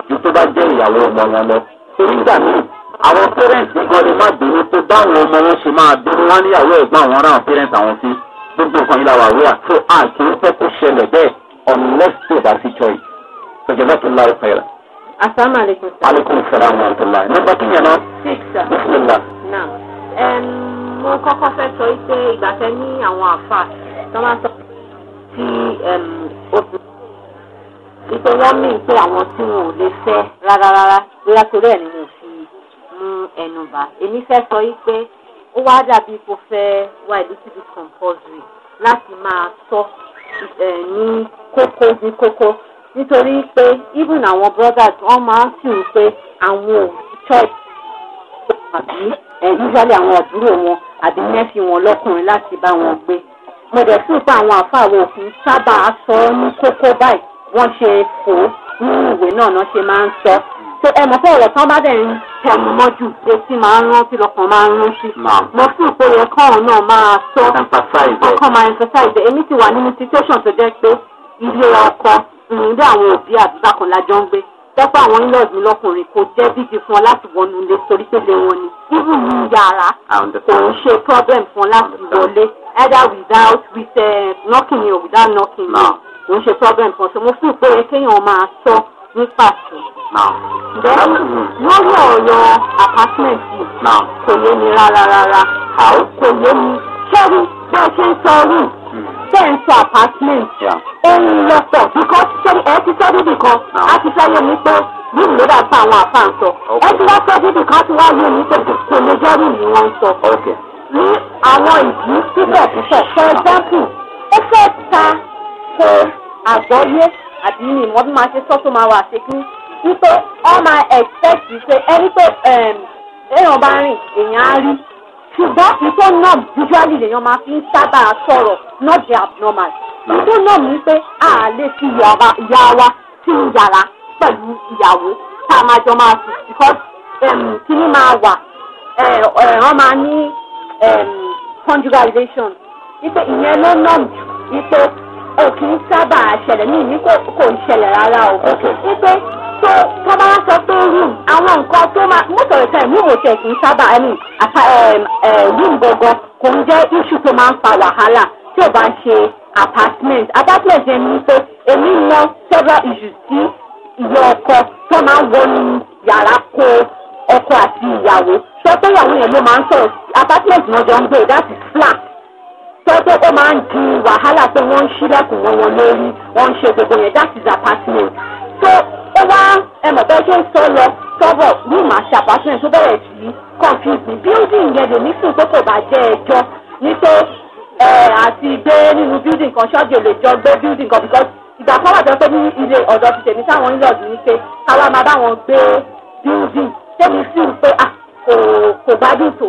ju tó bá jẹ́ ìyàwó ọmọ wọn lọ. torí ìgbà míì àwọn pẹ́rẹ́ǹtì gan ni má bínú tó báwọn ọmọ wọn ṣe máa bínú wọn níyàwó ẹ̀gbọ́n àwọn ráhùn pẹ́rẹ́ǹtì àwọn sí gbogbo nǹkan yìí làwọn àwòrán tó àkíńfẹ́ kó ṣẹlẹ̀ bẹ́ẹ̀ unless tó bá sí choice. ṣèjọba tó lára pẹ̀lú asalaamualeykum. aleykum salaam wa rahmatulah. nígbà tí yẹn náà. sísá bisimilá. naam mo kọ́kọ́ fẹ́ sọ pé ìgbà tẹ ní àwọn àfa tó máa sọ ti obìnrin pé wọ́n mí pé àwọn tí wọn ò lè fẹ́ rárá rárá bóyá torí ẹ̀ ni mo fi mú ẹnu bá èmi fẹ́ sọ pé ó wá dàbí kó fẹ́ wá ìlú tìbí compulsory láti máa tọ́ eh, ní kókó ní kókó nítorí pé even àwọn brothers wọ́n máa ń fìwé pé àwọn ò church àbí eh, usually àwọn àbúrò wọn àbí nẹ́fì wọn lọ́kùnrin láti bá wọn gbé mo dẹ̀ sí pé àwọn àfàwọ̀ òfin sábà sọ ọ́ ní kókó báyìí wọ́n ṣe fò ó ní ìwé náà náà ṣe máa ń sọ so ẹ mọ̀ pé ọ̀rọ̀ tán bá dẹ̀ ń tẹnu mọ́jú etí máa ń rántí lọ́kàn máa ń rántí mo fún ìpòyẹ kọ́ọ̀n náà máa sọ ọkàn máa emphasize èmi ti wà nínú situation tó jẹ́ pé ilé ọkọ ilé àwọn òbí àdúgbà kan lájọ ń gbé tẹ́pẹ́ àwọn in-laws mi lọ́kùnrin kò jẹ́ dídì fún ọ láti wọnú ilé torí pé lè wọn ni even ní yàrá kò ń ṣe problem fún ọ láti wọlé either without with uh, knocking or without knocking no. kò ń ṣe problem fún ọ so mo fún ìpè yẹ kéèyàn máa sọ ní pàtó. then lórí ọ̀rọ̀ apartment yìí kò yé mi rárá rárá kò yé mi ṣé bí ẹ ṣe ń sọ rúù tẹ̀ ń sọ apartment òun lọ́pọ̀ because ẹ ti sọ́ níbì kan á ti sọ́ yẹn ní pé rúùmù ló dà fún àwọn àfáà ń sọ ẹ ti wá sọ́ níbì kan á ti wá yẹn ní pé kò lè jẹ́ rúùmù ni wọ́n sọ ní àwọn ìdí púpọ̀ púpọ̀ for example ó fẹ́ ta ko àgbọ́yé àbí ìmọ̀ bí máa ṣe sọ́ tó máa wà ṣe kí wípé ọ máa expect ṣe ẹni pé èèyàn um, bá rìn èèyàn á rí ṣùgbọ́n ìtọ́ norm usually lèèyàn máa fi ń sábà sọ̀rọ̀ not the abnormal ìtọ́ norm ni pé a lè fi ìyá wa sí yàrá pẹ̀lú ìyàwó tá a máa jọ máa sùn because um, kíní máa wà wọ́n máa ní um, conjugalization wípé ìyẹn ló norm jù ò kì í sábà ṣẹlẹ̀ ní ìní kò ń ṣẹlẹ̀ rárá o. wípé tó tọ́ba wá sọ pé room hmm, àwọn nǹkan tó máa most of the time room ò tẹ̀ kì í sábà ẹni àta room gangan kò ń jẹ́ issue tó máa ń fa wàhálà tí ò bá ń ṣe apartment apartment yẹn ni pé èmi mọ several issues sí ìyá ọkọ tó máa ń wọnú yàrá kó ọkọ àti ìyàwó sọ pé ìyàwó yẹn ló máa ń sọ̀rọ̀ apartment wọn jọ ń gbé that is flat tọ́jọ́ tó máa ń di wàhálà pé wọ́n ń ṣílẹ̀kùn wọn wọn lórí wọ́n ń ṣe gbogbo yẹn that is apartment so ó wá ẹmọ̀ bẹ́ẹ̀ ṣe ń sọ lọ sọ́bọ̀ room àti apartment tó bẹ̀rẹ̀ sí confuse me building yẹn lè ní sùn pé kò bá jẹ́ ẹjọ́ nítorí àti gbé nínú building kan ṣọ́ọ̀gì lè jọ gbé building kan because ìgbà kan wà jọ pé ní ilé ọ̀dọ̀ ti tèmi táwọn ń lọ̀dún ní pé káwá máa bá wọn gbé building tẹ́mi sí pé ah, kò bá dùn tó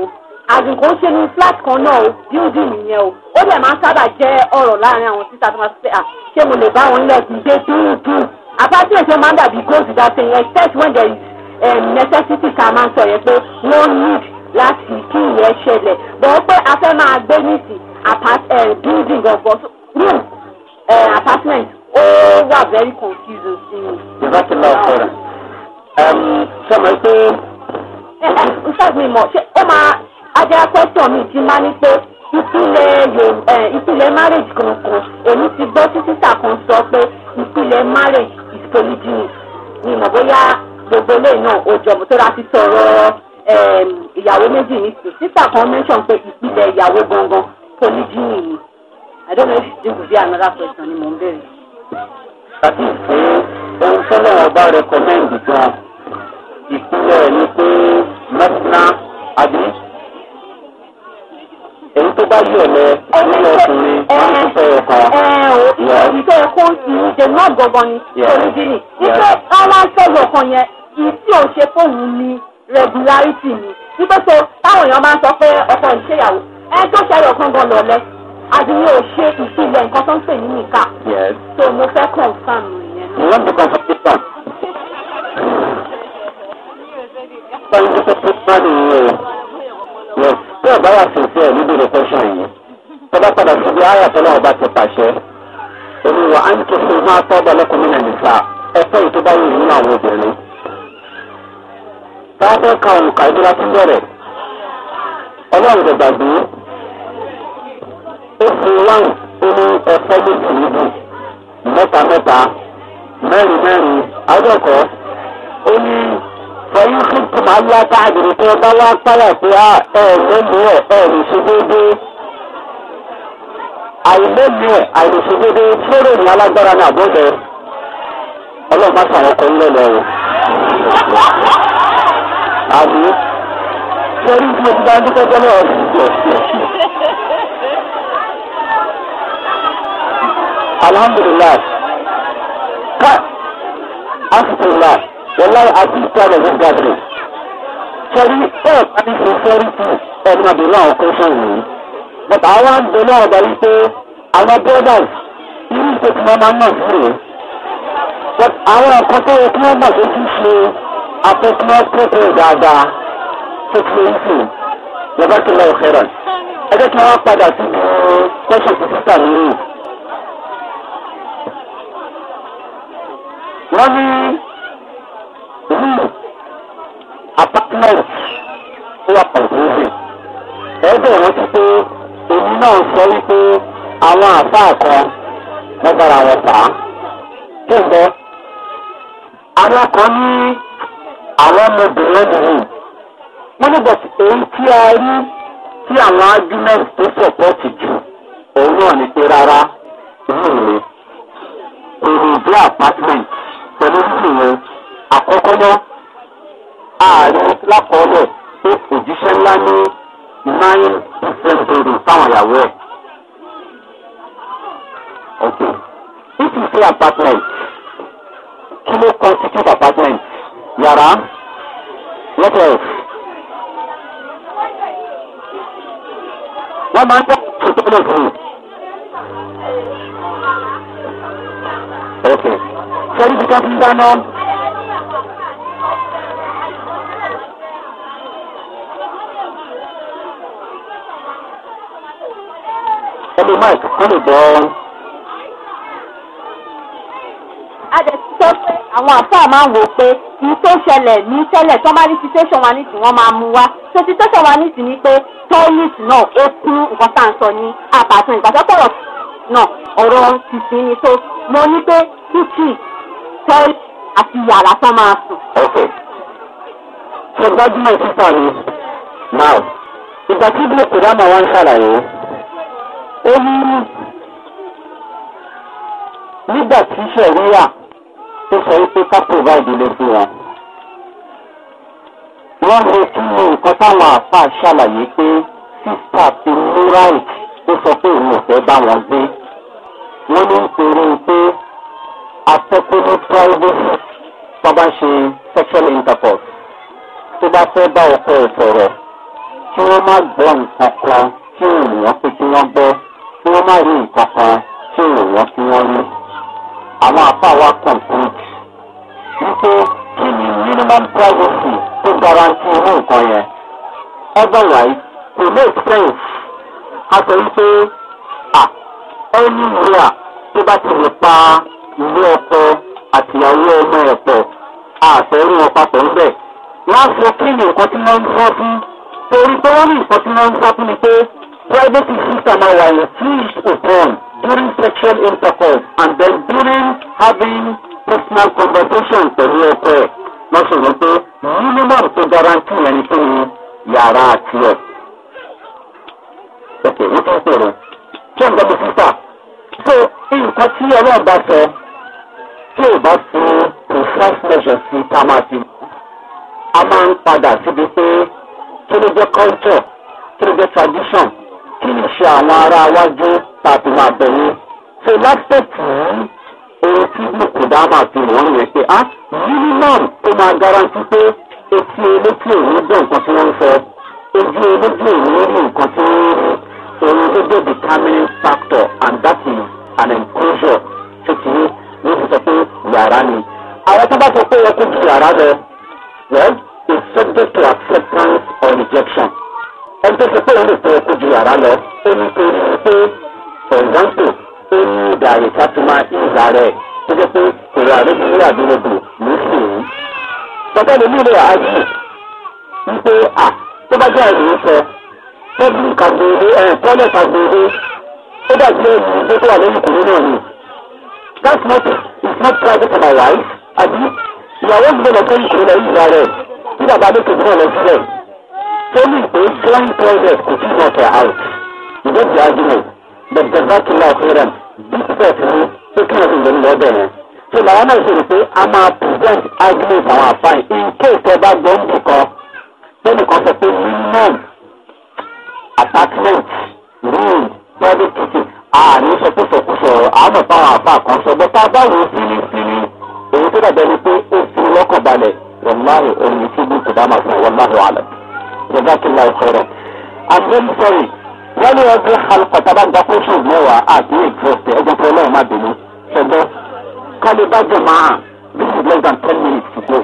àgùnkò ń ṣe ní flat kan náà o building nìyẹn o ó dẹ̀ máa ń sábà jẹ́ ọ̀rọ̀ láàrin àwọn títà tó máa ṣe à ṣé mo lè bá wọn lẹ̀ kí n ṣe dúdú àpáti èso máa ń dàbí gold that thing except when there is um, necessity ká máa ń sọ yẹn pé wọ́n need láti kí ìyẹn ṣẹlẹ̀ bọ̀ ó pé a fẹ́ máa gbé nìsí eh, building gangan room eh, apartment ó wà very confusing sí mi. ìjọba ti lọ ọ̀pọ̀ rẹ̀ sọ ma pé. ẹ ẹ n sọ́ọ̀tì mi mọ̀ ṣé ó máa ajá pẹ́sàn mi ti máa ní pé ìpìlẹ̀ ìpìlẹ̀ marriage kankan èmi ti gbọ́ sí sísà kan sọ pé ìpìlẹ̀ marriage is polygyny ni mọ̀ bóyá gbogbo lè náà ó jọmọ tó láti sọ̀rọ̀ ìyàwó méjì ní sùn sísà kan mention pé ìpìlẹ̀ ìyàwó gangan polygyny ni i don't know if this will be another question ni mò ń bèrè. tàbí pé ohun tọ́lọ̀ ọba recommend gan ìpínlẹ̀ ni pé mẹ́tìnà àbí èyí tó bá yọ̀ lẹ nínú ọkùnrin máa ń fẹ́ ọkàn. ìṣe ẹ̀kọ́ ti jẹ náà gbọ̀ngàn ni olùdíni wípé àwọn aṣọ́gun ọkàn yẹn ìṣí ò ṣe fóun ní ni wípé so táwọn èèyàn máa ń sọ pé ọkọ ìṣèyàwó ẹ tó ṣayọ kan gan lọlẹ àdìyẹ ò ìpìlẹ̀ nǹkan tó ń pè ní nìka so mo fẹ́ confam yẹn. ìwọ́n ti kọ́ fún pípa. Thank you for participating. Yes tí ọba wà sí sí ẹ níbi rẹ fẹsán yìí tọba padà síbi àyà tó náà ọba ti pàṣẹ olùwà á ń tó fún máa tọ́ ọba lọ́kùnrin náà nìfà ẹ̀fọ́ yìí tó bá yẹ nínú àwọn obìnrin. táwọn fẹ́ òǹkà ìdúrà tó bẹ̀rẹ̀ ọlọ́run dẹ̀ gbàgbé ó fún wáhùn ó ẹ̀fọ́ ní tìlíbù mẹ́ta mẹ́ta mẹ́rin mẹ́rin adọ́kọ̀ọ́ ó ní pẹ̀lú fífi máa yá káàdì tí wọ́n bá wá pààyà pé ah, ẹ lónìí ẹ̀ ẹ lè ṣe déédéé àìlónìí ẹ̀ àìlèṣe déédéé fúrò ní alágbára ní àbọ̀dẹ ọlọ́run bá sàwọn ọkọ̀ ńlẹ̀ lọ́wọ́ àbí sẹ́rí tí mo ti bá ń dúpẹ́ tẹ́lẹ̀ alhamdulilayi ká asùnfùnláì wọláyé àti ìsàlẹ̀ ní gàdìrì sẹ́rí ẹ̀ àti sincerity ẹ̀mí àbẹ̀rẹ̀ àwọn kọ́sán yìí but àwọn àbẹ̀rẹ̀ ọ̀dà yìí pé àwọn brothers irú ìṣe tí wọ́n máa ń mọ̀ sí rè but àwọn ọ̀kan tó yẹ kí wọ́n mọ̀ tó ti ṣe afẹ́kúnmọ́ pẹ́pẹ́ dáadáa tó ti lè ń sìn tó lọ ọ̀kẹ́rọ̀ ẹgbẹ́ tí wọ́n padà sí kọ́sán apartment tó wà pàṣẹ ẹ̀ẹ́dẹ̀ rántí pé èmi náà sọ wípé àwọn àfáà kan wọ́n bára wọn fà á kí n bọ́ àwọn kan ní àwọn ọmọbìnrin nìyí wọ́n ní bọ̀t èyí tí a rí tí àwọn argument tó sọ̀pọ̀tì jù òun náà ní pé rárá ìlú rẹ̀ èrò ìdí apartment pẹ̀lú ìlú rẹ̀ àkọ́kọ́ náà ààrẹ lákọọ́lẹ̀ pé òjíṣẹ́ ńlá ní nine different buildings táwọn ìyàwó ẹ̀. okay if you say apartment kí ló constitute apartment yàrá what else. wọ́n máa ń tọ́ ìtọ́lẹ̀ fún un. okay. sẹ́yìn bí ká fi ń dáná. Hello Mike, wọ́n lè bọ́. A dẹ̀ ti sọ pé àwọn àfáà máa ń wò pé kì í tó ṣẹlẹ̀ ní tẹ́lẹ̀ tó bá ní situation wa ní tí wọ́n máa mú wa. So situation wa ní tì ní pé toilet náà ó kún nǹkan tá à ń sọ ní àpàtún ìgbàsọ́pọ̀rọ̀ náà ọ̀rọ̀ tìsí ni tó mo ní pé kíkì toilet àti yàrá tán máa sùn. Ok. Ṣé gbajúmọ̀ sísá ni? Now, ìgbà tí Bílẹ̀ Kùdámà wá ń ṣàlàyé ó ní nígbà tí sẹ̀ríyà tó sọ wípé ká provide ilé fún wọn wọ́n lè tún nǹkan táwọn àáfàá ṣàlàyé pé sísà ti mú right tó sọ pé òun ò fẹ́ bá wọn gbé wọ́n ní nítorí pé afẹ́kọ́ ní privacy tó ṣe sexual intercourse tó bá fẹ́ bá ọkọ ẹ̀ sọ̀rọ̀ kí wọ́n má gbọ́ nǹkan kan kí ènìyàn pé kí wọ́n gbọ́ wọ́n má rí nǹkan kan tí èèyàn tí wọ́n rí àwọn àpá wa complete wípé kí ni minimum privacy tó garanti irú nǹkan yẹn otherwise kò make sense a sọ wípé ah anywhere tó bá ti lè pa ìwé ọkọ àtìyàwó ọmọ ẹ̀pọ̀ àtẹ̀rù wọn papọ̀ ń bẹ̀ wọ́n á sọ kí ni nǹkan tí wọ́n ń sọ fún torí pé wọ́n ní nǹkan tí wọ́n ń sọ fún ni pé. Private system while refused upon during sexual intercourse and then during having personal conversation pẹ̀lú ọkọ ẹ̀ lọ́sọ̀ yẹn pé minimum to guarantee ẹni tó ní yàrá àti ẹ̀. Ẹ̀kẹ́ wọ́n tún pèrò. Kí ọ̀gá mi sísà? So nǹkan tí ọlọ́run bá sọ tí ò bá fi precise measure sí ká máa fi a máa ń padà síbi pé kí ló jẹ́ culture kí ló jẹ́ tradition kí n ṣe àwọn ará wájú tàbí máa bẹ̀yìn ṣe lásìkò ohun tí bùkúndà máa fi wọ́n rẹ̀ pé á ah, minimum ó máa garanti pé etí elétí òun jẹ́ nǹkan tí wọ́n ń sọ ojú elétí òun rí nǹkan tí wọ́n rí ohun tó jẹ́ determining factor and that is an enclosure tó ti ní ní ti sọ pé yàrá ni àwọn tó bá sọ pé ẹ kó ju yàrá lọ well it's subject to acceptance or rejection ẹni tó ti pé òun lè fẹ́ kó ju yàrá lọ ó ní pé pé ọ̀gáńtò ó ní ìdá àyíká tó máa ń ìgbà rẹ̀ tó jẹ́ pé èrò àrégbèrè àdúrógbò ló sì ń. bàbá mi nílò àájú wípé à tó bá jẹ́ àìrìn sọ tẹ́bù kàgbèrè ẹ̀ tọ́lẹ̀ kàgbèrè ó dàbí ẹ̀yìn tó tó wà lórí kùnú náà ni. that's not it's not private for my wife àbí ìyàwó mi lọ sẹ́yìn kùnú lọ ìgbà rẹ̀ tí bàbá mi kò gbọ́n lọ sílẹ̀ telling the blind toilet to keep out your out. You get the argument. But the back in our freedom, this person who taking us in the middle So now I'm going to say, I'm going to present arguments on our fine in case they are going to call. Then you can say, minimum apartment, room, private kitchen. Ah, ní sọ pé sọkúsọ àmọ̀ táwọn àfa kan sọ bọ́tà báwo fínnífínní èyí tó dàbẹ̀ ni pé ó fi lọ́kàn balẹ̀ wọ́n láàyè orin tí bí kò bá máa fún wọn láàyè wàhálà jazakallah khairan. i'm very sorry wọ́n ní ọdún alùpàá tá a bá ń dakó ṣù mẹ́wàá àti ìgbésẹ̀ ẹ̀jẹ̀ pé ọlọ́run má bínú ṣẹgbẹ́ kálí bá this is less than ten minutes to go.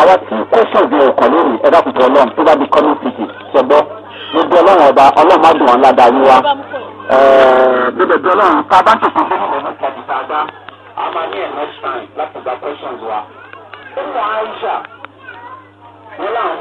àwa tí questions yẹn ò kọ́ lórí ẹ̀dá tuntun ọlọ́run tó bá di kọ́mí city ṣẹgbẹ́ gbogbo ọlọ́run ọba ọlọ́run má dùn wọn ládàá wíwá. gbogbo ẹ̀dọ́ ọlọ́run tá a bá ń tètè sí ilẹ̀ náà tàbí tá a dá a máa ní ẹ̀ next time láti gba questions wa. ó mọ aisha wọ́n láwọn.